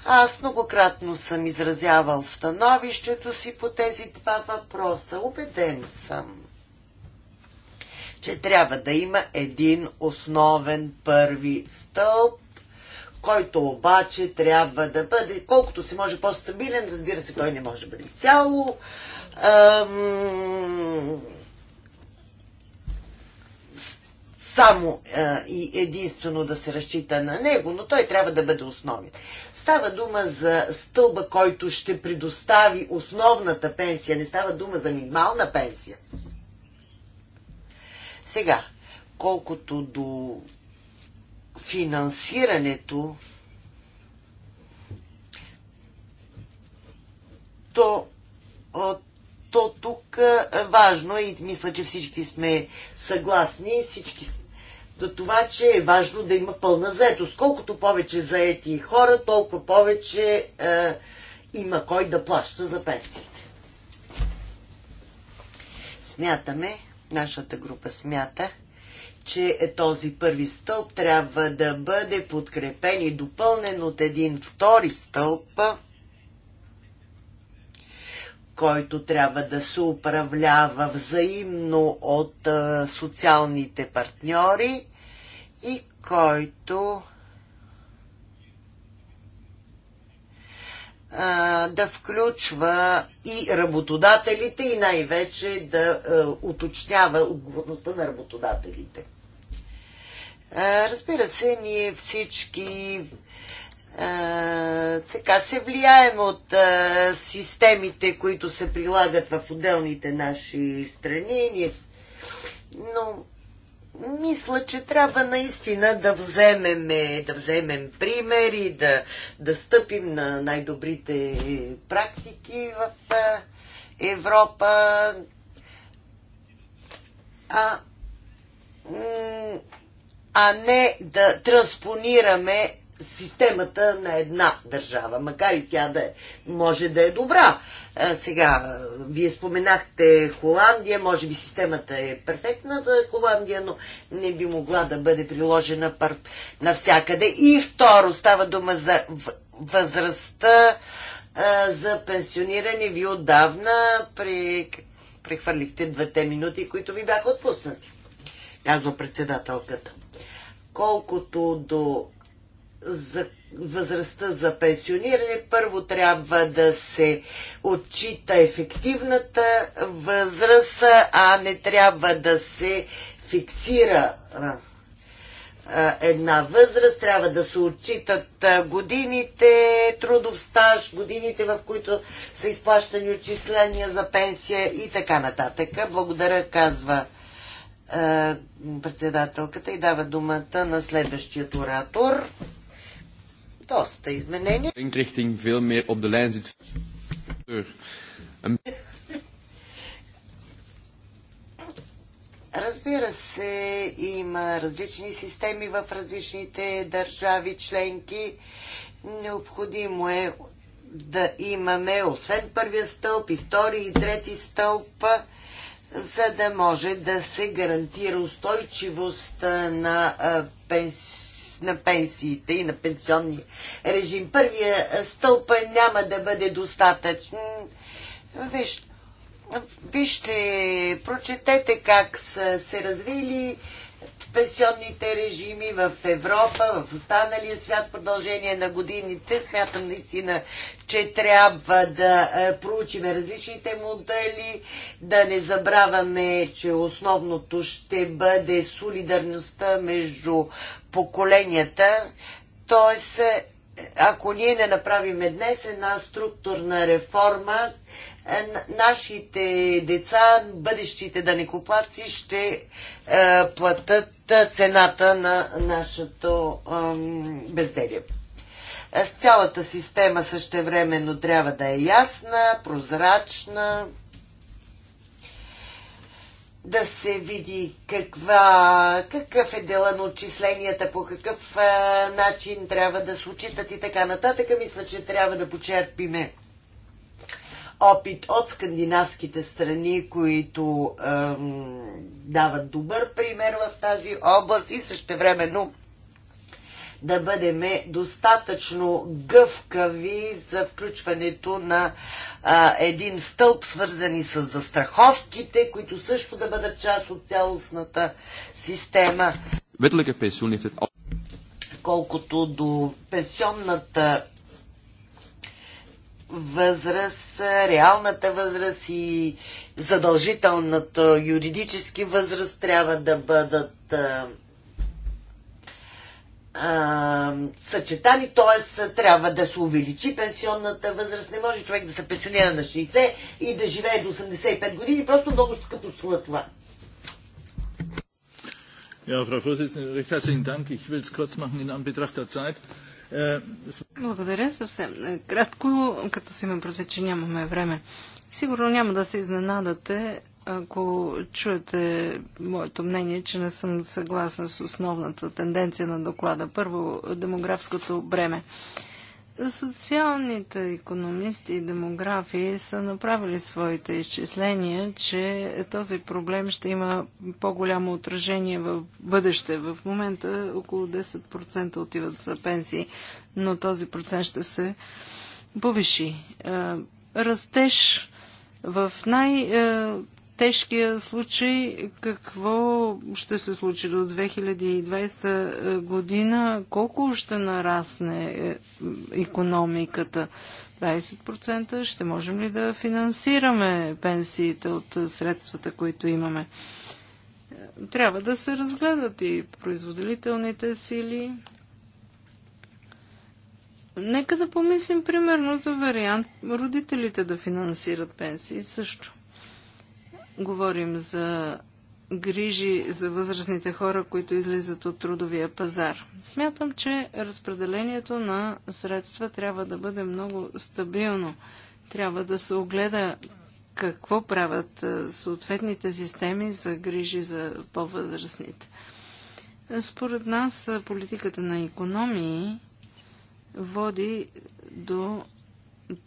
Аз многократно съм изразявал становището си по тези два въпроса. Убеден съм, че трябва да има един основен първи стълб, който обаче трябва да бъде, колкото се може по-стабилен, разбира се, той не може да бъде изцяло. Ам само а, е, и единствено да се разчита на него, но той трябва да бъде основен. Става дума за стълба, който ще предостави основната пенсия, не става дума за минимална пенсия. Сега, колкото до финансирането, то, то тук е важно и мисля, че всички сме съгласни, всички това, че е важно да има пълна заетост. Колкото повече заети хора, толкова повече е, има кой да плаща за пенсиите. Смятаме, нашата група смята, че този първи стълб трябва да бъде подкрепен и допълнен от един втори стълб, който трябва да се управлява взаимно от а, социалните партньори и който а, да включва и работодателите и най-вече да а, уточнява отговорността на работодателите. Разбира се, ние всички така се влияем от а, системите, които се прилагат в отделните наши страни. Но мисля, че трябва наистина да вземем, да вземем примери, да, да стъпим на най-добрите практики в а, Европа. А, а не да транспонираме системата на една държава, макар и тя да е, може да е добра. А, сега, вие споменахте Холандия, може би системата е перфектна за Холандия, но не би могла да бъде приложена пар... навсякъде. И второ, става дума за възрастта а, за пенсиониране. Ви отдавна при... прехвърлихте двете минути, които ви бяха отпуснати, казва председателката. Колкото до за възрастта за пенсиониране, първо трябва да се отчита ефективната възраст, а не трябва да се фиксира една възраст, трябва да се отчитат годините трудов стаж, годините в които са изплащани отчисления за пенсия и така нататък. Благодаря, казва председателката и дава думата на следващия оратор доста изменения. Inrichting veel meer op de lijn zit. Разбира се, има различни системи в различните държави членки. Необходимо е да имаме, освен първия стълб и втори и трети стълб, за да може да се гарантира устойчивост на пенсионите на пенсиите и на пенсионния режим. Първия стълб няма да бъде достатъчен. Вижте, вижте, прочетете как са се развили пенсионните режими в Европа, в останалия свят в продължение на годините. Смятам наистина, че трябва да е, проучим различните модели, да не забравяме, че основното ще бъде солидарността между поколенията. Тоест, е, ако ние не направим днес една структурна реформа, е, нашите деца, бъдещите данекоплаци ще е, платят цената на нашето безделие. Е, с цялата система същевременно трябва да е ясна, прозрачна, да се види каква, какъв е дела на отчисленията, по какъв а, начин трябва да се учитат и така нататък. Мисля, че трябва да почерпиме опит от скандинавските страни, които ем, дават добър пример в тази област и същевременно да бъдем достатъчно гъвкави за включването на а, един стълб, свързани с застраховките, които също да бъдат част от цялостната система. Колкото до пенсионната възраст, реалната възраст и задължителната юридически възраст трябва да бъдат а, а, съчетани, т.е. трябва да се увеличи пенсионната възраст. Не може човек да се пенсионира на 60 и да живее до 85 години. Просто много скъпо струва това. Ja, Frau Vorsitzende, recht herzlichen Dank. Ich will es kurz machen in Anbetracht der Zeit. Благодаря. Съвсем кратко, като си ме против, че нямаме време. Сигурно няма да се изненадате, ако чуете моето мнение, че не съм съгласна с основната тенденция на доклада. Първо, демографското бреме. Социалните економисти и демографи са направили своите изчисления, че този проблем ще има по-голямо отражение в бъдеще. В момента около 10% отиват за пенсии, но този процент ще се повиши. Е, растеж в най- е, тежкия случай, какво ще се случи до 2020 е, година, колко ще нарасне економиката? 20% ще можем ли да финансираме пенсиите от е, средствата, които имаме? Е, трябва да се разгледат и производителните сили. Нека да помислим примерно за вариант родителите да финансират пенсии също. Говорим за грижи за възрастните хора, които излизат от трудовия пазар. Смятам, че разпределението на средства трябва да бъде много стабилно. Трябва да се огледа какво правят съответните системи за грижи за по-възрастните. Според нас политиката на економии води до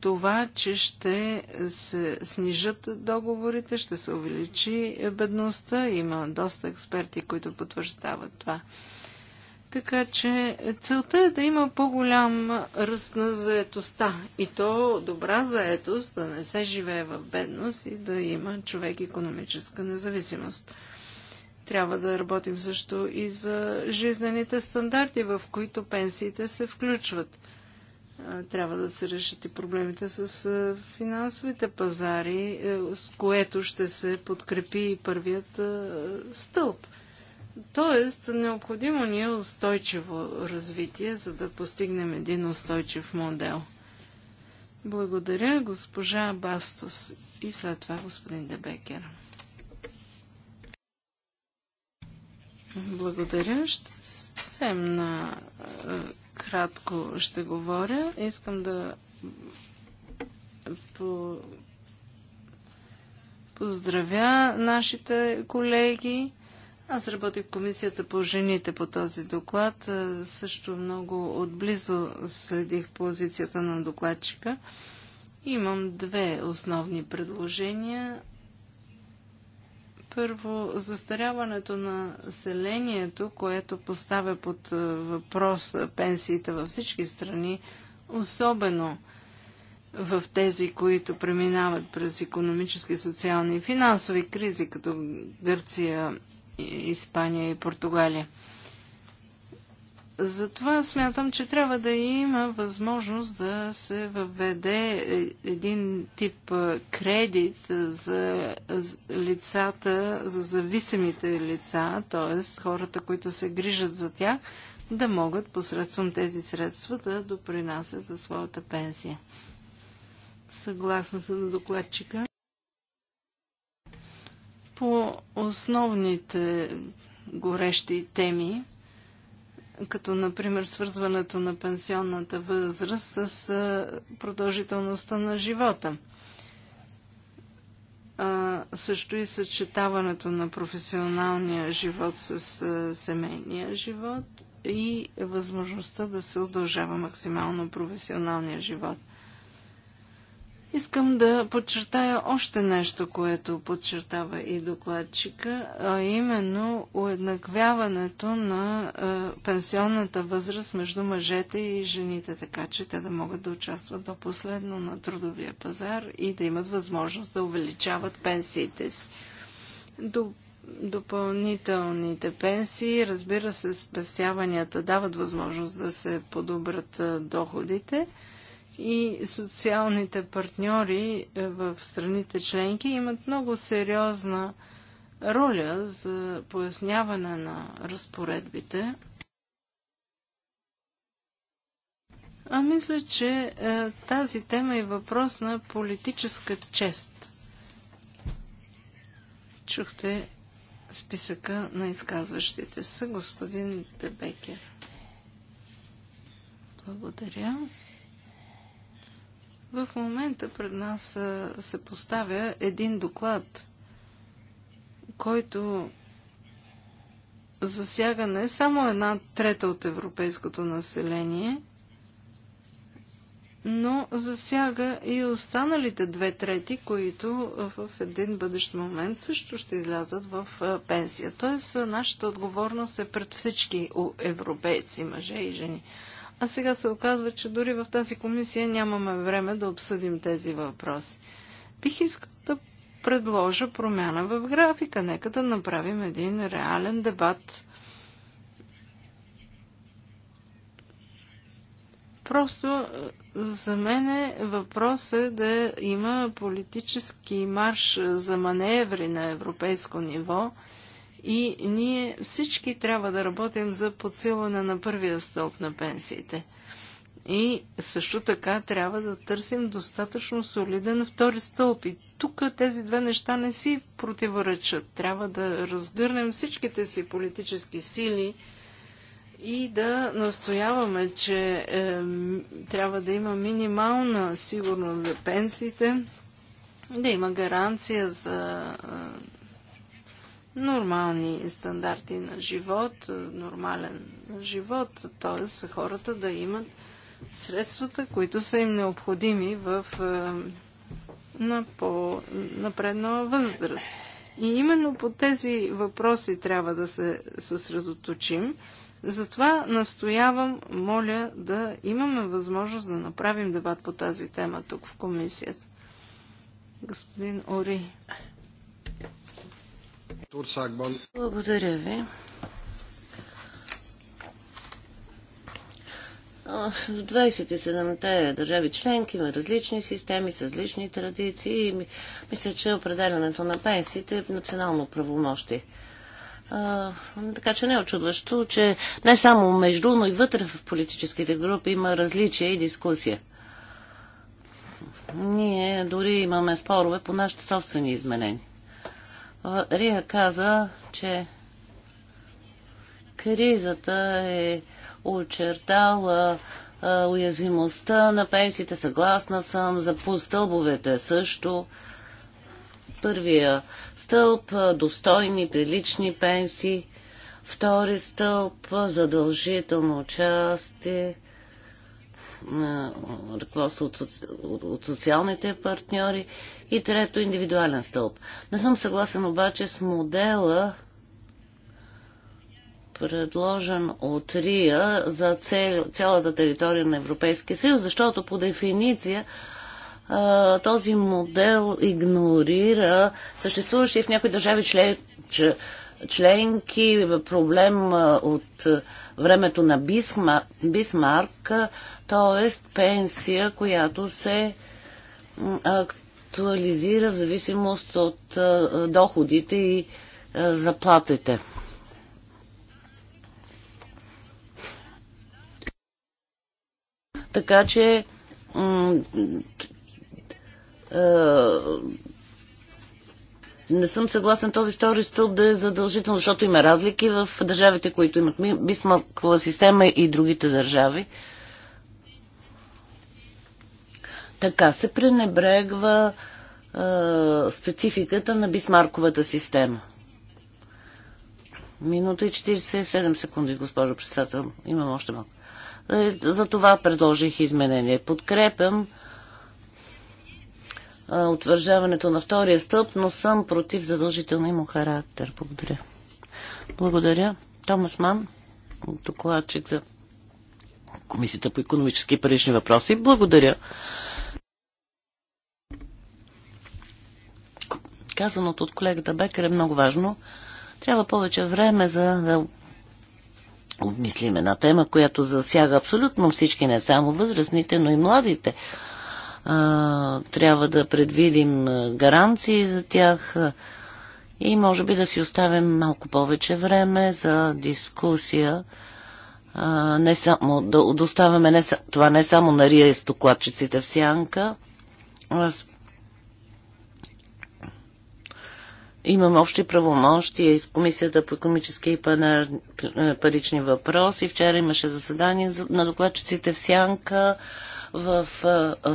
това, че ще се снижат договорите, ще се увеличи бедността. Има доста експерти, които потвърждават това. Така че целта е да има по-голям ръст на заетостта. И то добра заетост, да не се живее в бедност и да има човек економическа независимост. Трябва да работим също и за жизнените стандарти, в които пенсиите се включват – трябва да се решат и проблемите с финансовите пазари, е, с което ще се подкрепи и първият стълб. Тоест, необходимо ни е устойчиво развитие, за да постигнем един устойчив модел. Благодаря, госпожа Бастос и след това господин Дебекер. Благодаря. Ще съм на кратко ще говоря. Искам да по... поздравя нашите колеги. Аз работих в комисията по жените по този доклад. Е, също много отблизо следих позицията на докладчика. Имам две основни предложения. Първо, застаряването на населението, което поставя под е, въпрос е, пенсиите във всички страни, особено в тези, които преминават през економически, социални и финансови кризи, като Гърция, Испания и Португалия. Затова смятам, че трябва да има възможност да се въведе е, един тип е, кредит е, за лицата, за зависимите лица, т.е. хората, които се грижат за тях, да могат посредством тези средства да допринасят за своята пенсия. Съгласна съм на докладчика. По основните горещи теми, като например свързването на пенсионната възраст с продължителността на живота. също и съчетаването на професионалния живот с семейния живот и възможността да се удължава максимално професионалния живот. Искам да подчертая още нещо, което подчертава и докладчика, а именно уеднаквяването на а, пенсионната възраст между мъжете и жените, така че те да могат да участват до последно на трудовия пазар и да имат възможност да увеличават пенсиите си. До допълнителните пенсии, разбира се, спестяванията дават възможност да се подобрат доходите и социалните партньори е, в страните членки имат много сериозна роля за поясняване на разпоредбите. А мисля, че е, тази тема е въпрос на политическа чест. Чухте списъка на изказващите се, господин Дебекер. Благодаря. В момента пред нас се поставя един доклад, който засяга не само една трета от европейското население, но засяга и останалите две трети, които в един бъдещ момент също ще излязат в пенсия. Тоест, нашата отговорност е пред всички европейци, мъже и жени а сега се оказва, че дори в тази комисия нямаме време да обсъдим тези въпроси. Бих искал да предложа промяна в графика. Нека да направим един реален дебат. Просто е, за мен е, въпрос е да има политически марш е, за маневри на европейско ниво – и ние всички трябва да работим за подсилване на първия стълб на пенсиите. И също така трябва да търсим достатъчно солиден втори стълб. И тук тези две неща не си противоречат. Трябва да разгърнем всичките си политически сили и да настояваме, че е, трябва да има минимална сигурност за пенсиите, да има гаранция за нормални стандарти на живот, нормален живот, т.е. хората да имат средствата, които са им необходими в, е, на по-напредна възраст. И именно по тези въпроси трябва да се съсредоточим. Затова настоявам, моля да имаме възможност да направим дебат по тази тема тук в комисията. Господин Ори. Благодаря ви. В 27-те държави членки има различни системи с различни традиции и мисля, че определянето на пенсиите е национално правомощие. така че не е очудващо, че не само между, но и вътре в политическите групи има различия и дискусия. Ние дори имаме спорове по нашите собствени изменения. Рия каза, че кризата е очертала уязвимостта на пенсиите. Съгласна съм за стълбовете също. Първия стълб достойни, прилични пенсии. Втори стълб задължително участие на ръководство от, соци... от социалните партньори и трето индивидуален стълб. Не съм съгласен обаче с модела, предложен от РИА за цел, цялата територия на Европейския съюз, защото по дефиниция този модел игнорира съществуващи в някои държави член, членки проблем от времето на Бисмарк, Бисмарк т.е. пенсия, която се актуализира в зависимост от доходите и заплатите. Така че не съм съгласен този втори стълб да е задължително, защото има разлики в държавите, които имат бисмакова система и другите държави. Така се пренебрегва е, спецификата на бисмарковата система. Минута и 47 секунди, госпожо председател. Имам още малко. Е, за това предложих изменение. Подкрепям утвържаването на втория стълб, но съм против задължителния му характер. Благодаря. Благодаря. Томас Ман, докладчик за Комисията по економически и парични въпроси. Благодаря. Казаното от колегата Бекер е много важно. Трябва повече време за да обмислим една тема, която засяга абсолютно всички, не само възрастните, но и младите а, трябва да предвидим гаранции за тях и може би да си оставим малко повече време за дискусия. А, не само, да доставяме не, това не само на Рия с докладчиците в Сянка. Аз имам общи правомощия с Комисията по економически и е, парични въпроси. Вчера имаше заседание на докладчиците в Сянка. В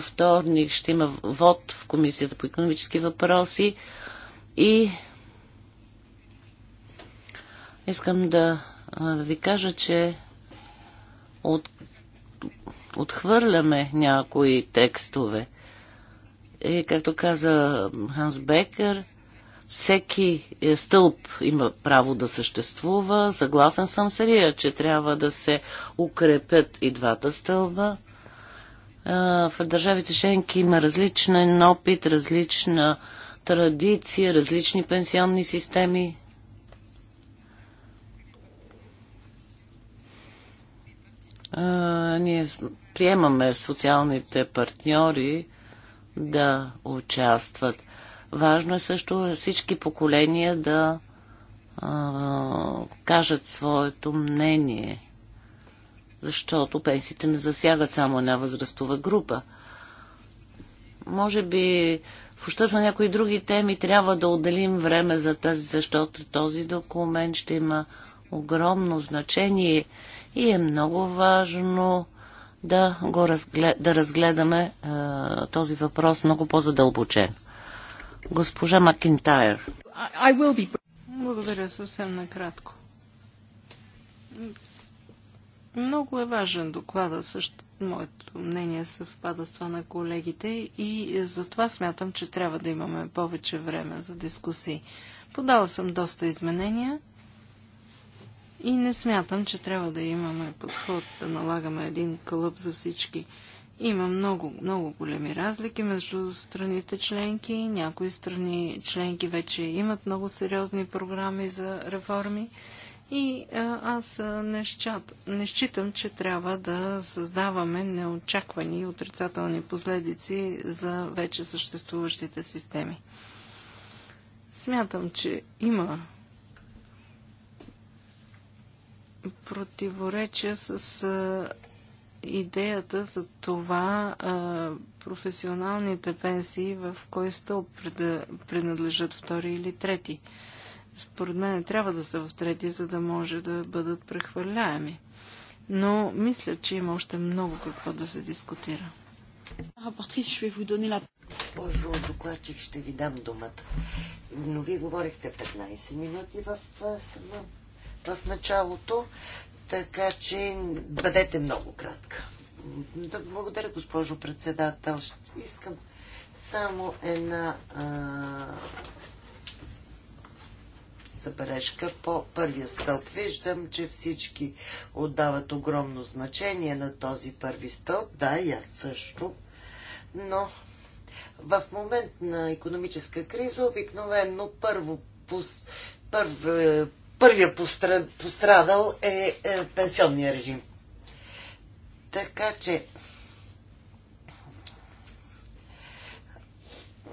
вторник ще има вод в Комисията по економически въпроси и искам да ви кажа, че от... отхвърляме някои текстове. И както каза Ханс Бекер, всеки е, стълб има право да съществува. Съгласен съм с Рия, че трябва да се укрепят и двата стълба в държавите Шенки има различен опит, различна традиция, различни пенсионни системи. Ние приемаме социалните партньори да участват. Важно е също всички поколения да а, кажат своето мнение защото пенсиите не засягат само една възрастова група. Може би в ущърп на някои други теми трябва да отделим време за тази, защото този документ ще има огромно значение и е много важно да, го разглед, да разгледаме е, този въпрос много по-задълбочен. Госпожа Макинтайр. Благодаря съвсем накратко. Много е важен доклада, също моето мнение съвпада с това на колегите и затова смятам, че трябва да имаме повече време за дискусии. Подала съм доста изменения и не смятам, че трябва да имаме подход да налагаме един кълъп за всички. Има много, много големи разлики между страните членки. Някои страни членки вече имат много сериозни програми за реформи. И аз не, счат, не считам, че трябва да създаваме неочаквани отрицателни последици за вече съществуващите системи. Смятам, че има противоречия с идеята за това професионалните пенсии в кой стълб принадлежат втори или трети според мен трябва да са в трети, за да може да бъдат прехвърляеми. Но мисля, че има още много какво да се дискутира. Рапортрис, ще ви Госпожо докладчик, ще ви дам думата. Но вие говорихте 15 минути в, в началото, така че бъдете много кратка. Благодаря, госпожо председател. Искам само една а, забележка по първия стълб. Виждам, че всички отдават огромно значение на този първи стълб. Да, и аз също. Но в момент на економическа криза обикновено първо, първо, е, първия пострадал е, е пенсионния режим. Така че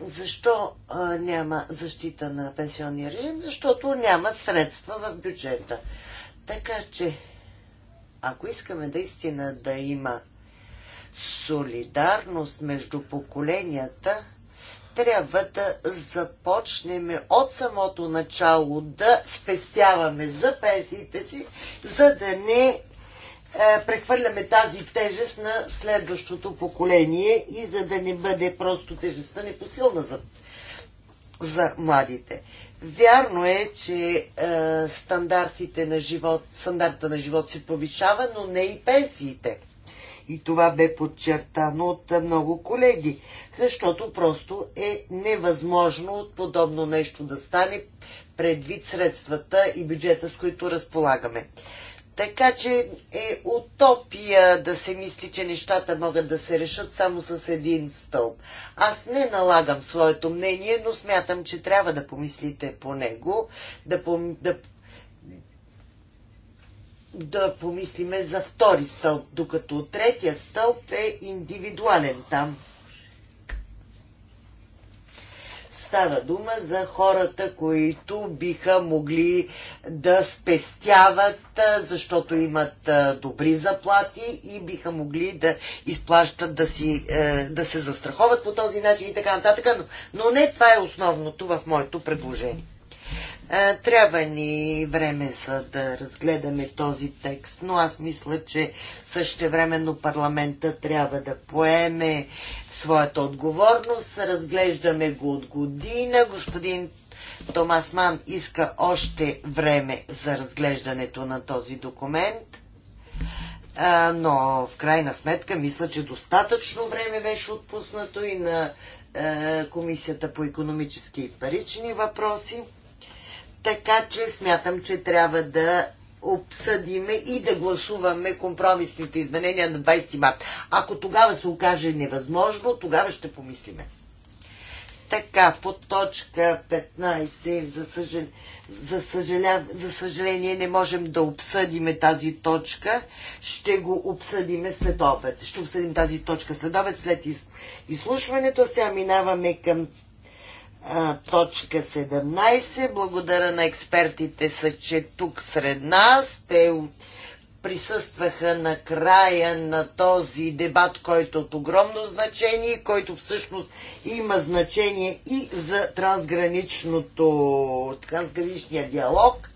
Защо а, няма защита на пенсионния режим? Защото няма средства в бюджета. Така че, ако искаме наистина да има солидарност между поколенията, трябва да започнем от самото начало да спестяваме за пенсиите си, за да не е, прехвърляме тази тежест на следващото поколение и за да не бъде просто тежестта непосилна за, за младите. Вярно е, че е, стандартите на живот, стандарта на живот се повишава, но не и пенсиите. И това бе подчертано от много колеги, защото просто е невъзможно от подобно нещо да стане предвид средствата и бюджета, с които разполагаме. Така че е утопия да се мисли, че нещата могат да се решат само с един стълб. Аз не налагам своето мнение, но смятам, че трябва да помислите по него, да, пом... да... да помислиме за втори стълб, докато третия стълб е индивидуален там. Става дума за хората, които биха могли да спестяват, защото имат добри заплати и биха могли да изплащат, да, си, е, да се застраховат по този начин и така нататък. Но не това е основното в моето предложение. Е, трябва ни време за да разгледаме този текст, но аз мисля, че същевременно парламента трябва да поеме своята отговорност. Разглеждаме го от година. Господин Томас Ман иска още време за разглеждането на този документ. Е, но в крайна сметка мисля, че достатъчно време беше отпуснато и на е, Комисията по економически и парични въпроси. Така че смятам, че трябва да обсъдиме и да гласуваме компромисните изменения на 20 марта. Ако тогава се окаже невъзможно, тогава ще помислиме. Така, по точка 15, за, съжал... за, съжаля... за съжаление не можем да обсъдиме тази точка. Ще го обсъдиме след обед. Ще обсъдим тази точка след обед, след из... изслушването. Сега минаваме към точка 17. Благодаря на експертите са, че тук сред нас. Те присъстваха на края на този дебат, който е от огромно значение, който всъщност има значение и за трансграничното, трансграничния диалог.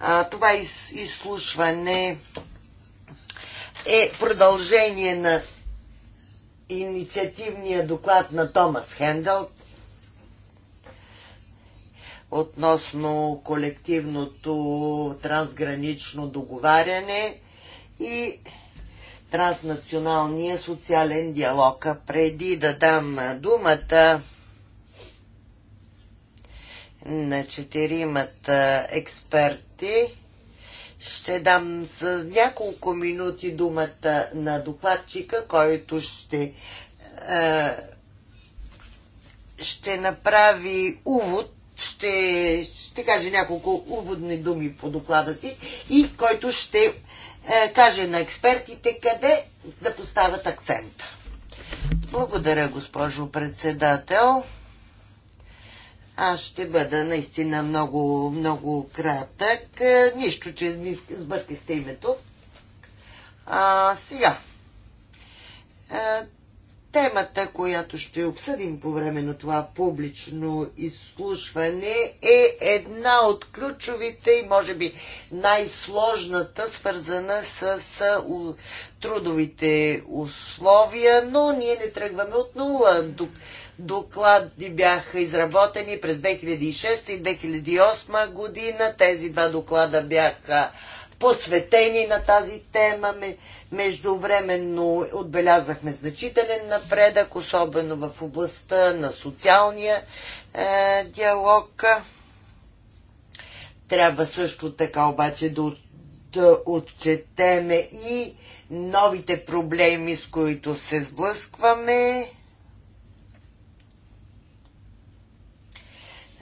А, това из, изслушване е продължение на инициативния доклад на Томас Хендъл, относно колективното трансгранично договаряне и транснационалния социален диалог. А преди да дам думата на четиримата експерти, ще дам с няколко минути думата на докладчика, който ще, е, ще направи увод ще, ще каже няколко уводни думи по доклада си и който ще е, каже на експертите къде да поставят акцента. Благодаря, госпожо председател. Аз ще бъда наистина много, много кратък. Е, нищо, че сбъркахте името. А, сега. Е, Темата, която ще обсъдим по време на това публично изслушване е една от ключовите и може би най-сложната, свързана с трудовите условия, но ние не тръгваме от нула. Доклади бяха изработени през 2006 и 2008 година. Тези два доклада бяха посветени на тази тема. Междувременно отбелязахме значителен напредък, особено в областта на социалния е, диалог. Трябва също така обаче да, да отчетеме и новите проблеми, с които се сблъскваме.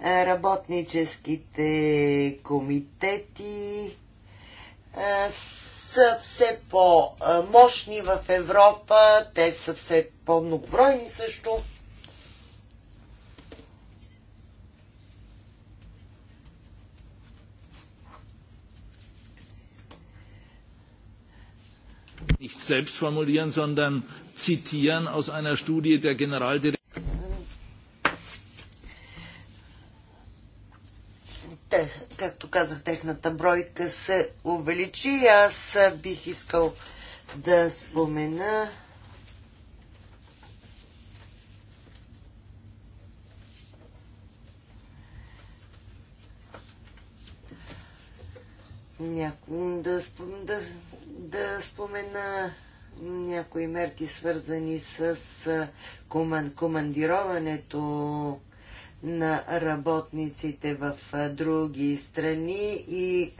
Е, работническите комитети е, са все по-мощни в Европа, те са все по-многобройни също. nicht selbst formulieren, sondern zitieren aus einer Studie der Generaldirektion. те, както казах, техната бройка се увеличи. Аз бих искал да спомена няко... да, спом... да, да спомена някои мерки, свързани с коман... командироването на работниците в други страни и,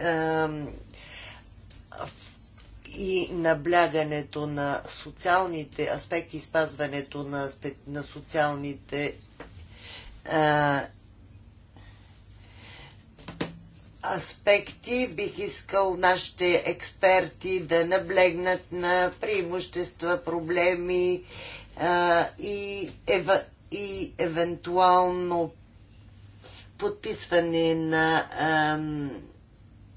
и наблягането на социалните аспекти, спазването на, на социалните аспекти бих искал нашите експерти да наблегнат на преимущества, проблеми а, и и евентуално подписване на ам,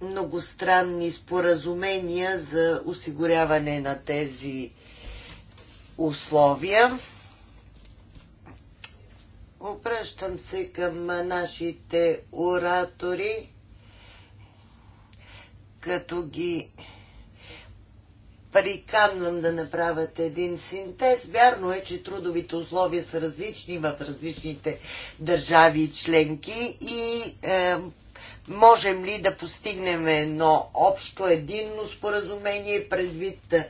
многостранни споразумения за осигуряване на тези условия. Обръщам се към нашите оратори, като ги приканвам да направят един синтез. Вярно е, че трудовите условия са различни в различните държави и членки и е, можем ли да постигнем едно общо единно споразумение предвид е,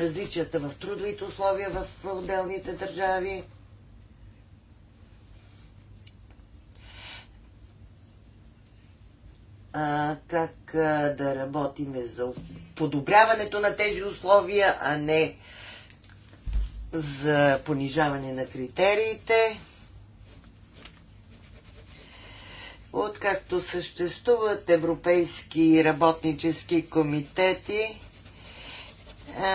различията в трудовите условия в отделните държави? а, как а, да работиме за подобряването на тези условия, а не за понижаване на критериите. Откакто съществуват европейски работнически комитети, а,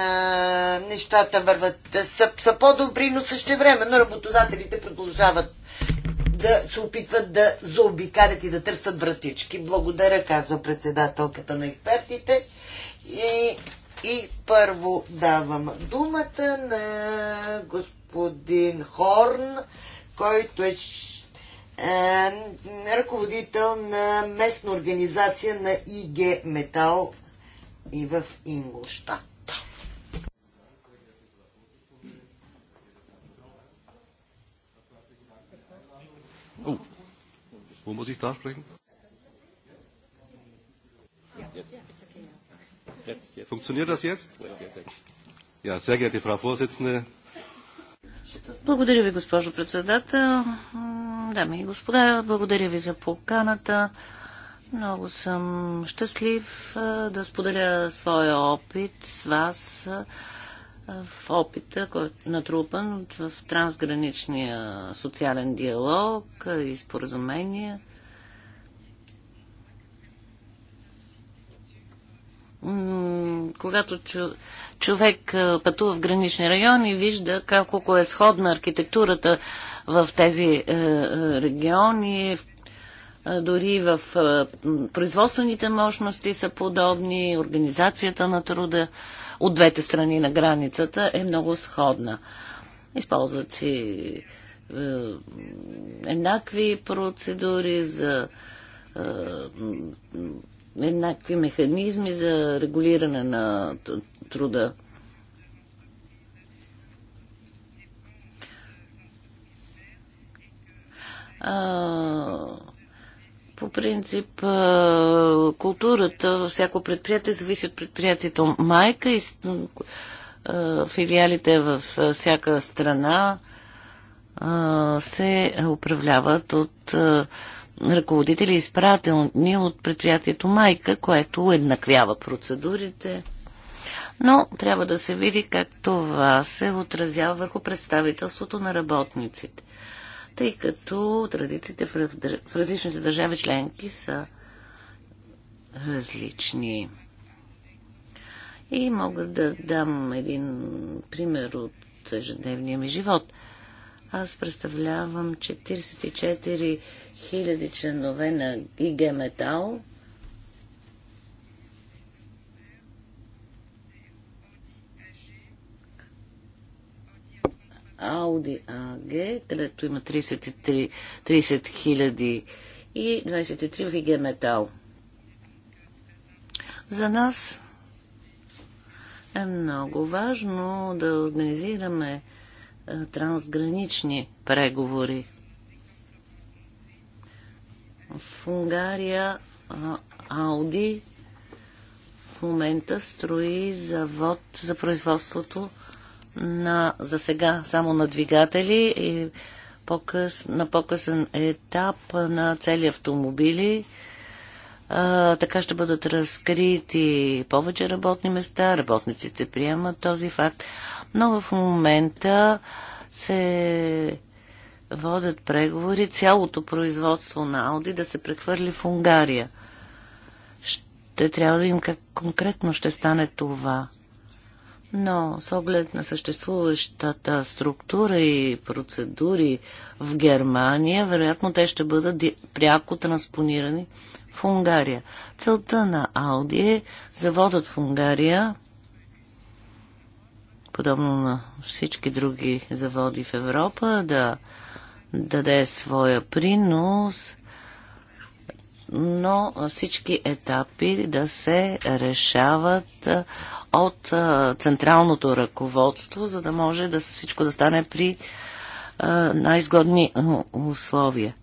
нещата върват, са, са по-добри, но също но работодателите продължават да се опитват да заобикарят и да търсят вратички. Благодаря, казва председателката на експертите. И, и първо давам думата на господин Хорн, който е, е ръководител на местна организация на ИГ Метал и в Инглштад. Wo muss ich da sprechen? Funktioniert das jetzt? Ja, sehr geehrte Frau Vorsitzende. Благодаря ви, госпожо председател. Дами и господа, благодаря ви за поканата. Много съм щастлив да споделя своя опит с вас в опита, който е натрупан в трансграничния социален диалог и споразумения. Когато човек пътува в гранични райони, вижда колко е сходна архитектурата в тези е, е, региони, дори в производствените мощности са подобни, организацията на труда от двете страни на границата е много сходна. Използват си е, еднакви процедури за е, еднакви механизми за регулиране на труда. А, по принцип, културата, всяко предприятие зависи от предприятието майка и филиалите във всяка страна се управляват от ръководители, изпратени от предприятието майка, което еднаквява процедурите. Но трябва да се види как това се отразява върху представителството на работниците тъй като традициите в различните държави членки са различни. И мога да дам един пример от ежедневния ми живот. Аз представлявам 44 000 членове на ИГ Метал, Ауди АГ, където има 33, 30 хиляди и 23 в ИГ Метал. За нас е много важно да организираме трансгранични преговори. В Унгария Ауди в момента строи завод за производството на, за сега само на двигатели и по-къс, на по-късен етап на цели автомобили. А, така ще бъдат разкрити повече работни места, работниците приемат този факт, но в момента се водят преговори цялото производство на Ауди да се прехвърли в Унгария. Ще трябва да им как конкретно ще стане това но с оглед на съществуващата структура и процедури в Германия, вероятно те ще бъдат пряко транспонирани в Унгария. Целта на Ауди е заводът в Унгария, подобно на всички други заводи в Европа, да даде своя принос но всички етапи да се решават от централното ръководство, за да може да всичко да стане при най-изгодни условия.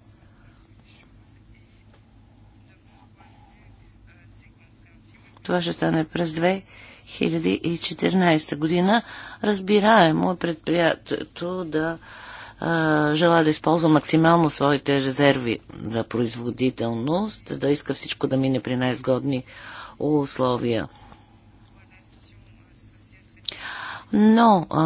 Това ще стане през 2014 година. Разбираемо е предприятието да желая да използва максимално своите резерви за производителност, да иска всичко да мине при най-изгодни условия. Но, а,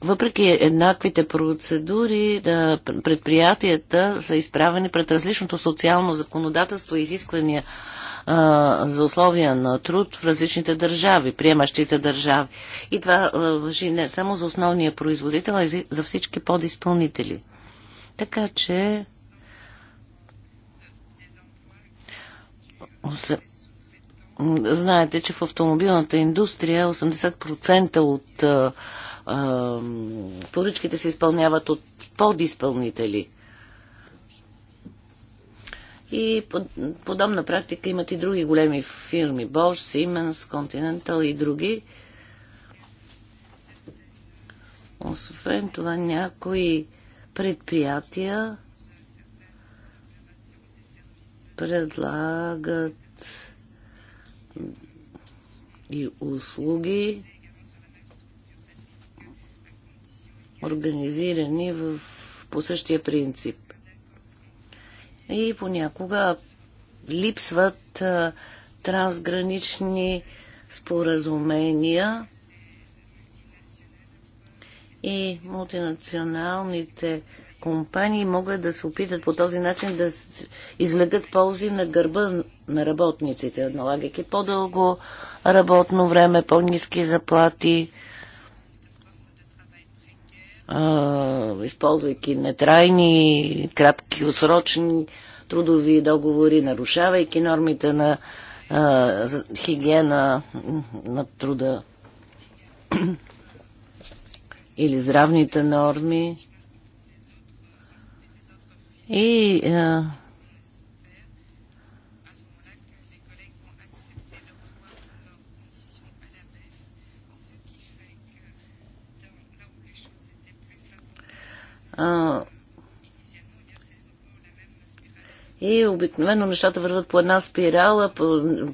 въпреки еднаквите процедури, да, предприятията са изправени пред различното социално законодателство и изисквания за условия на труд в различните държави, приемащите държави. И това въжи не само за основния производител, а и за всички подизпълнители. Така че знаете, че в автомобилната индустрия 80% от а, а, поръчките се изпълняват от подизпълнители – и под, подобна практика имат и други големи фирми. Bosch, Siemens, Continental и други. Освен това, някои предприятия предлагат и услуги, организирани в, по същия принцип и понякога липсват а, трансгранични споразумения и мултинационалните компании могат да се опитат по този начин да извлекат ползи на гърба на работниците, налагайки по-дълго работно време, по-низки заплати използвайки нетрайни, кратки усрочни трудови договори, нарушавайки нормите на а, хигиена на труда [clears throat] или здравните норми. И а, И обикновено нещата върват по една спирала, по,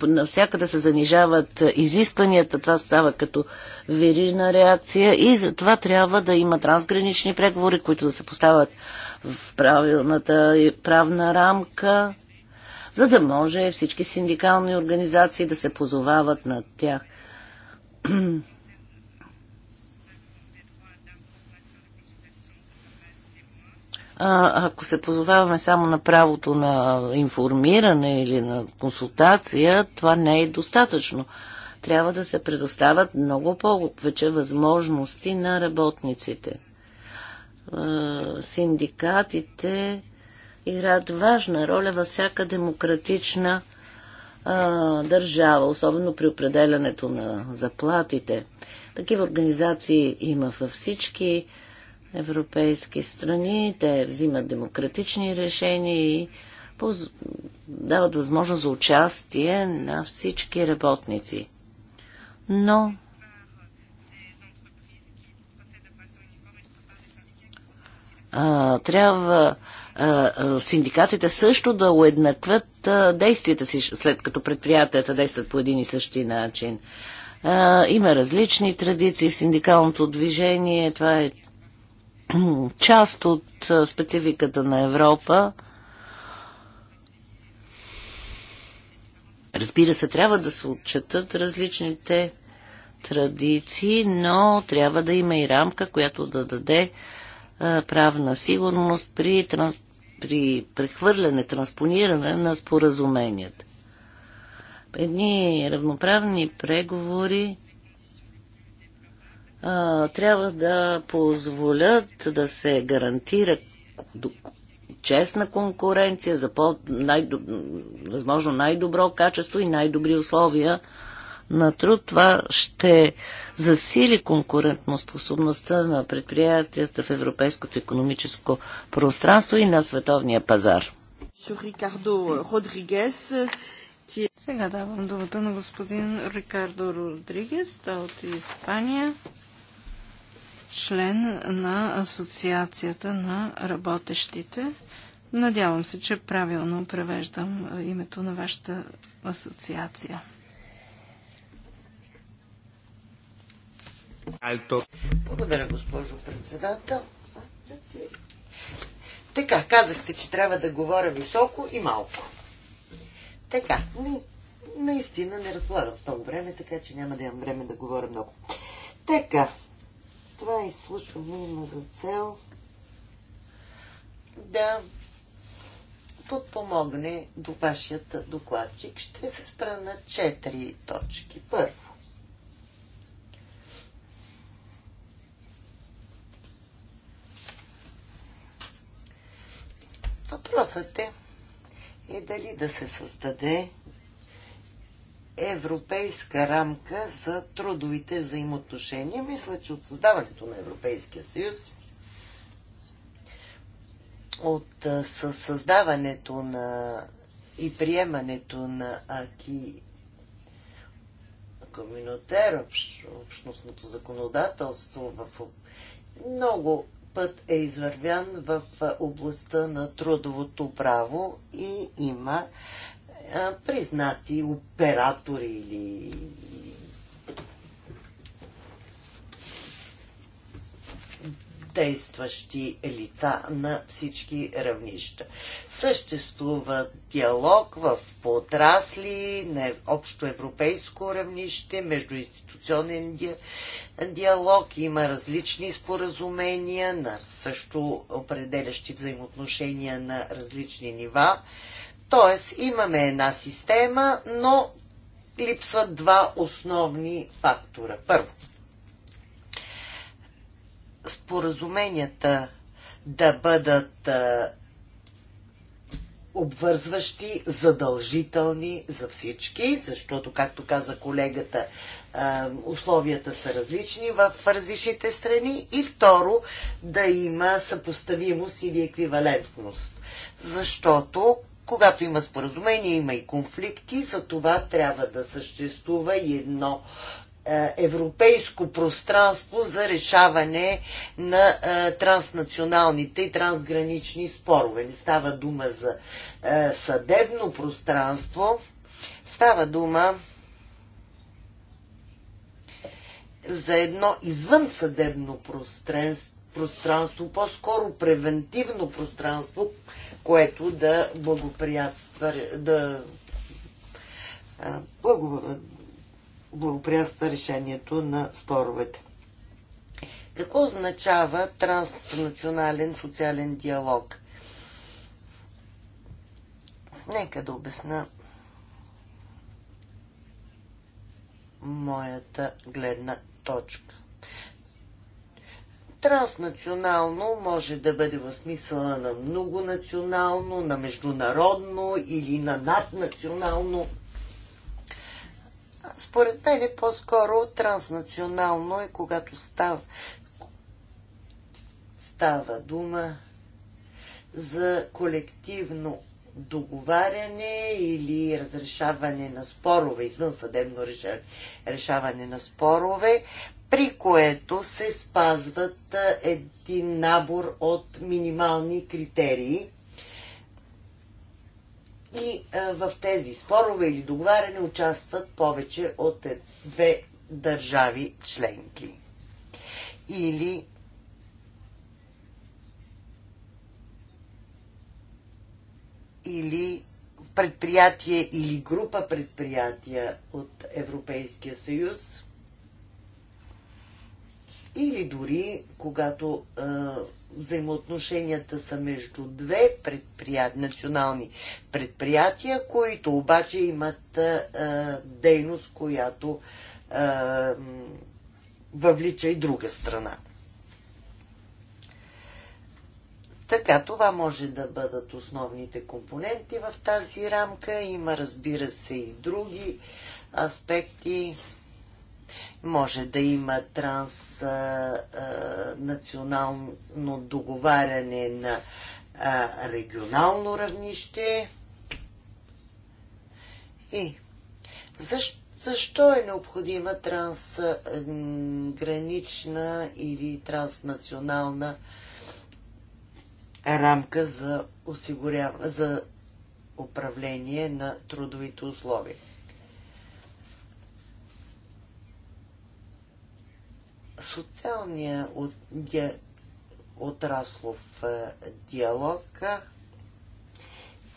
навсякъде се занижават изискванията, това става като верижна реакция и за това трябва да има трансгранични преговори, които да се поставят в правилната правна рамка, за да може всички синдикални организации да се позовават на тях. [clears throat] А, ако се позоваваме само на правото на информиране или на консултация, това не е достатъчно. Трябва да се предоставят много повече възможности на работниците. синдикатите играят важна роля във всяка демократична а, държава, особено при определянето на заплатите. Такива организации има във всички европейски страни. Те взимат демократични решения и дават възможност за участие на всички работници. Но а, трябва а, синдикатите също да уеднакват а, действията си, след като предприятията действат по един и същи начин. А, има различни традиции в синдикалното движение, това е част от спецификата на Европа. Разбира се, трябва да се отчетат различните традиции, но трябва да има и рамка, която да даде правна сигурност при, при прехвърляне, транспониране на споразуменията. Едни равноправни преговори а, трябва да позволят да се гарантира честна конкуренция за по- най- възможно най-добро качество и най-добри условия на труд. Това ще засили конкурентноспособността на предприятията в европейското економическо пространство и на световния пазар. Сега давам думата на господин Рикардо Родригес, той е от Испания член на Асоциацията на работещите. Надявам се, че правилно превеждам името на вашата асоциация. Благодаря, госпожо председател. Така, казахте, че трябва да говоря високо и малко. Така, ми, наистина не разполагам в това време, така че няма да имам време да говоря много. Така, това изслушване има за цел да подпомогне до вашият докладчик. Ще се спра на четири точки. Първо. Въпросът е, е дали да се създаде европейска рамка за трудовите взаимоотношения. Мисля, че от създаването на Европейския съюз, от създаването на и приемането на АКИ коминотер, общ, общностното законодателство в много път е извървян в областта на трудовото право и има признати оператори или действащи лица на всички равнища. Съществува диалог в подрасли на общо европейско равнище, междуинституционен диалог, има различни споразумения, на също определящи взаимоотношения на различни нива. Тоест, имаме една система, но липсват два основни фактора. Първо, споразуменията да бъдат обвързващи, задължителни за всички, защото, както каза колегата, условията са различни в различните страни и второ, да има съпоставимост или еквивалентност. Защото когато има споразумение, има и конфликти, за това трябва да съществува и едно е, европейско пространство за решаване на е, транснационалните и трансгранични спорове. Не става дума за е, съдебно пространство, става дума за едно извънсъдебно пространство, пространство, по-скоро превентивно пространство, което да благоприятства, да благоприятства решението на споровете. Какво означава транснационален социален диалог? Нека да обясна моята гледна точка. Транснационално може да бъде в смисъла на многонационално, на международно или на наднационално. Според мен е по-скоро транснационално е когато става, става дума за колективно договаряне или разрешаване на спорове, извън съдебно решаване на спорове, при което се спазват един набор от минимални критерии. И в тези спорове или договаряне участват повече от е, две държави членки. Или или предприятие или група предприятия от Европейския съюз – или дори когато а, взаимоотношенията са между две предприя... национални предприятия, които обаче имат а, дейност, която а, въвлича и друга страна. Така, това може да бъдат основните компоненти в тази рамка. Има, разбира се, и други аспекти, може да има транснационално договаряне на регионално равнище. И защо, защо е необходима трансгранична или транснационална рамка за, за управление на трудовите условия? социалния от, ди, отраслов е, диалог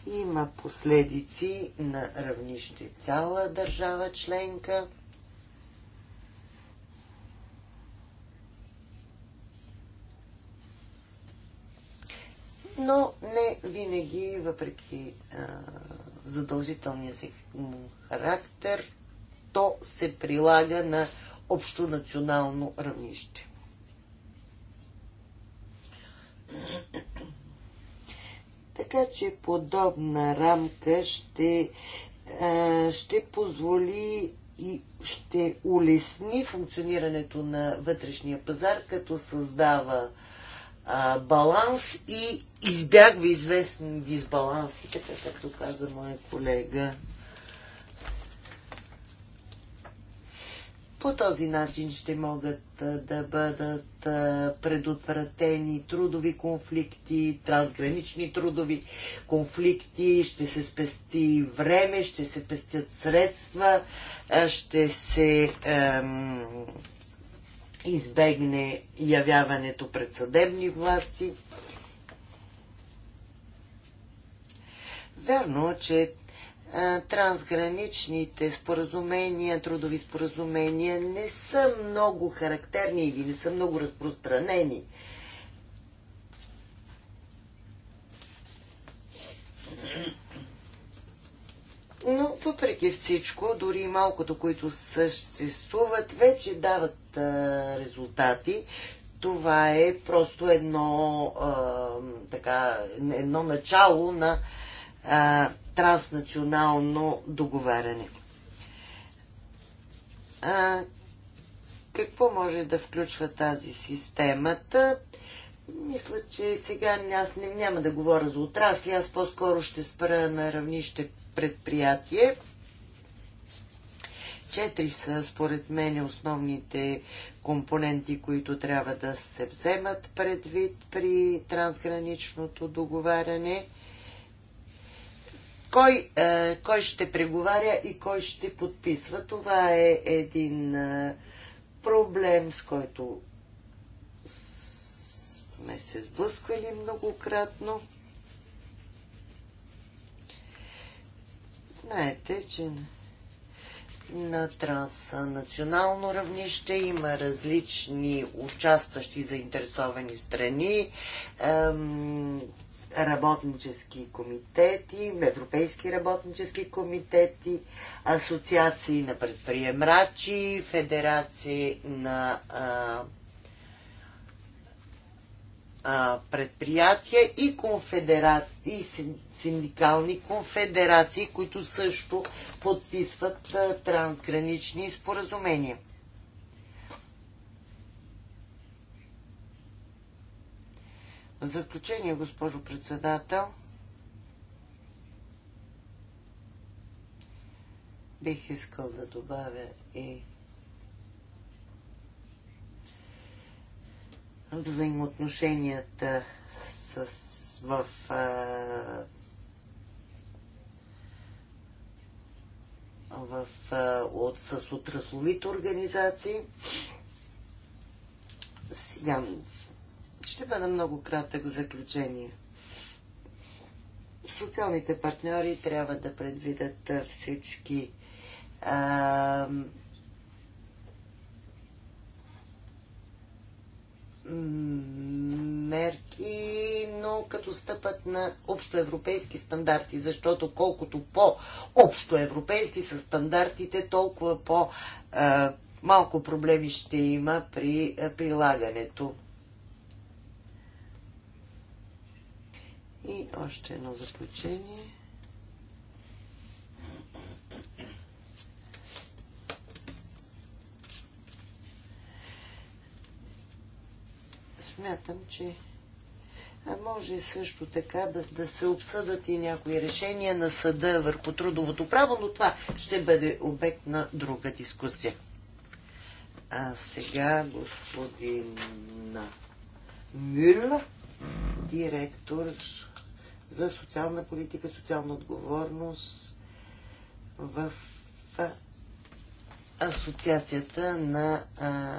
има последици на равнище цяла държава членка. но не винаги, въпреки а, е, задължителния си характер, то се прилага на общонационално равнище. Така че подобна рамка ще, ще позволи и ще улесни функционирането на вътрешния пазар, като създава а, баланс и избягва известни дисбаланси, така както каза моя колега По този начин ще могат да бъдат предотвратени трудови конфликти, трансгранични трудови конфликти, ще се спести време, ще се пестят средства, ще се ем, избегне явяването пред съдебни власти. Вярно, че трансграничните споразумения, трудови споразумения не са много характерни или не са много разпространени. Но въпреки всичко, дори малкото, които съществуват, вече дават а, резултати. Това е просто едно, а, така, едно начало на а, а, транснационално договаряне. А, какво може да включва тази системата? Мисля, че сега аз не, няма да говоря за отрасли, аз по-скоро ще спра на равнище предприятие. Четири са, според мен, основните компоненти, които трябва да се вземат предвид при трансграничното договаряне кой, а, е, кой ще преговаря и кой ще подписва. Това е един а, е, проблем, с който сме се сблъсквали многократно. Знаете, че на транснационално равнище има различни участващи заинтересовани страни работнически комитети, европейски работнически комитети, асоциации на предприемачи, федерации на а, а, предприятия и, конфедера... и синдикални конфедерации, които също подписват а, трансгранични споразумения. заключение, госпожо председател, бих искал да добавя и взаимоотношенията с, в а, в, а, от, с отрасловите организации. Сега ще бъда много кратък в заключение. Социалните партньори трябва да предвидят всички а, мерки, но като стъпат на общоевропейски стандарти, защото колкото по-общоевропейски са стандартите, толкова по-малко проблеми ще има при прилагането. И още едно заключение. Смятам, че а може също така да, да се обсъдат и някои решения на съда върху трудовото право, но това ще бъде обект на друга дискусия. А сега господин Мюлла, директор за социална политика, социална отговорност в Асоциацията на а,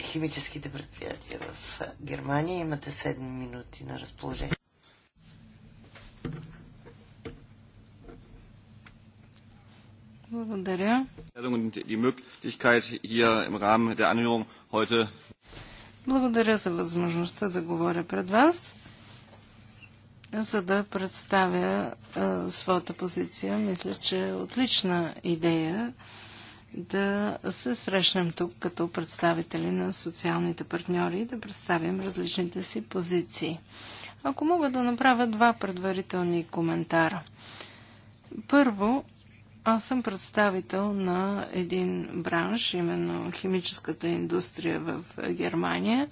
химическите предприятия в Германия. Имате 7 минути на разположение. Благодаря. Благодаря за възможността да говоря пред вас, за да представя а, своята позиция. Мисля, че е отлична идея да се срещнем тук като представители на социалните партньори и да представим различните си позиции. Ако мога да направя два предварителни коментара. Първо, аз съм представител на един бранш, именно химическата индустрия в Германия.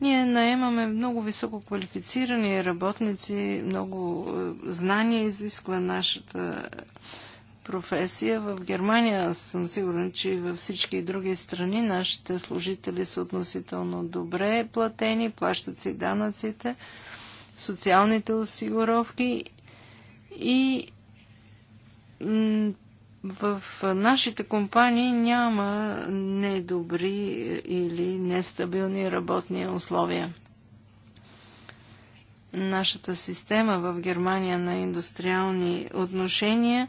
Ние наемаме много високо квалифицирани работници, много е, знания изисква нашата професия. В Германия съм сигурен, че и във всички други страни нашите служители са относително добре платени, плащат си данъците, социалните осигуровки и в нашите компании няма недобри или нестабилни работни условия. Нашата система в Германия на индустриални отношения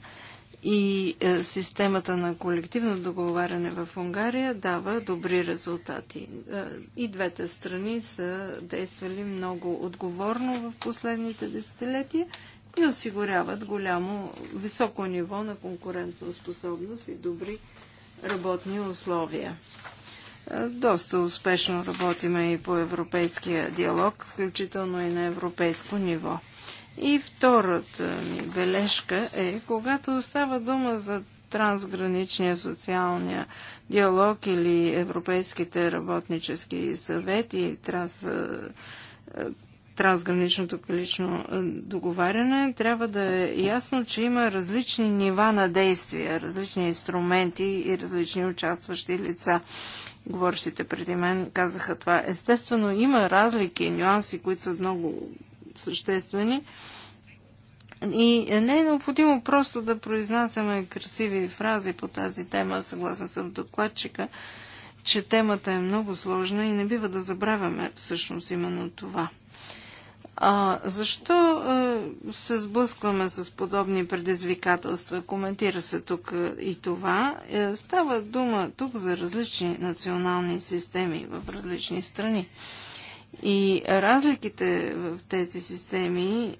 и е, системата на колективно договаряне в Унгария дава добри резултати. Е, и двете страни са действали много отговорно в последните десетилетия и осигуряват голямо, високо ниво на конкурентна способност и добри работни условия. Е, доста успешно работиме и по европейския диалог, включително и на европейско ниво. И втората ми бележка е, когато става дума за трансграничния социалния диалог или европейските работнически съвети, транс трансграничното клинично е, договаряне, трябва да е ясно, че има различни нива на действия, различни инструменти и различни участващи лица. Говорещите преди мен казаха това. Естествено, има разлики, нюанси, които са много съществени. И не е необходимо просто да произнасяме красиви фрази по тази тема. Съгласен съм докладчика, че темата е много сложна и не бива да забравяме всъщност именно това. А, защо а, се сблъскваме с подобни предизвикателства? Коментира се тук и това. Е, става дума тук за различни национални системи в различни страни. И разликите в тези системи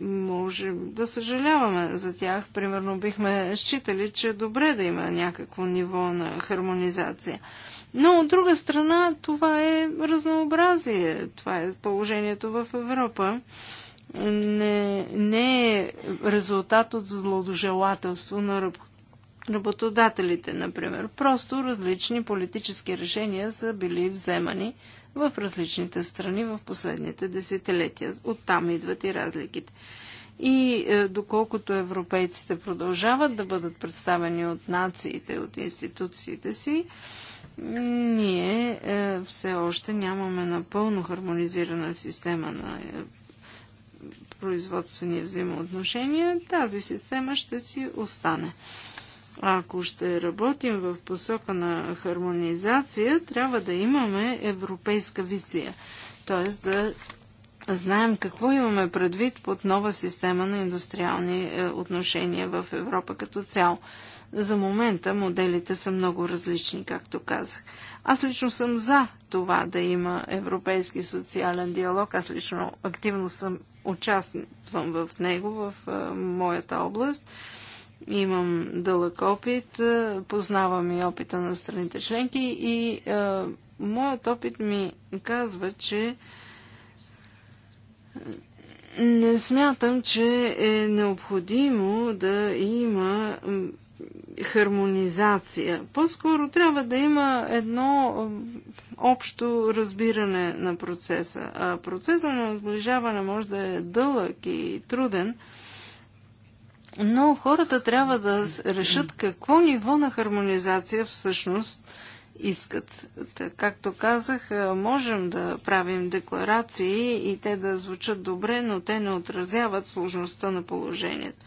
може да съжаляваме за тях. Примерно бихме считали, че е добре да има някакво ниво на хармонизация. Но от друга страна това е разнообразие. Това е положението в Европа. Не, не е резултат от злодожелателство на работодателите, например. Просто различни политически решения са били вземани в различните страни в последните десетилетия. Оттам идват и разликите. И е, доколкото европейците продължават да бъдат представени от нациите, от институциите си, ние е, все още нямаме напълно хармонизирана система на е, производствени взаимоотношения. Тази система ще си остане. Ако ще работим в посока на хармонизация, трябва да имаме европейска визия. Т.е. да знаем какво имаме предвид под нова система на индустриални е, отношения в Европа като цяло. За момента моделите са много различни, както казах. Аз лично съм за това да има европейски социален диалог. Аз лично активно съм участвам в него, в моята област. Имам дълъг опит, познавам и опита на страните членки и а, моят опит ми казва, че не смятам, че е необходимо да има хармонизация. По-скоро трябва да има едно общо разбиране на процеса. А процесът на отближаване може да е дълъг и труден, но хората трябва да решат какво ниво на хармонизация всъщност искат. Так, както казах, можем да правим декларации и те да звучат добре, но те не отразяват сложността на положението.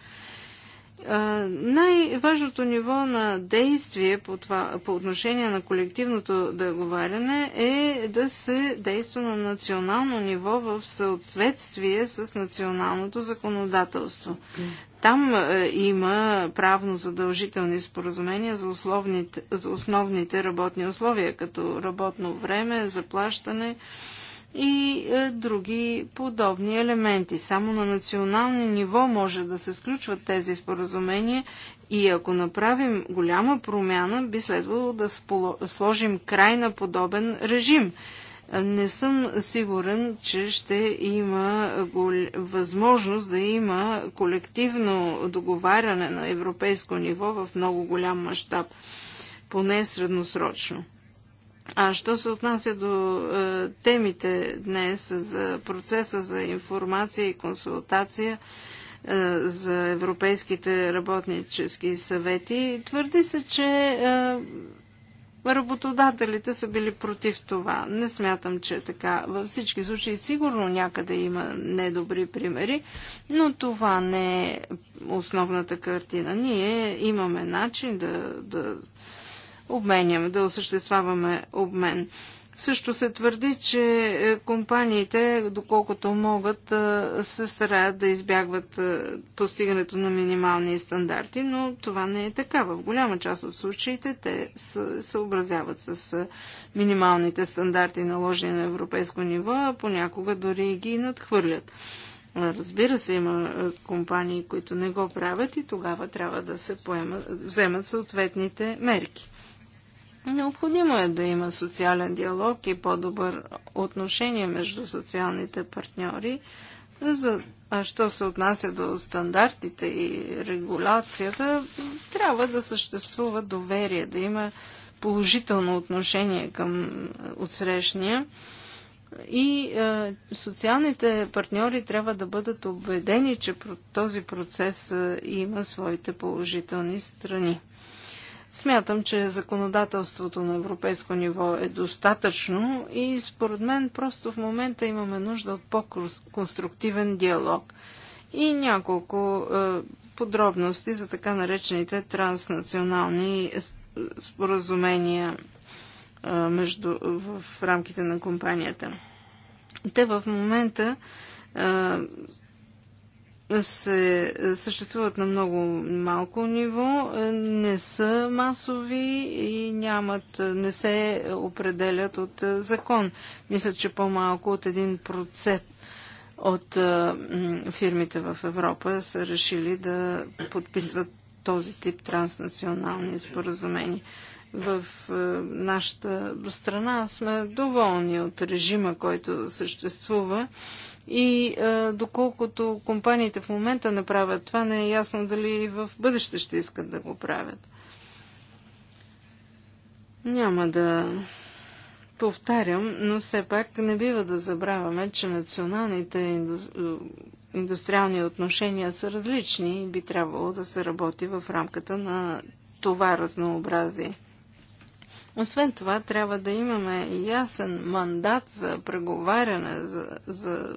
Най-важното ниво на действие по, това, по отношение на колективното договаряне е да се действа на национално ниво в съответствие с националното законодателство. Там е, има правно задължителни споразумения за, условните, за основните работни условия, като работно време, заплащане, и е, други подобни елементи. Само на национално ниво може да се сключват тези споразумения и ако направим голяма промяна, би следвало да сложим край на подобен режим. Не съм сигурен, че ще има възможност да има колективно договаряне на европейско ниво в много голям мащаб, поне средносрочно. А що се отнася до е, темите днес за процеса за информация и консултация е, за европейските работнически съвети, твърди се, че е, работодателите са били против това. Не смятам, че е така. Във всички случаи сигурно някъде има недобри примери, но това не е основната картина. Ние имаме начин да, да обменяме, да осъществяваме обмен. Също се твърди, че е, компаниите, доколкото могат, е, се стараят да избягват е, постигането на минимални стандарти, но това не е така. В голяма част от случаите те съобразяват с минималните стандарти, наложени на европейско ниво, а понякога дори ги надхвърлят. Разбира се, има компании, които не го правят и тогава трябва да се поемат, вземат съответните мерки. Необходимо е да има социален диалог и по-добър отношение между социалните партньори. За... А що се отнася до стандартите и регулацията, трябва да съществува доверие, да има положително отношение към е, отсрещния. И е, социалните партньори трябва да бъдат убедени, че този процес е, има своите положителни страни. Смятам, че законодателството на европейско ниво е достатъчно и според мен просто в момента имаме нужда от по-конструктивен диалог и няколко е, подробности за така наречените транснационални споразумения е, между, в рамките на компанията. Те в момента е, се съществуват на много малко ниво, е, не са масови и нямат, е, не се определят от е, закон. Мисля, че по-малко от един процент от фирмите в Европа са решили да подписват този тип транснационални споразумения. В нашата страна сме доволни от режима, който съществува и а, е, доколкото компаниите в момента направят това, не е ясно дали и в бъдеще ще искат да го правят. Няма да повтарям, но все пак не бива да забравяме, че националните инду... Е, индустриални отношения са различни и би трябвало да се работи в рамката на това разнообразие. Освен това, трябва да имаме ясен мандат за преговаряне за, за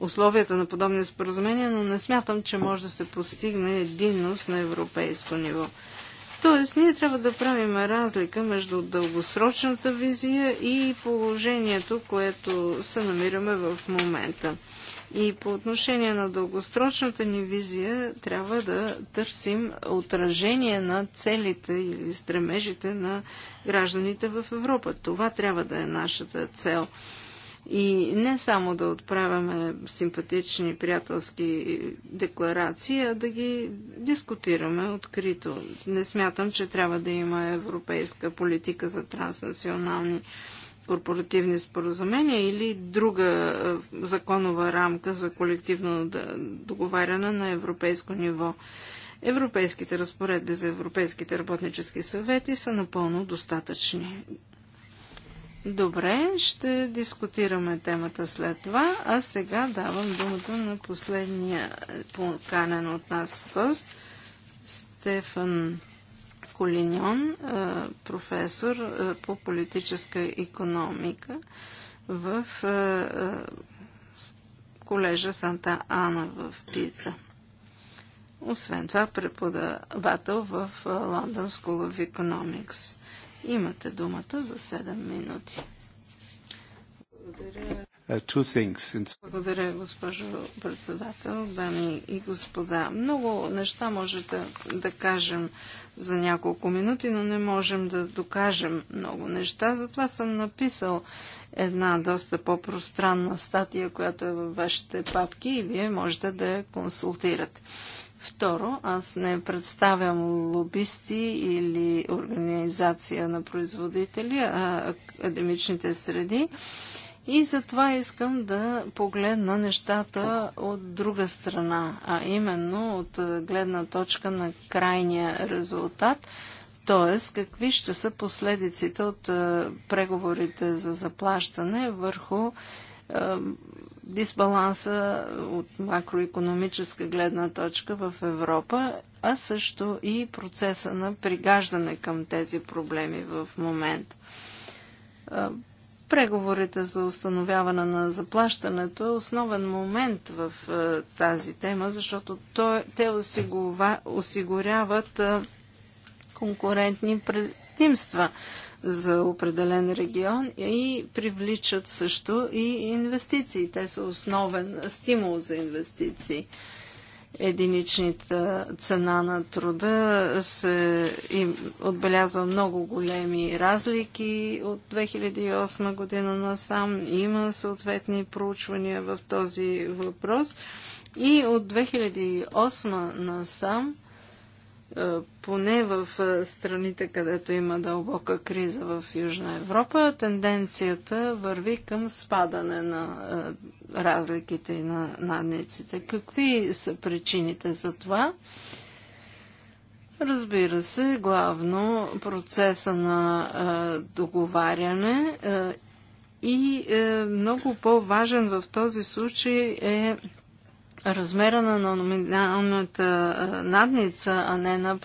условията на подобни споразумения, но не смятам, че може да се постигне единност на европейско ниво. Тоест, ние трябва да правим разлика между дългосрочната визия и положението, което се намираме в момента. И по отношение на дългосрочната ни визия трябва да търсим отражение на целите или стремежите на гражданите в Европа. Това трябва да е нашата цел. И не само да отправяме симпатични приятелски декларации, а да ги дискутираме открито. Не смятам, че трябва да има европейска политика за транснационални корпоративни споразумения или друга е, законова рамка за колективно договаряне на европейско ниво. Европейските разпоредби за европейските работнически съвети са напълно достатъчни. Добре, ще дискутираме темата след това, а сега давам думата на последния е, поканен от нас гост, Стефан Колиньон, е, професор е, по политическа економика в е, колежа Санта Ана в Пиза. Освен това, преподавател в London School of Economics. Имате думата за 7 минути. Благодаря. Uh, Благодаря, госпожо председател, дами и господа. Много неща можете да кажем за няколко минути, но не можем да докажем много неща. Затова съм написал една доста по-пространна статия, която е във вашите папки и вие можете да я консултирате. Второ, аз не представям лобисти или организация на производители, а академичните среди. И затова искам да погледна нещата от друга страна, а именно от гледна точка на крайния резултат, т.е. какви ще са последиците от преговорите за заплащане върху дисбаланса от макроекономическа гледна точка в Европа, а също и процеса на пригаждане към тези проблеми в момента. Преговорите за установяване на заплащането е основен момент в е, тази тема, защото те осигуряват е, конкурентни предимства за определен регион и привличат също и инвестиции. Те са основен стимул за инвестиции единичната цена на труда се им отбелязва много големи разлики от 2008 година насам. Има съответни проучвания в този въпрос. И от 2008 насам е, поне в е, страните, където има дълбока криза в Южна Европа, тенденцията върви към спадане на е, разликите и на надниците. Какви са причините за това? Разбира се, главно процеса на договаряне и много по-важен в този случай е размера на номиналната надница, а не на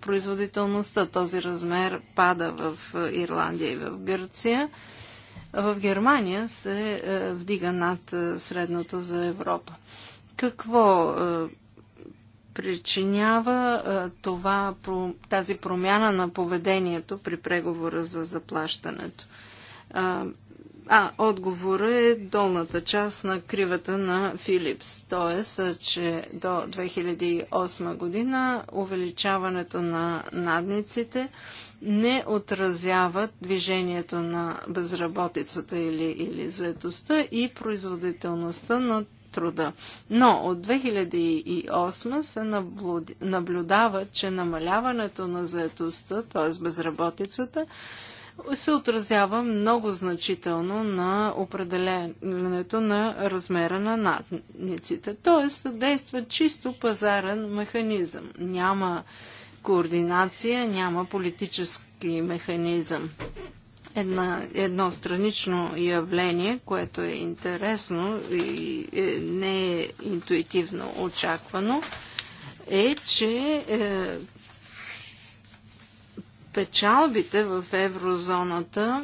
производителността. Този размер пада в Ирландия и в Гърция. В Германия се вдига над средното за Европа. Какво причинява това, тази промяна на поведението при преговора за заплащането? А, отговора е долната част на кривата на Филипс, т.е. че до 2008 година увеличаването на надниците не отразява движението на безработицата или, или заедостта и производителността на труда. Но от 2008 се наблюдава, че намаляването на заедостта, т.е. безработицата, се отразява много значително на определенето на размера на надниците. Тоест, действа чисто пазарен механизъм. Няма координация, няма политически механизъм. Една, едно странично явление, което е интересно и е, не е интуитивно очаквано, е, че е, печалбите в еврозоната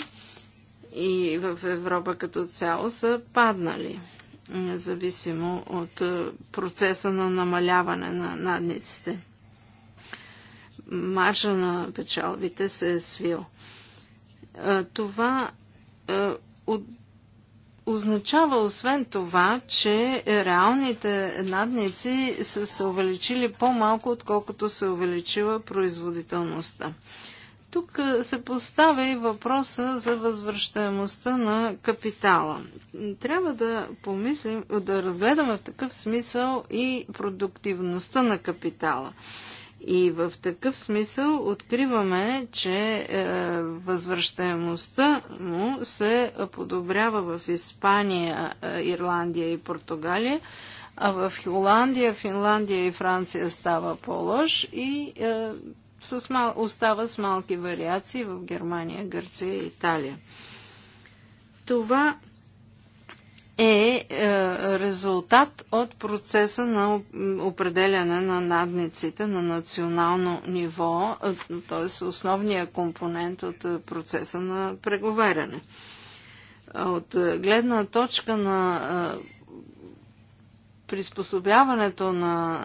и в Европа като цяло са паднали, независимо от е, процеса на намаляване на надниците. Маржа на печалбите се е свил. Е, това е, означава освен това, че реалните надници са се увеличили по-малко, отколкото се увеличила производителността. Тук се поставя и въпроса за възвръщаемостта на капитала. Трябва да помислим, да разгледаме в такъв смисъл и продуктивността на капитала. И в такъв смисъл откриваме, че е, възвръщаемостта му се подобрява в Испания, е, Ирландия и Португалия, а в Холандия, Финландия и Франция става по-лош и е, с мал... остава с малки вариации в Германия, Гърция и Италия. Това е, е резултат от процеса на определяне на надниците на национално ниво, е, т.е. основния компонент от е, процеса на преговаряне. От е, гледна точка на е, приспособяването на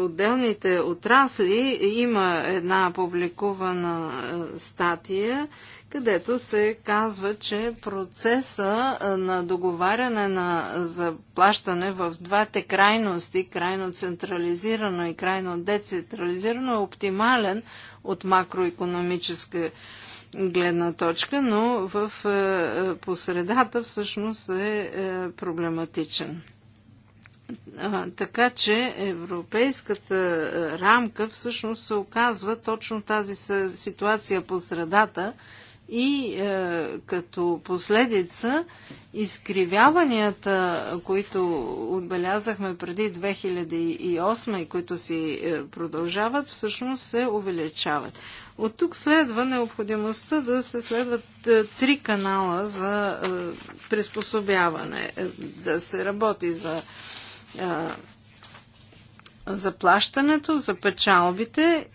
отделните отрасли има една публикувана статия, където се казва, че процеса на договаряне на заплащане в двете крайности, крайно централизирано и крайно децентрализирано, е оптимален от макроекономическа гледна точка, но в, посредата всъщност е, е проблематичен така че европейската рамка всъщност се оказва точно тази ситуация по средата и е, като последица изкривяванията, които отбелязахме преди 2008 и които си е, продължават, всъщност се увеличават. От тук следва необходимостта да се следват е, три канала за е, приспособяване, е, да се работи за е, заплащането, за печалбите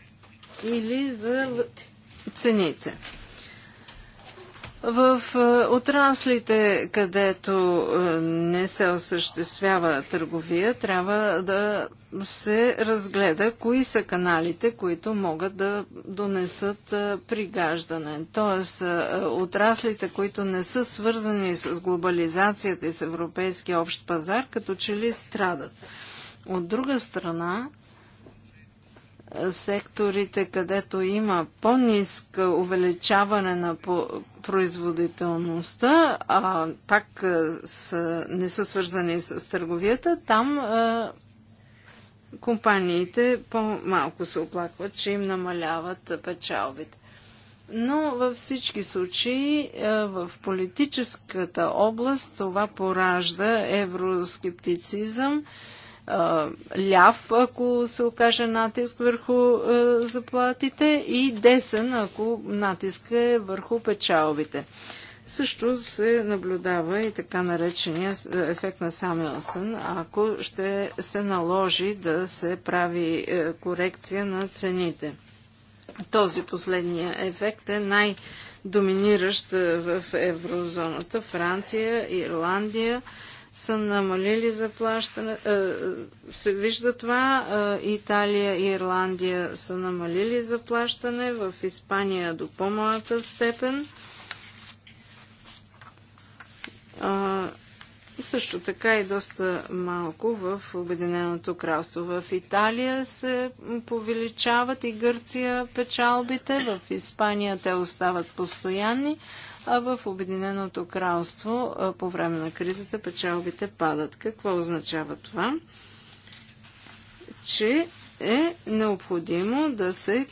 или за цените. В е, отраслите, където е, не се осъществява търговия, трябва да се разгледа кои са каналите, които могат да донесат е, пригаждане. Тоест, отраслите, които не са свързани с глобализацията и с европейския общ пазар, като че ли страдат. От друга страна, секторите, където има по-низко увеличаване на производителността, а пак са, не са свързани с търговията, там а, компаниите по-малко се оплакват, че им намаляват печалбите. Но във всички случаи в политическата област това поражда евроскептицизъм ляв, ако се окаже натиск върху заплатите и десен, ако натиск е върху печалбите. Също се наблюдава и така наречения ефект на Самилсън, ако ще се наложи да се прави корекция на цените. Този последния ефект е най-доминиращ в еврозоната Франция, Ирландия, са намалили заплащане. Е, е, се вижда това. Е, Италия и Ирландия са намалили заплащане. В Испания до по-малата степен. Също така и доста малко в Обединеното кралство. В Италия се повеличават и Гърция печалбите. В Испания те остават постоянни а в Обединеното кралство по време на кризата печалбите падат. Какво означава това? Че е необходимо да се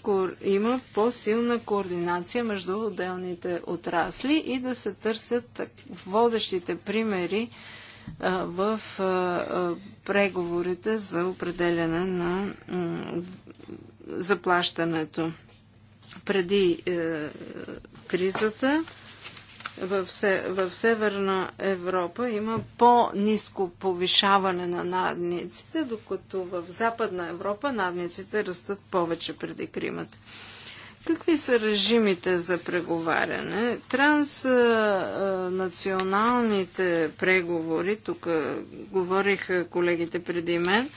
има по-силна координация между отделните отрасли и да се търсят водещите примери в преговорите за определяне на заплащането. Преди е, кризата в, се, в Северна Европа има по-низко повишаване на надниците, докато в Западна Европа надниците растат повече преди Кримата. Какви са режимите за преговаряне? Транснационалните преговори, тук говориха колегите преди мен,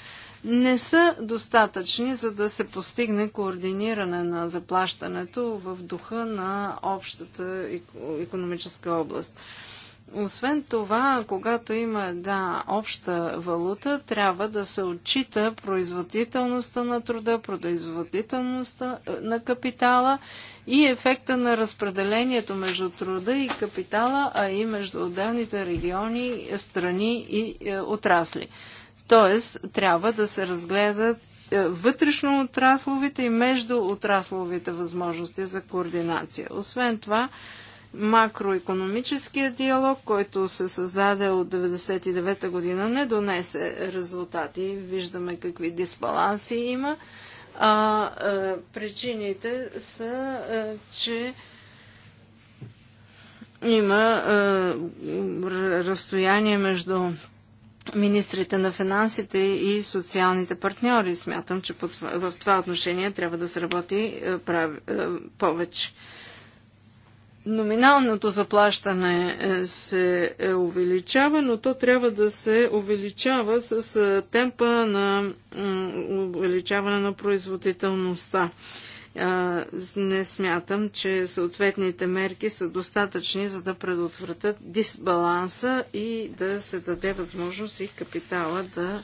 не са достатъчни, за да се постигне координиране на заплащането в духа на общата економическа област. Освен това, когато има да, обща валута, трябва да се отчита производителността на труда, производителността е, на капитала и ефекта на разпределението между труда и капитала, а и между отделните региони, страни и е, отрасли. Тоест, трябва да се разгледат е, вътрешно отрасловите и между отрасловите възможности за координация. Освен това, макроекономическия диалог, който се създаде от 1999 година, не донесе резултати. Виждаме какви дисбаланси има. А, а причините са, а, че има а, разстояние между министрите на финансите и социалните партньори. Смятам, че в това отношение трябва да се работи е, е, повече. Номиналното заплащане е, се увеличава, но то трябва да се увеличава с темпа на увеличаване на производителността не смятам, че съответните мерки са достатъчни, за да предотвратят дисбаланса и да се даде възможност и капитала да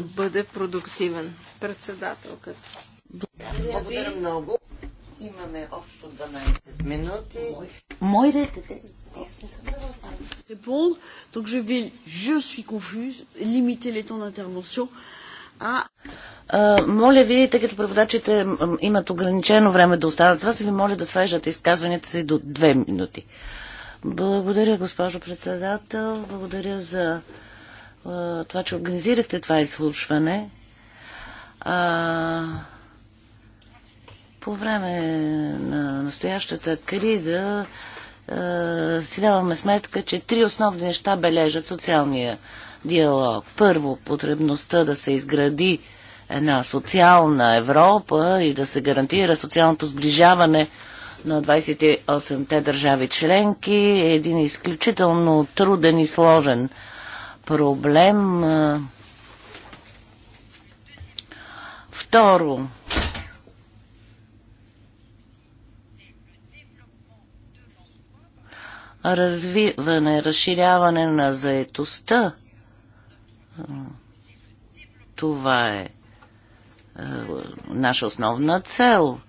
бъде продуктивен. Председателката. Благодаря, Благодаря много. Имаме общо 12 минути. Мой ред е Répondre, donc je vais, je suis confuse, limiter les temps d'intervention. А, а, моля ви, тъй като преводачите имат ограничено време да останат с вас, ви моля да свежат изказванията си до две минути. Благодаря, госпожо председател. Благодаря за а, това, че организирахте това изслушване. А, по време на настоящата криза а, си даваме сметка, че три основни неща бележат социалния диалог. Първо, потребността да се изгради една социална Европа и да се гарантира социалното сближаване на 28-те държави членки е един изключително труден и сложен проблем. Второ, развиване, разширяване на заетостта това е, е наша основна цел.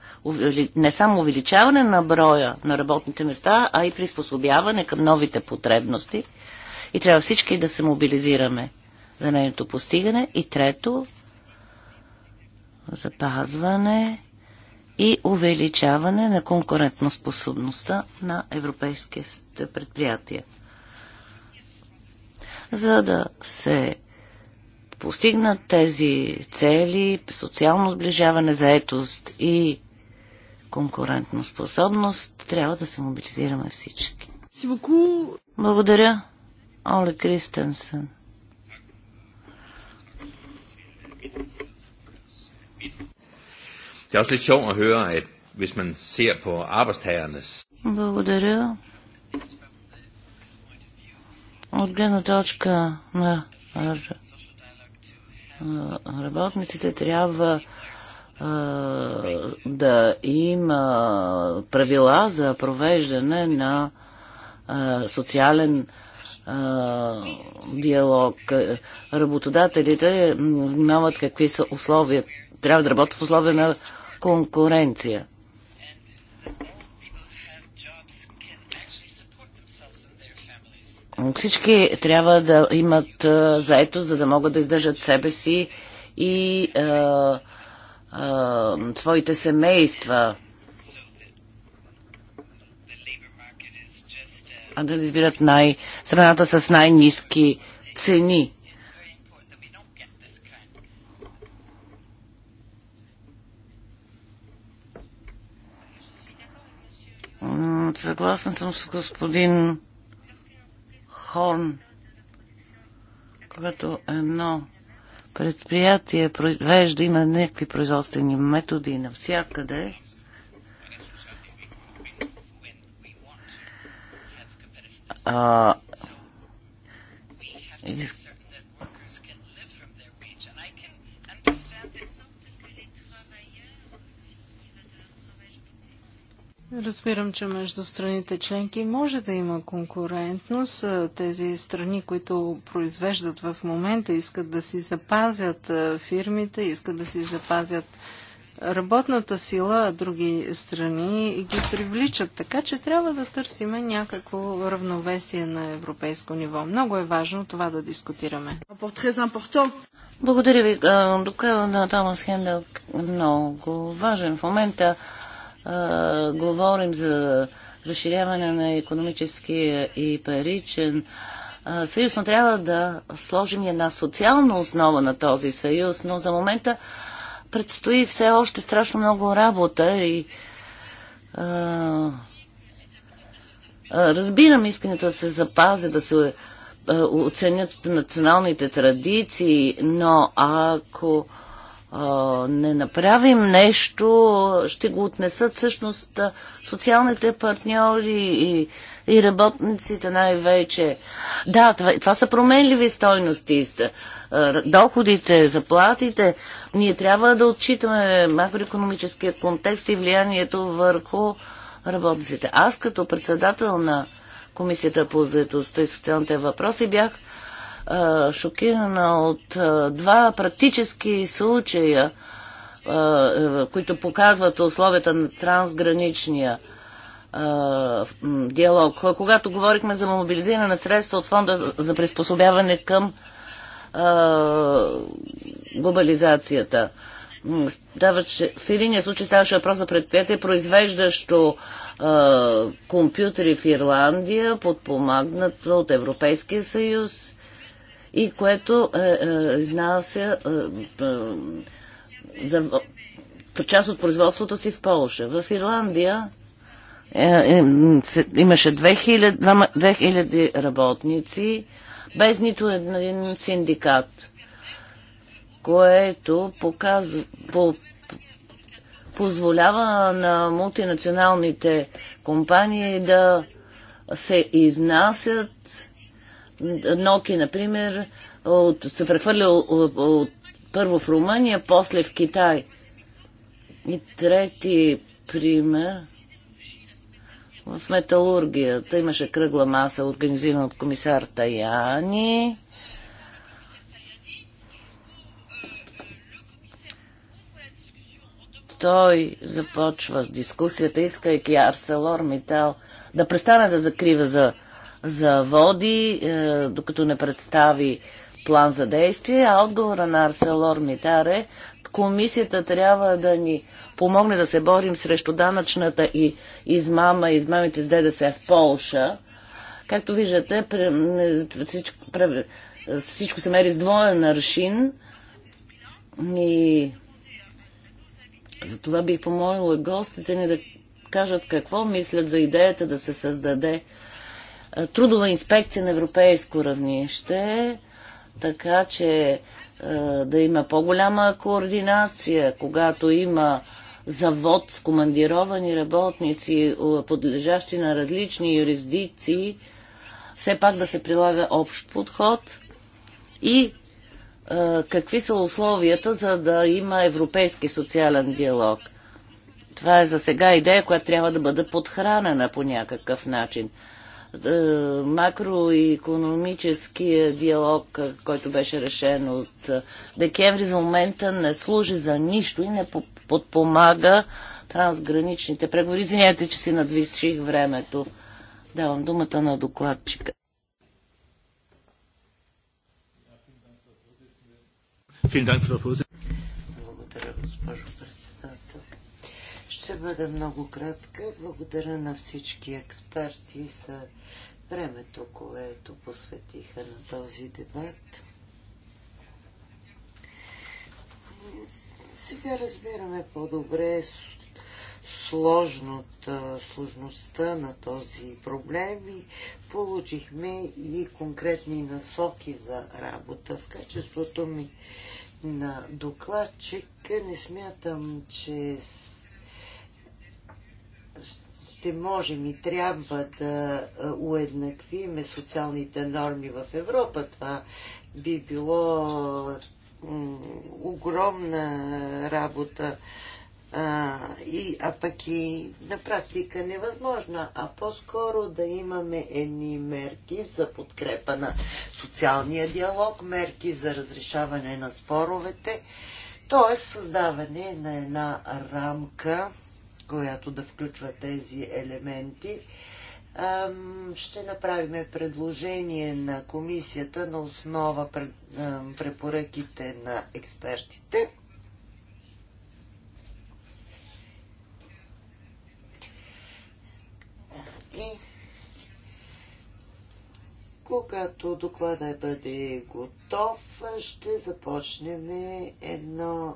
Не само увеличаване на броя на работните места, а и приспособяване към новите потребности. И трябва всички да се мобилизираме за нейното постигане. И трето, запазване и увеличаване на конкурентноспособността на европейските предприятия. За да се постигнат тези цели, социално сближаване, заетост и способност, трябва да се мобилизираме всички. Благодаря, Оле Кристенсен. Det er også lidt sjovt at høre, at hvis man ser på arbejdstagernes... Благодаря. От гледна точка на работниците трябва да има правила за провеждане на социален диалог. Работодателите внимават какви са условия. Трябва да работят в условия на конкуренция. Всички трябва да имат заето, за да могат да издържат себе си и а, а, своите семейства. А да избират най- страната с най-низки цени. Съгласен съм с господин Хорн, когато едно предприятие произвежда, има някакви производствени методи навсякъде, а, из, Разбирам, че между страните членки може да има конкурентност. Тези страни, които произвеждат в момента, искат да си запазят фирмите, искат да си запазят работната сила, а други страни ги привличат. Така че трябва да търсиме някакво равновесие на европейско ниво. Много е важно това да дискутираме. Благодаря ви. Доклада на Томас Хендел много важен в момента говорим за разширяване на економическия и паричен съюз, но трябва да сложим една социална основа на този съюз, но за момента предстои все още страшно много работа и Разбирам искането да се запази, да се оценят националните традиции, но ако не направим нещо, ще го отнесат всъщност социалните партньори и, и работниците най-вече. Да, това, това са променливи стойности. Доходите, заплатите. Ние трябва да отчитаме макроекономическия контекст и влиянието върху работниците. Аз като председател на Комисията по заедостта и социалните въпроси бях шокирана от два практически случая, които показват условията на трансграничния диалог. Когато говорихме за мобилизиране на средства от фонда за приспособяване към глобализацията. Ставаше, в единия случай ставаше въпрос за предприятие, произвеждащо компютри в Ирландия, подпомагнато от Европейския съюз и което е, е, изнася е, е, за по част от производството си в Полша. В Ирландия е, е, се, имаше 2000, 2000 работници без нито един синдикат, което показва, по, позволява на мултинационалните компании да се изнасят Ноки, например, от, се прехвърля от, от, първо в Румъния, после в Китай. И трети пример в металургията имаше кръгла маса, организирана от комисар Таяни. Той започва с дискусията, искайки Арселор Митал да престане да закрива за заводи, е, докато не представи план за действие, а отговора на Арселор Митар е комисията трябва да ни помогне да се борим срещу данъчната и измама, измамите с ДДС в Полша. Както виждате, всичко, всичко се мери с двоен аршин и затова бих помолила гостите ни да кажат какво мислят за идеята да се създаде е, трудова инспекция на европейско равнище, така че е, да има по-голяма координация, когато има завод с командировани работници, подлежащи на различни юрисдикции, все пак да се прилага общ подход и е, какви са условията, за да има европейски социален диалог. Това е за сега идея, която трябва да бъде подхранена по някакъв начин. Е, макроекономическия диалог, е, който беше решен от е, декември, за момента не служи за нищо и не подпомага трансграничните преговори. Извинете, че си надвисших времето. Давам думата на докладчика. Ще бъда много кратка. Благодаря на всички експерти за времето, което посветиха на този дебат. Сега разбираме по-добре сложната, сложността на този проблем и получихме и конкретни насоки за работа. В качеството ми на докладчик не смятам, че ще можем и трябва да уеднаквиме социалните норми в Европа. Това би било огромна работа а, и, а пък и на практика невъзможна, а по-скоро да имаме едни мерки за подкрепа на социалния диалог, мерки за разрешаване на споровете, т.е. създаване на една рамка която да включва тези елементи. Ще направим предложение на комисията на основа препоръките на експертите. И когато доклада бъде готов, ще започнем едно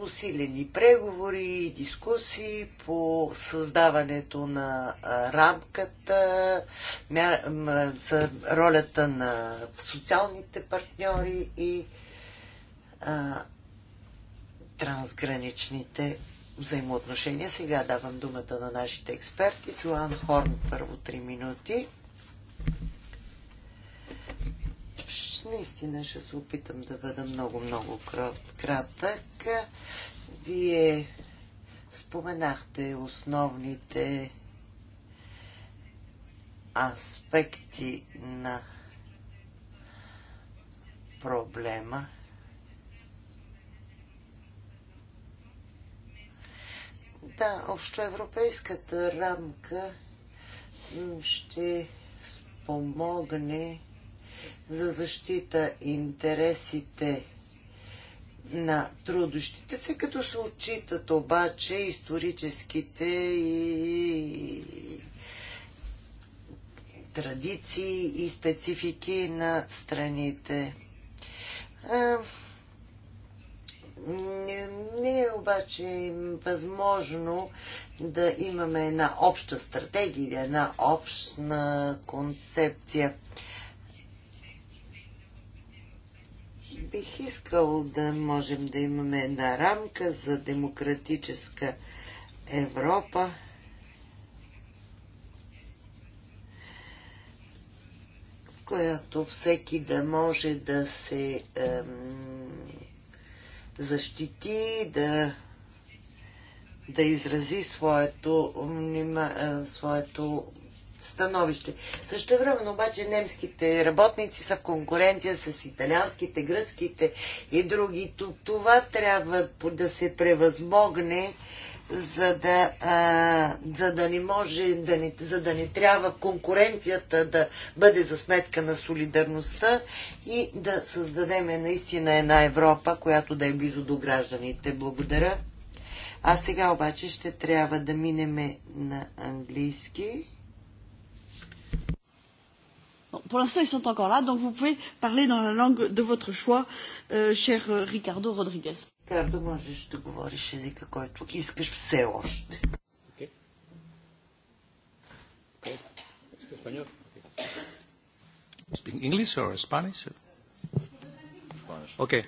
усилени преговори и дискусии по създаването на рамката, за ролята на социалните партньори и а, трансграничните взаимоотношения. Сега давам думата на нашите експерти. Джоан Хорн, първо 3 минути. Наистина ще се опитам да бъда много-много кратък. Вие споменахте основните аспекти на проблема. Да, общоевропейската рамка ще спомогне за защита интересите на трудощите се, като се отчитат обаче историческите и традиции и специфики на страните. не, не е обаче възможно да имаме една обща стратегия една общна концепция. Бих искал да можем да имаме една рамка за демократическа Европа. в която всеки да може да се ем, защити, да, да изрази своето, е, своето становище. Също време, обаче немските работници са в конкуренция с италианските, гръцките и други. Това трябва да се превъзмогне за да, а, за да не може, да не, за да не трябва конкуренцията да бъде за сметка на солидарността и да създадеме наистина една Европа, която да е близо до гражданите. Благодаря. А сега обаче ще трябва да минеме на английски. Pour l'instant, ils sont encore là, donc vous pouvez parler dans la langue de votre choix, euh, cher Ricardo Rodriguez. Ricardo, Okay. Speak English or Spanish? Ok.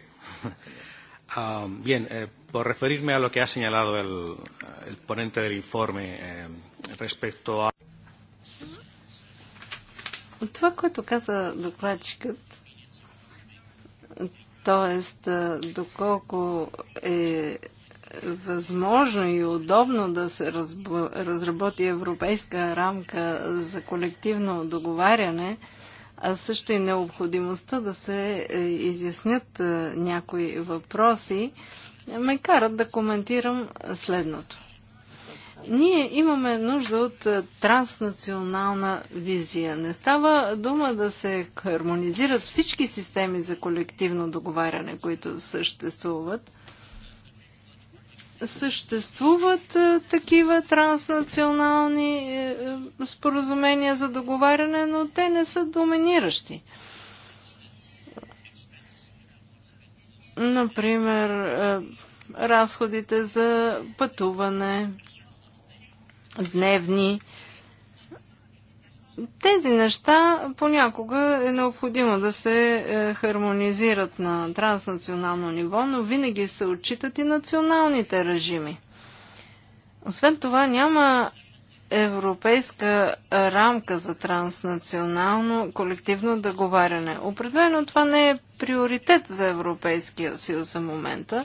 Um, bien, eh, por referirme a lo que ha señalado el, el ponente del informe eh, respecto a. От това, което каза докладчикът, т.е. доколко е възможно и удобно да се разработи европейска рамка за колективно договаряне, а също и необходимостта да се е, изяснят някои въпроси, ме карат да коментирам следното. Ние имаме нужда от е, транснационална визия. Не става дума да се хармонизират всички системи за колективно договаряне, които съществуват. Съществуват е, такива транснационални е, споразумения за договаряне, но те не са доминиращи. Например, разходите за пътуване, дневни. Тези неща понякога е необходимо да се е, хармонизират на транснационално ниво, но винаги се отчитат и националните режими. Освен това няма европейска рамка за транснационално колективно договаряне. Определено това не е приоритет за Европейския съюз за момента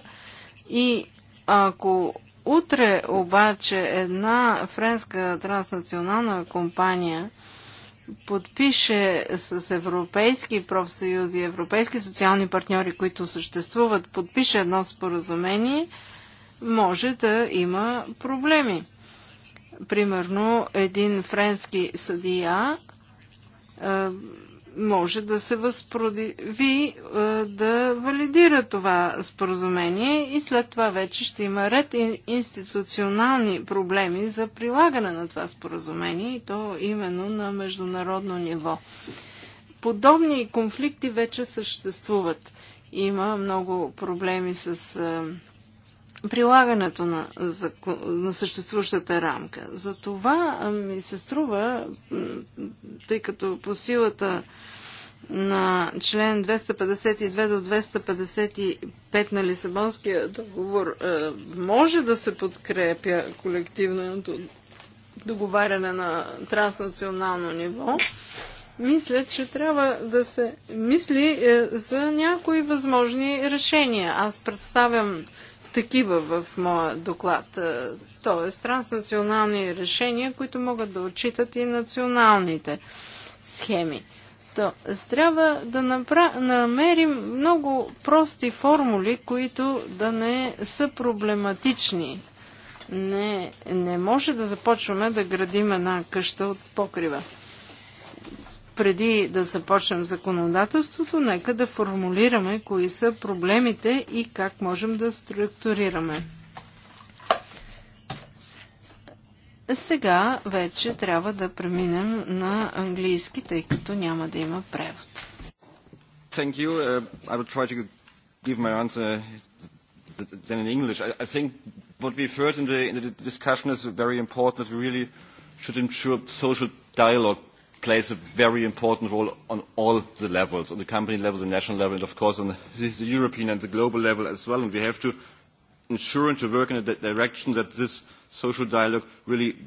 и ако Утре обаче една френска транснационална компания подпише с европейски профсъюзи, европейски социални партньори, които съществуват, подпише едно споразумение, може да има проблеми. Примерно един френски съдия може да се възпродиви е, да валидира това споразумение и след това вече ще има ред институционални проблеми за прилагане на това споразумение и то именно на международно ниво. Подобни конфликти вече съществуват. Има много проблеми с е, прилагането на, на съществуващата рамка. За това ми се струва, тъй като по силата на член 252 до 255 на Лисабонския договор може да се подкрепя колективното договаряне на транснационално ниво, мисля, че трябва да се мисли е, за някои възможни решения. Аз представям такива в моя доклад. Е, тоест, транснационални решения, които могат да отчитат и националните схеми. То, трябва да напра... намерим много прости формули, които да не са проблематични. Не, не може да започваме да градим една къща от покрива преди да започнем законодателството, нека да формулираме кои са проблемите и как можем да структурираме. Сега вече трябва да преминем на английски, тъй като няма да има превод. Thank you. Uh, I will try to give my answer then in English. I, I think what we've heard in the, in the discussion is very important we really should ensure social dialogue plays a very important role on all the levels, on the company level, the national level, and of course on the, the European and the global level as well. And we have to ensure and to work in a direction that this social dialogue really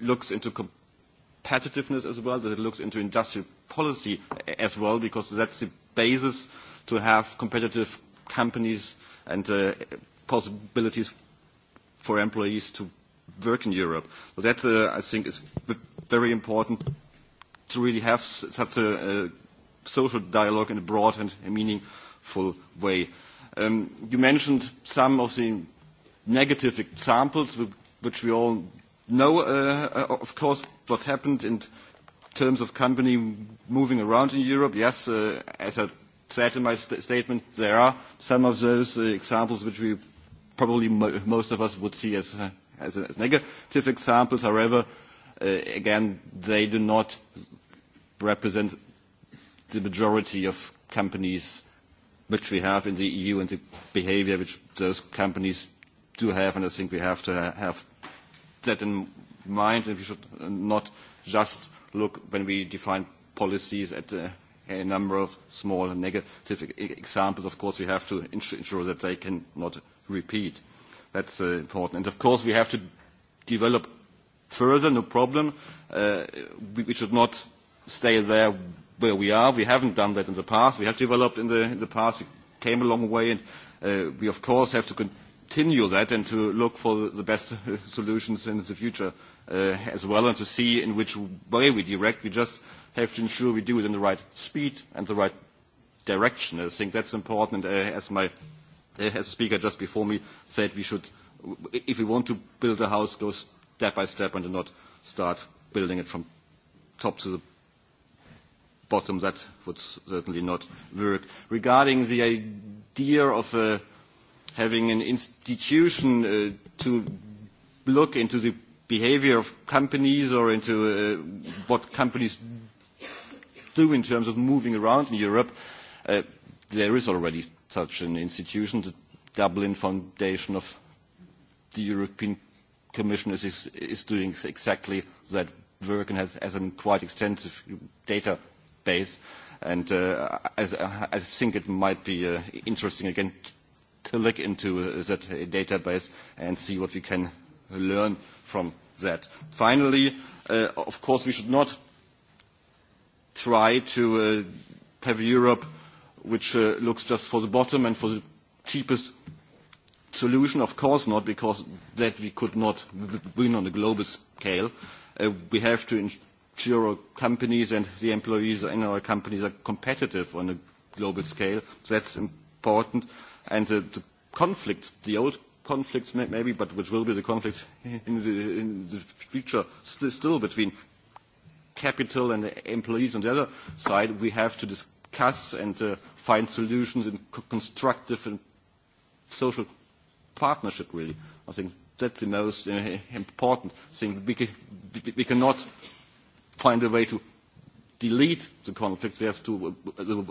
looks into competitiveness as well, that it looks into industrial policy as well, because that's the basis to have competitive companies and uh, possibilities for employees to work in Europe. So that, uh, I think, is very important to really have such a, social dialogue in a broad and a meaningful way. you mentioned some of the negative examples which we all know, of course, what happened in terms of company moving around in Europe. Yes, as I said in my st statement, there are some of those examples which we probably mo most of us would see as, as, as negative examples. However, again, they do not represent the majority of companies which we have in the EU and the behavior which those companies do have, and I think we have to have that in mind, and we should not just look when we define policies at a number of small and negative examples. Of course, we have to ensure that they cannot repeat. That's important. And of course, we have to develop further, no problem. Uh, we, we should not stay there where we are. We haven't done that in the past. We have developed in the, in the past. We came a long way, and uh, we, of course, have to continue that and to look for the best solutions in the future uh, as well and to see in which way we direct. We just have to ensure we do it in the right speed and the right direction. I think that's important. uh, as my uh, as the speaker just before me said, we should, if we want to build a house, go step by step and do not start building it from top to the bottom. That would certainly not work. Regarding the idea of uh, having an institution uh, to look into the behavior of companies or into uh, what companies do in terms of moving around in Europe, uh, there is already such an institution, the Dublin Foundation of the European Commission is, is doing exactly that work and has, has a quite extensive database. And uh, I, I think it might be uh, interesting again to look into uh, that database and see what we can learn from that. Finally, uh, of course, we should not try to uh, have Europe which uh, looks just for the bottom and for the cheapest solution? Of course not, because that we could not win on a global scale. We have to ensure our companies and the employees in our companies are competitive on a global scale. That's important. And the conflicts, the old conflicts maybe, but which will be the conflicts in the in the future, still between capital and the employees on the other side, we have to discuss and uh find solutions in constructive and social partnership, really. I think that's the most uh, important thing. We, we cannot find a way to delete the conflicts. We have to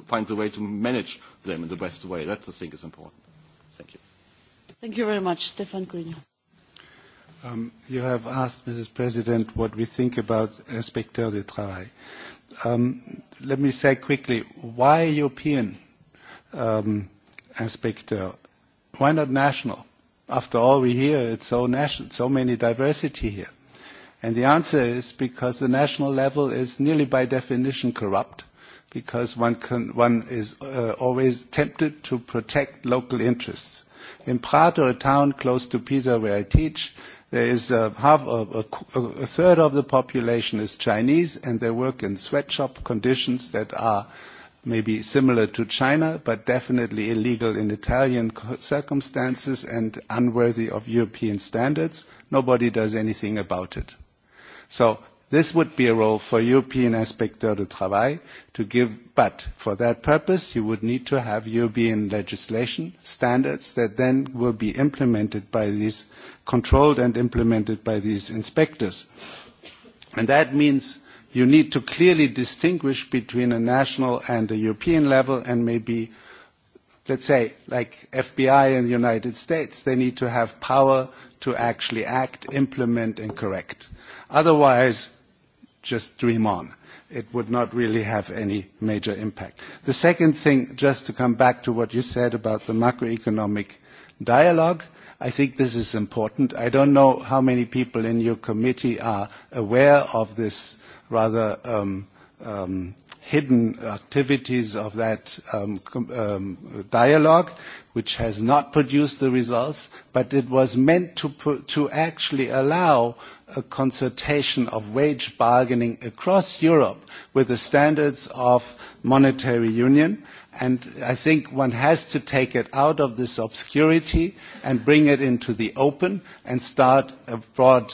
find a way to manage them in the best way. That, I think, is important. Thank you. Thank you very much. Stefan Grignon. Um, you have asked, Mrs. President, what we think about Inspecteur de Travail. Um, let me say quickly, why European um, inspector? Why not national? After all, we hear it's so, national, so many diversity here. And the answer is because the national level is nearly by definition corrupt, because one, can, one is uh, always tempted to protect local interests. In Prato, a town close to Pisa where I teach, there is a, half, a, a, a third of the population is Chinese, and they work in sweatshop conditions that are maybe similar to China, but definitely illegal in Italian circumstances and unworthy of European standards. Nobody does anything about it. So this would be a role for European Inspecteur de Travail to give, but for that purpose, you would need to have European legislation, standards that then will be implemented by these, controlled and implemented by these inspectors. And that means you need to clearly distinguish between a national and a European level and maybe, let's say, like FBI in the United States, they need to have power to actually act, implement, and correct. Otherwise, just dream on. It would not really have any major impact. The second thing, just to come back to what you said about the macroeconomic dialogue, I think this is important. I don't know how many people in your committee are aware of this rather um, um, hidden activities of that um, um, dialogue, which has not produced the results, but it was meant to, put, to actually allow a consultation of wage bargaining across Europe with the standards of monetary union. And I think one has to take it out of this obscurity and bring it into the open and start a broad